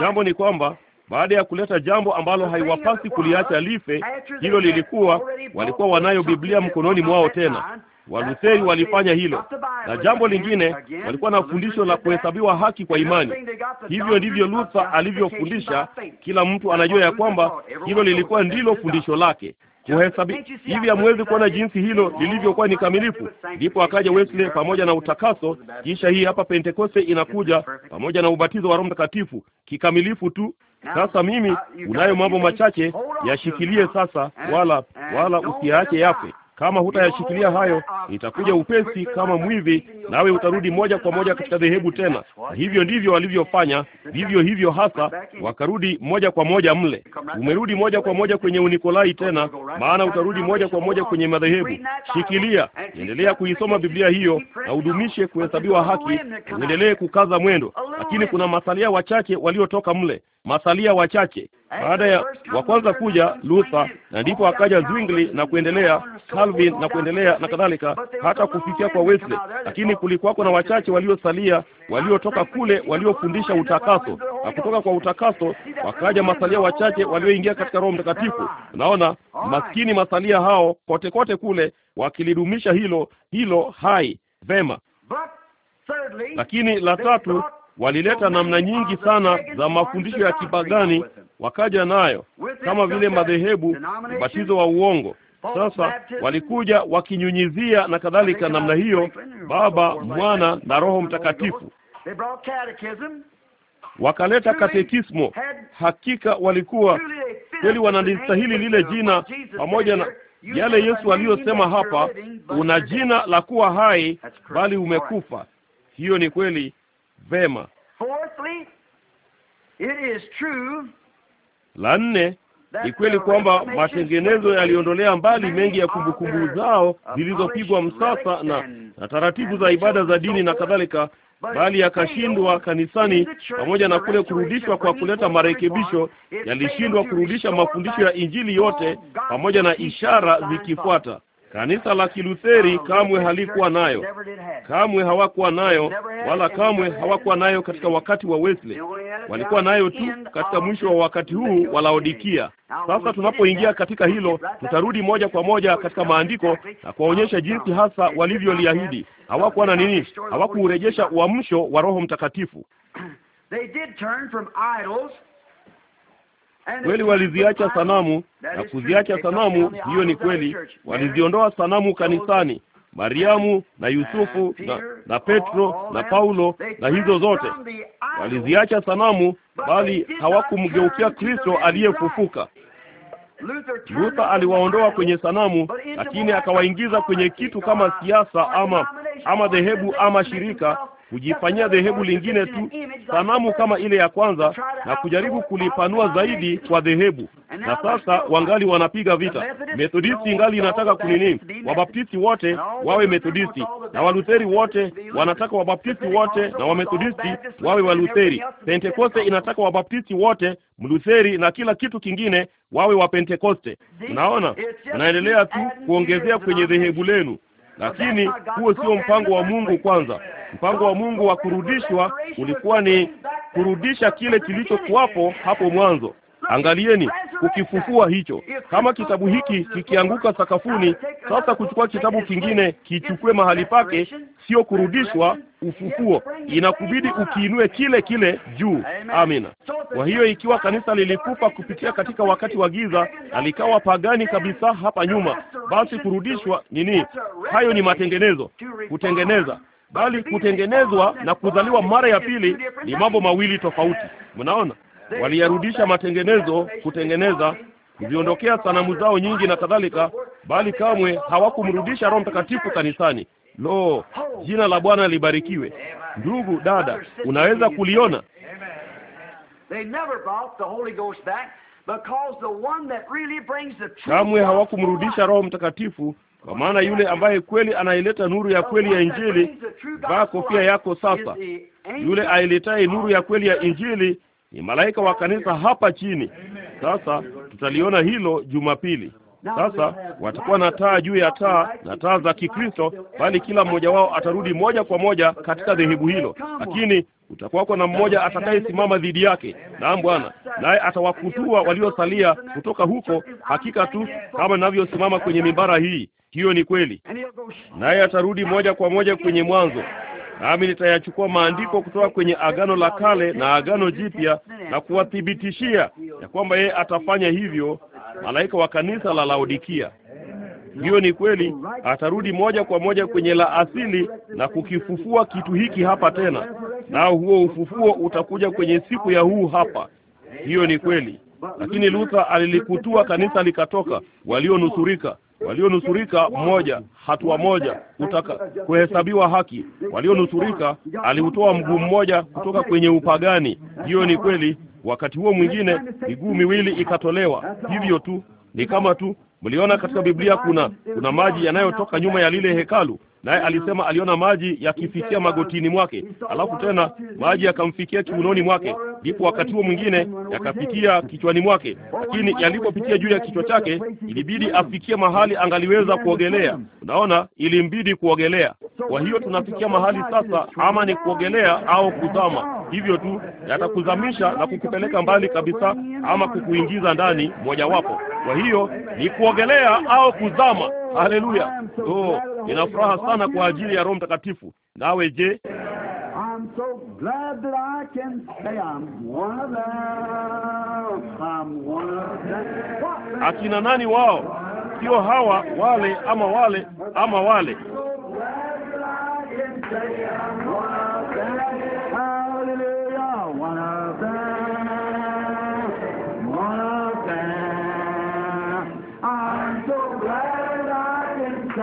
jambo ni kwamba baada ya kuleta jambo ambalo haiwapasi kuliacha life. Hilo lilikuwa walikuwa wanayo Biblia mkononi mwao tena Walutheri walifanya hilo. Na jambo lingine, walikuwa na fundisho la kuhesabiwa haki kwa imani. Hivyo ndivyo Luther alivyofundisha. Kila mtu anajua ya kwamba hilo lilikuwa ndilo fundisho lake kuhesabi hivi, hamwezi kuona jinsi hilo lilivyokuwa ni kamilifu. Ndipo akaja Wesley pamoja na utakaso, kisha hii hapa Pentekoste inakuja pamoja na ubatizo wa Roho Mtakatifu kikamilifu tu. Sasa mimi uh, unayo mambo machache, yashikilie sasa, wala wala usiache yafe. Kama hutayashikilia hayo, itakuja upesi kama mwivi, nawe utarudi moja kwa moja katika dhehebu tena. Na hivyo ndivyo walivyofanya, vivyo hivyo hasa, wakarudi moja kwa moja mle. Umerudi moja kwa moja kwenye Unikolai tena, maana utarudi moja kwa moja kwenye madhehebu. Shikilia, endelea kuisoma Biblia hiyo na udumishe kuhesabiwa haki, uendelee kukaza mwendo, lakini kuna masalia wachache waliotoka mle masalia wachache baada ya wa kwanza kuja Luther, na ndipo akaja Zwingli na kuendelea, Calvin na kuendelea na kadhalika, hata kufikia kwa Wesley. Lakini kulikuwako na wachache waliosalia, waliotoka kule, waliofundisha utakaso, na kutoka kwa utakaso wakaja masalia wachache walioingia katika Roho Mtakatifu. Unaona, maskini masalia hao kote kote kule wakilidumisha hilo hilo hai vema. Lakini la tatu walileta namna nyingi sana za mafundisho ya kipagani, wakaja nayo kama vile madhehebu, ubatizo wa uongo. Sasa walikuja wakinyunyizia na kadhalika, namna hiyo, Baba, Mwana na Roho Mtakatifu. Wakaleta katekismo. Hakika walikuwa kweli wanalistahili lile jina, pamoja na yale Yesu aliyosema hapa, una jina la kuwa hai bali umekufa. Hiyo ni kweli. Vema. La nne ni kweli kwamba matengenezo yaliondolea mbali mengi ya kumbukumbu zao zilizopigwa msasa na, na taratibu za ibada za dini na kadhalika, bali yakashindwa kanisani. Pamoja na kule kurudishwa kwa kuleta marekebisho, yalishindwa kurudisha mafundisho ya Injili yote pamoja na ishara zikifuata. Kanisa la Kilutheri ah, kamwe halikuwa nayo, kamwe hawakuwa nayo, wala kamwe hawakuwa nayo katika wakati wa Wesley. Walikuwa nayo tu katika mwisho wa wakati huu wa Laodikia. Sasa tunapoingia katika hilo, tutarudi moja kwa moja katika maandiko na kuwaonyesha jinsi hasa walivyoliahidi. Hawakuwa na nini? Hawakuurejesha uamsho wa Roho Mtakatifu. Kweli waliziacha sanamu, na kuziacha sanamu, hiyo ni kweli. Waliziondoa sanamu kanisani, Mariamu na Yusufu na, na Petro na Paulo na hizo zote waliziacha sanamu, bali hawakumgeukia Kristo aliyefufuka. Luther aliwaondoa kwenye sanamu, lakini akawaingiza kwenye kitu kama siasa ama ama dhehebu ama shirika kujifanyia dhehebu lingine tu, sanamu kama ile ya kwanza, na kujaribu kulipanua zaidi kwa dhehebu. Na sasa wangali wanapiga vita. Methodisti ingali inataka kunini, wabaptisti wote wawe Methodisti, na walutheri wote wanataka wabaptisti wote na wamethodisti wawe walutheri. Pentekoste inataka wabaptisti wote mlutheri na kila kitu kingine wawe wa Pentekoste. Unaona, unaendelea tu kuongezea kwenye dhehebu lenu, lakini huo sio mpango wa Mungu kwanza. Mpango wa Mungu wa kurudishwa ulikuwa ni kurudisha kile kilichokuwapo hapo mwanzo. Angalieni kukifufua hicho. Kama kitabu hiki kikianguka sakafuni, sasa kuchukua kitabu kingine kichukue mahali pake, sio kurudishwa, ufufuo. Inakubidi ukiinue kile kile juu. Amina. Kwa hiyo ikiwa kanisa lilikufa kupitia katika wakati wa giza na likawa pagani kabisa hapa nyuma, basi kurudishwa nini? Hayo ni matengenezo, kutengeneza bali kutengenezwa na kuzaliwa mara ya pili ni mambo mawili tofauti. Mnaona, waliyarudisha matengenezo, kutengeneza, kuziondokea sanamu zao nyingi na kadhalika, bali kamwe hawakumrudisha Roho Mtakatifu kanisani. Lo, jina la Bwana libarikiwe. Ndugu dada, unaweza kuliona kamwe hawakumrudisha Roho Mtakatifu kwa maana yule ambaye kweli anaileta nuru ya kweli ya Injili, vaa kofia yako sasa. Yule ailetaye nuru ya kweli ya Injili ni malaika wa kanisa hapa chini. Sasa tutaliona hilo Jumapili. Sasa watakuwa na taa juu ya taa na taa za Kikristo, bali kila mmoja wao atarudi moja kwa moja katika dhehebu hilo, lakini utakuwako na mmoja atakayesimama dhidi yake. Naam Bwana, naye atawakutua waliosalia kutoka huko, hakika tu kama ninavyosimama kwenye mimbara hii. Hiyo ni kweli. Naye atarudi moja kwa moja kwenye Mwanzo, nami nitayachukua maandiko kutoka kwenye Agano la Kale na Agano Jipya na kuwathibitishia ya kwamba yeye atafanya hivyo malaika wa kanisa la Laodikia. Hiyo ni kweli, atarudi moja kwa moja kwenye la asili na kukifufua kitu hiki hapa tena, nao huo ufufuo utakuja kwenye siku ya huu hapa. Hiyo ni kweli, lakini Luther alilikutua kanisa likatoka, walionusurika walionusurika mmoja, hatua moja, utaka kuhesabiwa haki. Walionusurika aliutoa mguu mmoja kutoka kwenye upagani. Hiyo ni kweli, Wakati huo mwingine miguu miwili ikatolewa, hivyo tu. Ni kama tu mliona katika Biblia, kuna kuna maji yanayotoka nyuma ya lile hekalu, naye alisema aliona maji yakifikia magotini mwake, alafu tena maji yakamfikia kiunoni mwake, ndipo wakati huo mwingine yakafikia kichwani mwake. Lakini yalipopitia juu ya kichwa chake, ilibidi afikie mahali angaliweza kuogelea. Unaona, ilimbidi kuogelea. Kwa hiyo tunafikia mahali sasa, ama ni kuogelea au kuzama. Hivyo tu yatakuzamisha na kukupeleka mbali kabisa, ama kukuingiza ndani mojawapo. Kwa hiyo ni kuogelea au kuzama. Haleluya! So nina furaha sana kwa ajili ya Roho Mtakatifu. Nawe je? Akina nani wao? Sio hawa wale, ama wale, ama wale.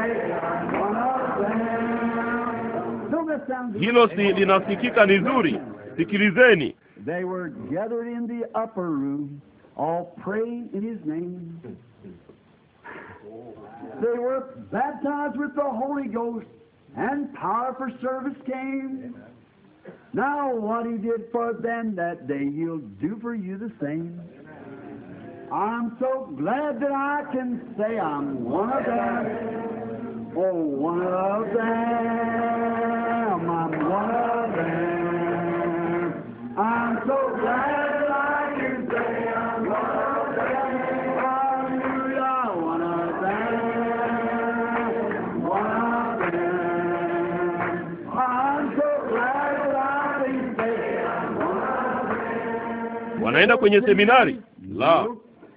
They were gathered in the upper room, all praying in His name. They were baptized with the Holy Ghost and power for service came. Now what he did for them that day, he'll do for you the same. I'm so glad that I can say I'm one of them. wanaenda kwenye seminari. La,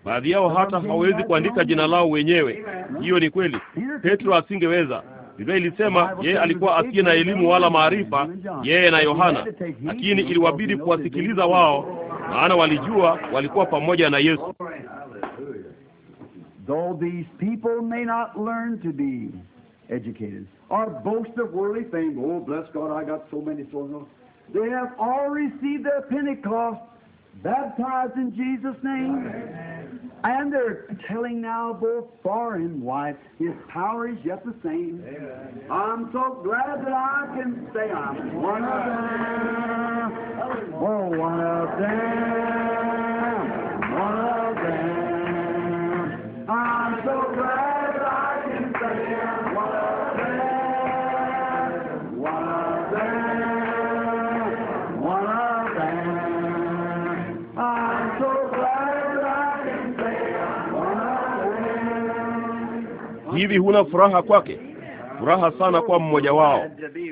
baadhi yao hata hawawezi kuandika jina lao wenyewe. Hiyo ni kweli. Petro asingeweza. Biblia ilisema yeye alikuwa asiye na elimu wala maarifa, yeye na Yohana, lakini iliwabidi kuwasikiliza wao, maana walijua walikuwa pamoja na Yesu. baptized in Jesus' name. Amen. And they're telling now both far and wide, His power is yet the same. Amen. I'm so glad that I can say I'm one of them. Oh, one of them. One of them. I'm so glad. hivi huna furaha kwake? Furaha sana kwa mmoja wao.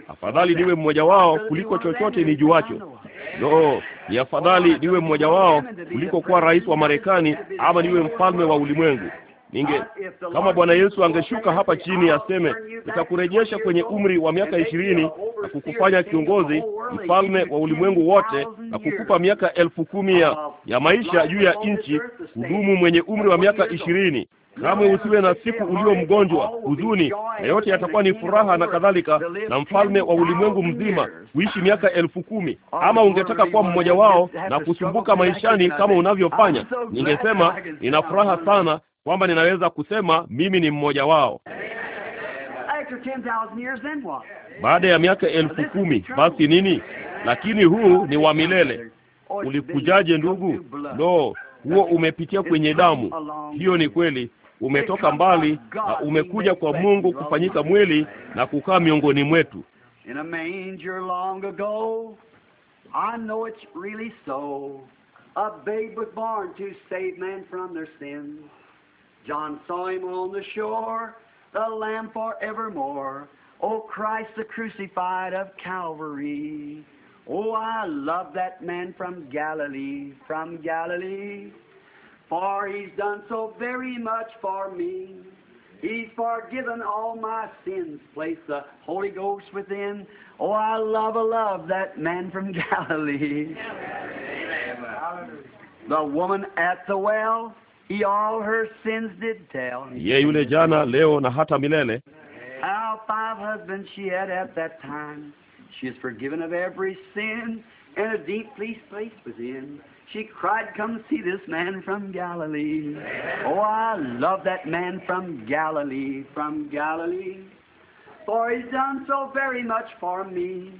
Afadhali niwe mmoja wao kuliko chochote nijuacho. No, ni afadhali niwe mmoja wao kuliko kuwa rais wa Marekani ama niwe mfalme wa ulimwengu. Ninge kama Bwana Yesu angeshuka hapa chini aseme, nitakurejesha kwenye umri wa miaka ishirini na kukufanya kiongozi, mfalme wa ulimwengu wote, na kukupa miaka elfu kumi ya, ya maisha juu ya nchi, kudumu mwenye umri wa miaka ishirini Kamwe usiwe na siku ulio mgonjwa, huzuni, na yote yatakuwa ni furaha na kadhalika, na mfalme wa ulimwengu mzima kuishi miaka elfu kumi. Ama ungetaka kuwa mmoja wao na kusumbuka maishani kama unavyofanya, ningesema nina furaha sana kwamba ninaweza kusema mimi ni mmoja wao. Baada ya miaka elfu kumi basi nini? Lakini huu ni wa milele. Ulikujaje ndugu? Lo, huo umepitia kwenye damu. Hiyo ni kweli, umetoka mbali na umekuja kwa Mungu kufanyika mwili na kukaa miongoni mwetu. John saw him on the shore, the Lamb forevermore. Oh, Christ the crucified of Calvary. Oh, I love that man from Galilee, from Galilee. For he's done so very much for me. He's forgiven all my sins, placed the Holy Ghost within. Oh, I love, I love that man from Galilee. Amen. The woman at the well, all her sins did tell. Yeye yule five husbands she had at that time. She is forgiven of every sin and a deep peace place within. She cried, Come see this man from Galilee. Oh, I love that man from Galilee, from Galilee. For he's done so very much for me.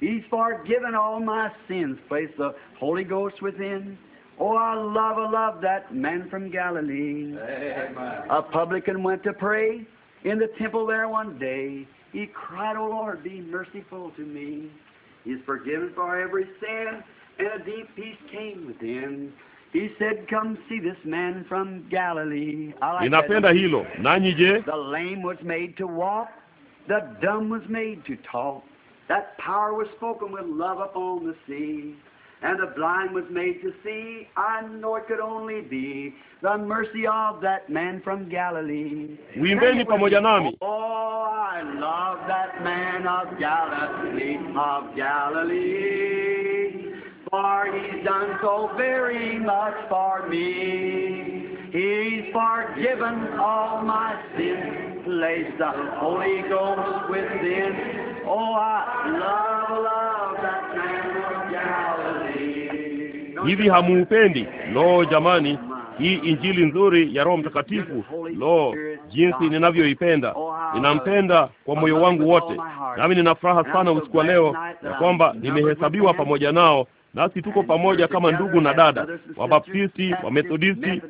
He's forgiven all my sins, placed the Holy Ghost within. Oh, I love, I love that man from Galilee. Amen. A publican went to pray in the temple there one day. He cried, Oh Lord, be merciful to me. He's forgiven for every sin, and a deep peace came within. He said, Come see this man from Galilee. Like Inapenda hilo. Nanyi The lame was made to walk. The dumb was made to talk. That power was spoken with love upon the sea and the blind was made to see. I know it could only be the mercy of that man from Galilee. Wimbeni pamoja nami. Oh, I love that man of Galilee, of Galilee. For he's done so very much for me. He's forgiven all my sins, placed the Holy Ghost within. Oh, I love, love that man of Galilee. hivi hamuupendi? Lo, jamani, hii injili nzuri ya Roho Mtakatifu, lo, jinsi ninavyoipenda! Ninampenda kwa moyo wangu wote, nami nina furaha sana usiku wa leo ya kwamba nimehesabiwa pamoja nao nasi tuko pamoja kama ndugu na dada, Wabaptisti, Wamethodisti,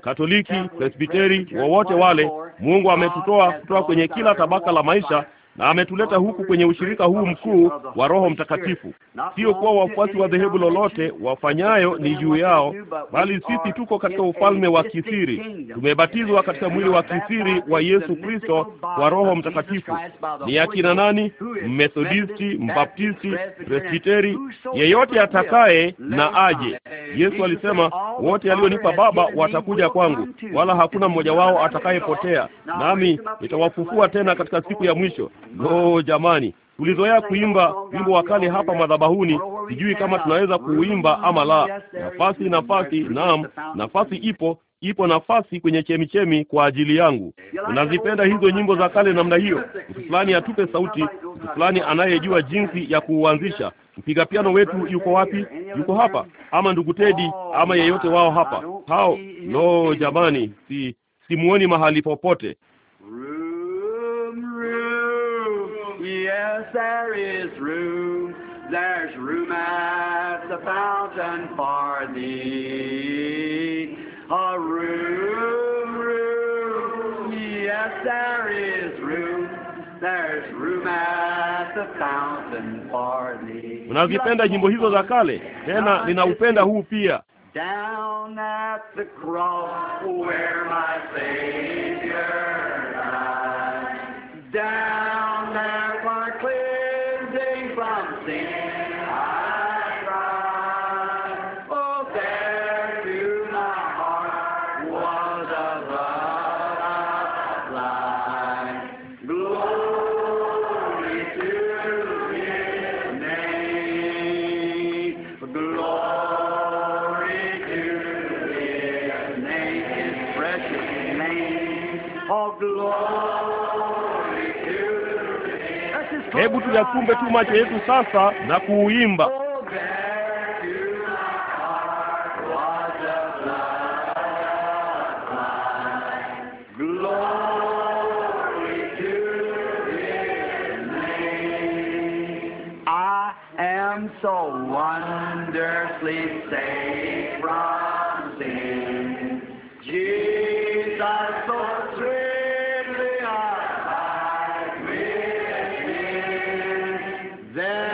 Katoliki, Presbiteri, wowote wale. Mungu ametutoa kutoka kwenye kila tabaka la maisha na ametuleta huku kwenye ushirika huu mkuu wa Roho Mtakatifu, sio kuwa wafuasi wa dhehebu lolote, wafanyayo ni juu yao, bali sisi tuko katika ufalme wa kisiri. Tumebatizwa katika mwili wa kisiri wa Yesu Kristo kwa Roho Mtakatifu. Ni akina nani? Mmethodisti, Mbaptisti, Presbiteri, yeyote atakaye na aje. Yesu alisema, wote alionipa Baba watakuja kwangu, wala hakuna mmoja wao atakayepotea, nami nitawafufua tena katika siku ya mwisho. Oh jamani, tulizoea kuimba wimbo wa kale hapa madhabahuni. Sijui kama tunaweza kuuimba ama la. Nafasi, nafasi, naam, nafasi ipo ipo nafasi kwenye chemichemi kwa ajili yangu. Unazipenda hizo nyimbo za kale namna hiyo? Mtu fulani atupe sauti, mtu fulani anayejua jinsi ya kuuanzisha. Mpiga piano wetu yuko wapi? Yuko hapa, ama ndugu Tedi ama yeyote wao hapa hao. Lo, jamani, si simuoni mahali popote. yes, there is room, there's room at the fountain for thee. A room, room, yes, there is room, there's room at the fountain for thee. Unazipenda nyimbo hizo za kale, tena ninaupenda huu pia. Down at the cross where my Savior died, down there hebu tuyafumbe tu macho yetu sasa na kuuimba. So wonderfully saved. ذلك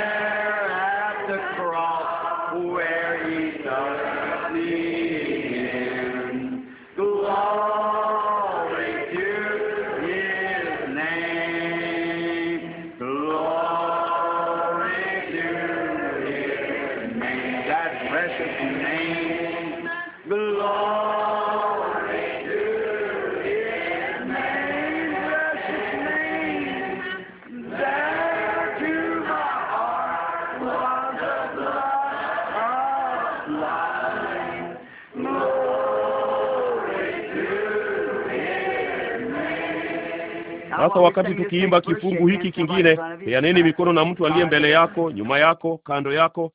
Sasa wakati tukiimba kifungu hiki kingine, peaneni mikono na mtu aliye mbele yako, nyuma yako, kando yako,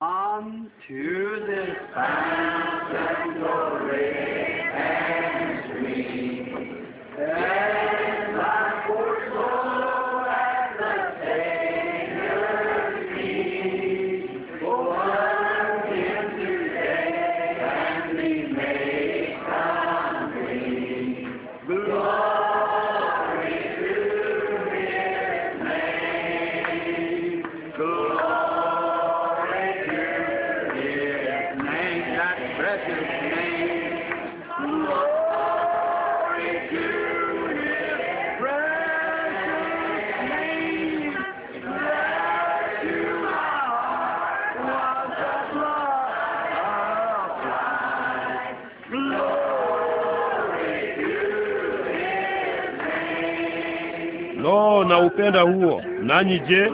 upenda huo. Nanyi je,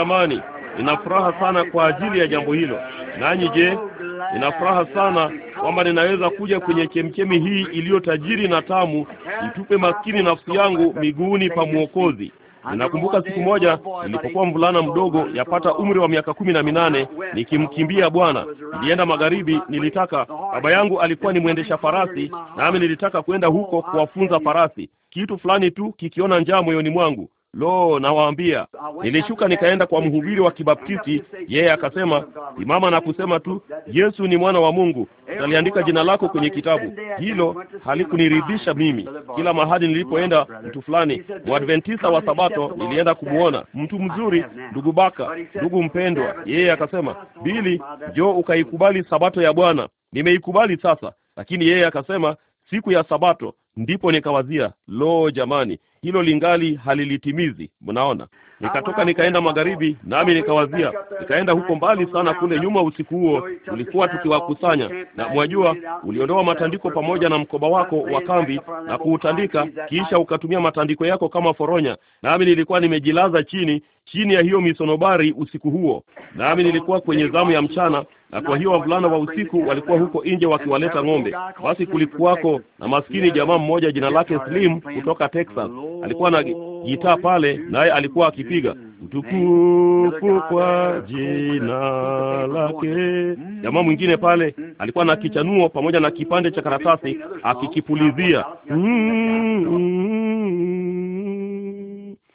jamani, nina furaha sana kwa ajili ya jambo hilo. Nanyi je, nina furaha sana kwamba ninaweza kuja kwenye chemchemi hii iliyo tajiri na tamu, nitupe maskini nafsi yangu miguuni pa Mwokozi. Ninakumbuka siku moja nilipokuwa mvulana mdogo, yapata umri wa miaka kumi na minane, nikimkimbia Bwana. Nilienda magharibi, nilitaka baba yangu alikuwa ni mwendesha farasi, nami nilitaka kwenda huko kuwafunza farasi. Kitu fulani tu kikiona njaa moyoni mwangu Lo, nawaambia, nilishuka nikaenda kwa mhubiri wa Kibaptisti, yeye akasema, simama na kusema tu, Yesu ni mwana wa Mungu, aliandika jina lako kwenye kitabu. Hilo halikuniridhisha mimi. Kila mahali nilipoenda, mtu fulani Mwadventista wa Sabato nilienda kumwona, mtu mzuri, ndugu Baka, ndugu mpendwa, yeye akasema, Bili, njoo ukaikubali Sabato ya Bwana. Nimeikubali sasa, lakini yeye akasema, siku ya Sabato. Ndipo nikawazia, lo, jamani hilo lingali halilitimizi mnaona Nikatoka nikaenda magharibi, nami nikawazia, nikaenda huko mbali sana kule nyuma. Usiku huo tulikuwa tukiwakusanya, na mwajua, uliondoa matandiko pamoja na mkoba wako wa kambi na kuutandika, kisha ukatumia matandiko yako kama foronya, nami nilikuwa nimejilaza chini chini ya hiyo misonobari usiku huo, nami nilikuwa kwenye zamu ya mchana, na kwa hiyo wavulana wa usiku walikuwa huko nje wakiwaleta ng'ombe. Basi kulikuwako na maskini jamaa mmoja jina lake Slim kutoka Texas, alikuwa na gitaa pale, naye alikuwa aki kulipiga utukufu mm. kwa jina lake. Jamaa mwingine pale mm. alikuwa na kichanuo pamoja na kipande cha karatasi akikipulizia. mm -hmm.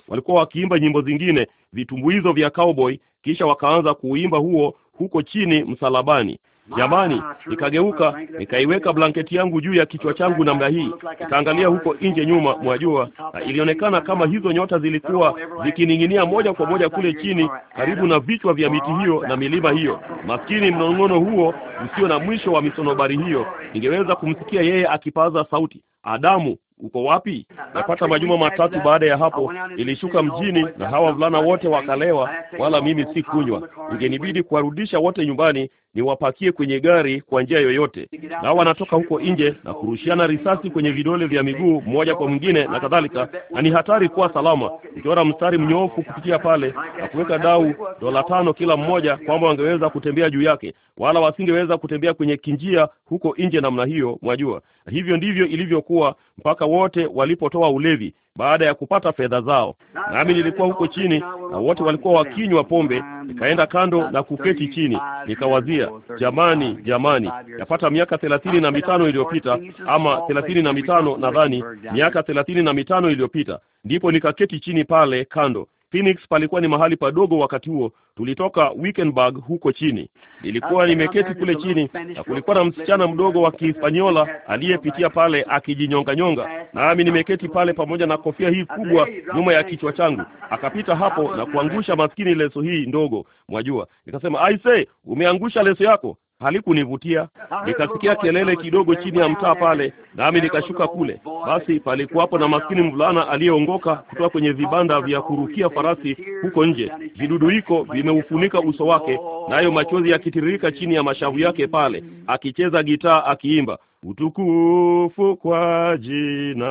Walikuwa wakiimba nyimbo zingine, vitumbuizo vya cowboy, kisha wakaanza kuimba huo huko chini msalabani. Jamani, ah, nikageuka nikaiweka blanketi yangu juu ya kichwa changu namna hii, nikaangalia huko nje nyuma mwa jua, na ilionekana kama hizo nyota zilikuwa zikining'inia moja kwa moja kule chini, karibu na vichwa vya miti hiyo na milima hiyo. Maskini mnong'ono huo usio na mwisho wa misonobari hiyo, ningeweza kumsikia yeye akipaza sauti, Adamu uko wapi? Napata majuma matatu baada ya hapo, ilishuka mjini na hawa vulana wote wakalewa, wala mimi si kunywa. Ingenibidi kuwarudisha wote nyumbani niwapakie kwenye gari kwa njia yoyote, nao wanatoka huko nje na kurushiana risasi kwenye vidole vya miguu mmoja kwa mwingine na kadhalika, na ni hatari kuwa salama, ukiona mstari mnyoofu kupitia pale na kuweka dau dola tano kila mmoja, kwamba wangeweza kutembea juu yake, wala wasingeweza kutembea kwenye kinjia huko nje namna hiyo, mwajua. Na hivyo ndivyo ilivyokuwa mpaka wote walipotoa ulevi baada ya kupata fedha zao. Nami nilikuwa huko chini na wote walikuwa wakinywa pombe, nikaenda kando na kuketi chini, nikawazia, jamani, jamani, yapata miaka thelathini na mitano iliyopita ama thelathini na mitano nadhani, miaka thelathini na mitano iliyopita ndipo nikaketi chini pale kando Phoenix palikuwa ni mahali padogo wakati huo. Tulitoka Wickenburg huko chini, nilikuwa nimeketi kule chini, na kulikuwa na msichana mdogo wa kihispanyola aliyepitia pale akijinyonganyonga, nami nimeketi pale pamoja na kofia hii kubwa nyuma ya kichwa changu. Akapita hapo na kuangusha maskini leso hii ndogo, mwajua. Nikasema, aise, umeangusha leso yako halikunivutia. Nikasikia kelele kidogo chini ya mtaa pale, nami nikashuka kule. Basi palikuwapo na maskini mvulana aliyeongoka kutoka kwenye vibanda vya kurukia farasi huko nje, viduduiko vimeufunika uso wake, nayo machozi yakitiririka chini ya mashavu yake pale, akicheza gitaa akiimba utukufu kwa jina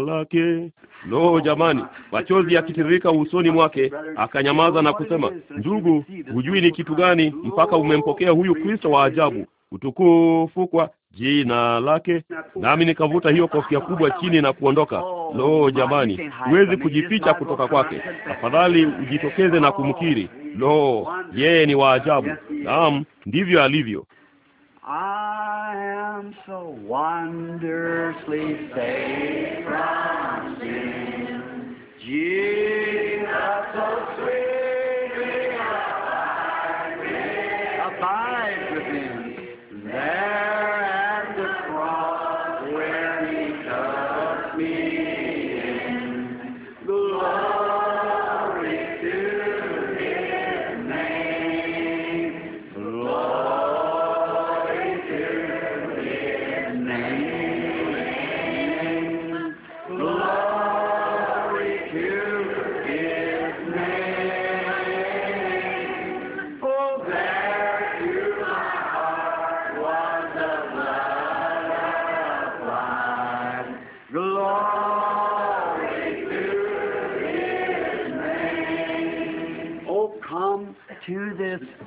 lake. Lo, jamani, machozi yakitiririka usoni mwake, akanyamaza na kusema, ndugu, hujui ni kitu gani mpaka umempokea huyu Kristo wa ajabu. Utukufu kwa jina lake. Nami nikavuta hiyo kofia kubwa chini na kuondoka. Lo, jamani, huwezi kujificha kutoka kwake. Afadhali ujitokeze na kumkiri. Lo, yeye ni waajabu. Naam, ndivyo alivyo. I am so wondrously saved from sin. Jesus, oh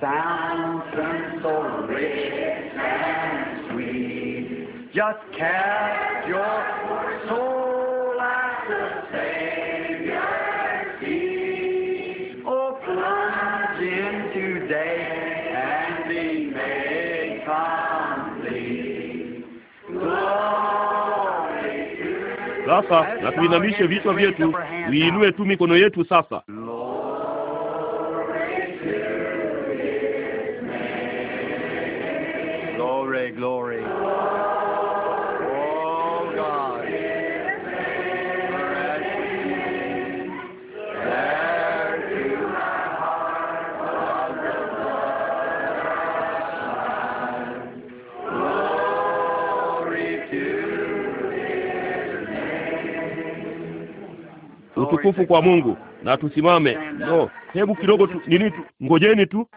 fountain so rich and sweet. Just cast your soul at the Savior's feet. Oh, plunge in today and be made complete. Glory to Sasa na tuinamishe vichwa vyetu, uinue tu mikono yetu sasa glory, oh, Utukufu kwa Mungu na tusimame. No, hebu kidogo tu nini tu, ngojeni tu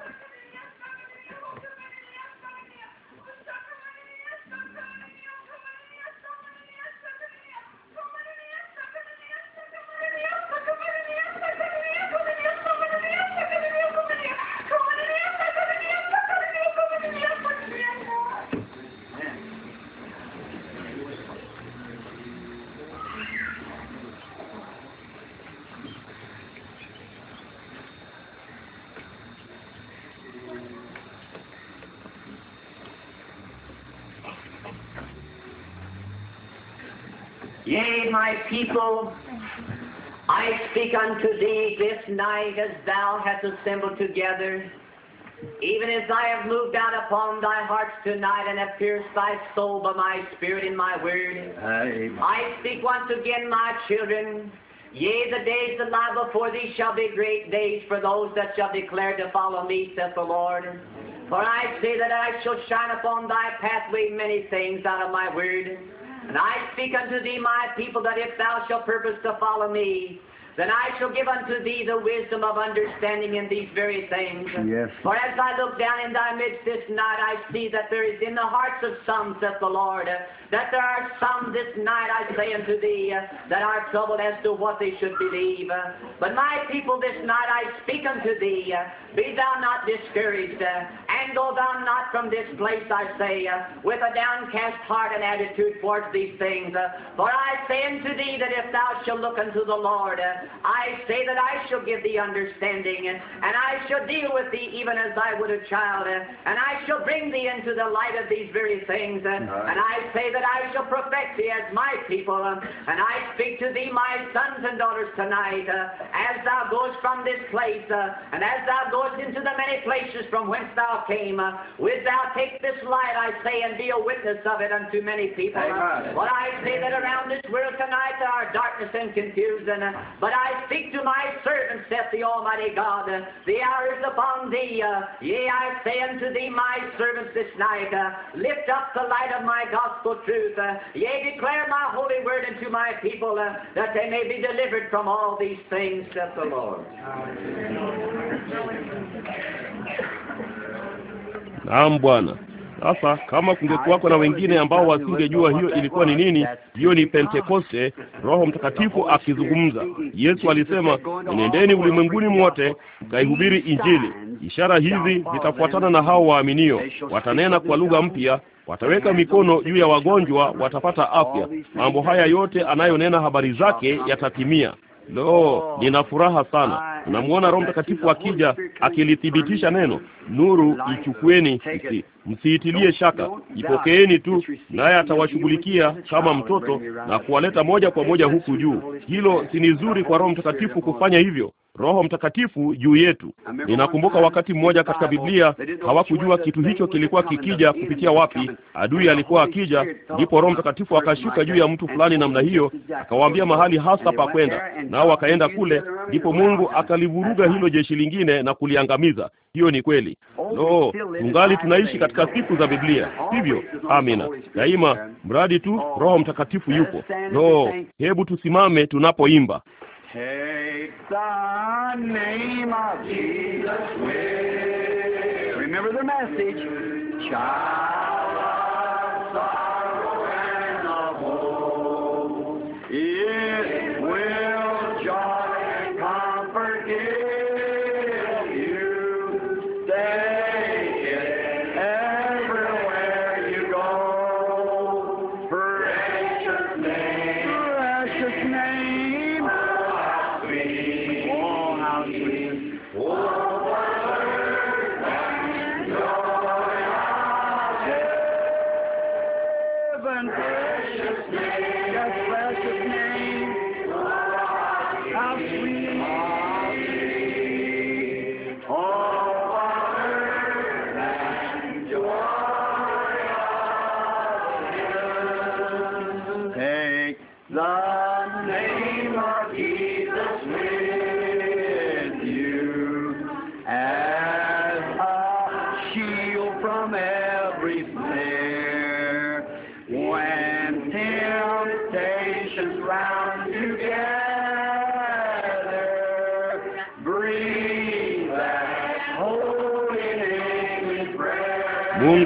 night as thou hast assembled together, even as I have moved out upon thy hearts tonight and have pierced thy soul by my spirit in my word, Amen. I speak once again, my children. Yea, the days that lie before thee shall be great days for those that shall declare to follow me, saith the Lord. For I say that I shall shine upon thy pathway many things out of my word. And I speak unto thee, my people, that if thou shalt purpose to follow me, then I shall give unto thee the wisdom of understanding in these very things. Yes. For as I look down in thy midst this night, I see that there is in the hearts of some, saith the Lord, that there are some this night, I say unto thee, that are troubled as to what they should believe. But my people, this night I speak unto thee, be thou not discouraged, go thou not from this place, I say, uh, with a downcast heart and attitude towards these things. Uh, for I say unto thee that if thou shalt look unto the Lord, uh, I say that I shall give thee understanding, and I shall deal with thee even as I would a child, uh, and I shall bring thee into the light of these very things. Uh, and I say that I shall perfect thee as my people, uh, and I speak to thee, my sons and daughters, tonight, as thou goest from this place, and as thou goest into the many places from whence thou came. Uh, Wilt thou take this light, I say, and be a witness of it unto many people? What uh. I say that around this world tonight there are darkness and confusion, uh. but I speak to my servant, saith the Almighty God. The hour is upon thee. Yea, I say unto thee, my servants, this night, lift up the light of my gospel truth. Yea, declare my holy word unto my people, that they may be delivered from all these things, saith the Lord. Amen. Naam Bwana. Sasa kama kungekuwako na wengine ambao wasingejua hiyo ilikuwa ni nini, hiyo ni Pentekoste, Roho Mtakatifu akizungumza. Yesu alisema, nendeni ulimwenguni mwote mkaihubiri Injili. Ishara hizi zitafuatana na hao waaminio, watanena kwa lugha mpya, wataweka mikono juu ya wagonjwa, watapata afya. Mambo haya yote anayonena habari zake yatatimia. Lo, nina furaha sana. Unamwona Roho Mtakatifu akija akilithibitisha neno. Nuru ichukueni, msi, msiitilie shaka, ipokeeni tu, naye atawashughulikia kama mtoto na kuwaleta moja kwa moja huku juu. Hilo si nzuri kwa Roho Mtakatifu kufanya hivyo. Roho Mtakatifu juu yetu. Ninakumbuka wakati mmoja katika Biblia hawakujua kitu hicho kilikuwa kikija kupitia wapi, adui alikuwa akija, ndipo Roho Mtakatifu akashuka juu ya mtu fulani namna hiyo, akawaambia mahali hasa pa kwenda, nao wakaenda kule, ndipo Mungu akalivuruga hilo jeshi lingine na kuliangamiza. Hiyo ni kweli. No, tungali tunaishi katika siku za Biblia, sivyo? Amina, daima, mradi tu Roho Mtakatifu yupo. No, hebu tusimame tunapoimba. Take the name of Jesus. with Remember the message. Child.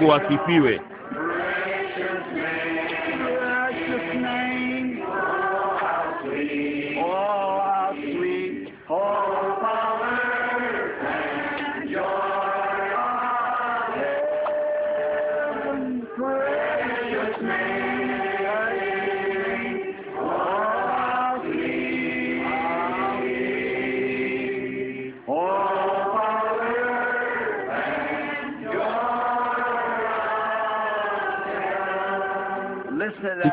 Mungu asifiwe.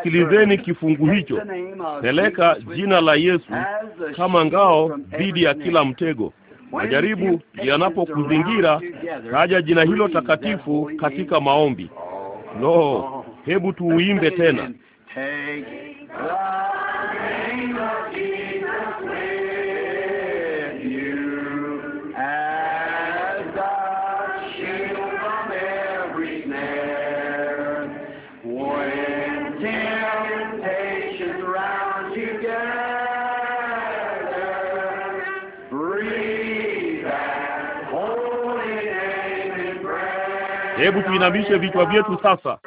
Sikilizeni kifungu hicho, peleka jina la Yesu kama ngao dhidi ya kila mtego. Majaribu yanapokuzingira, taja jina hilo takatifu katika maombi. Lo, no, hebu tuuimbe tena. Hebu tuinamishe vichwa vyetu sasa.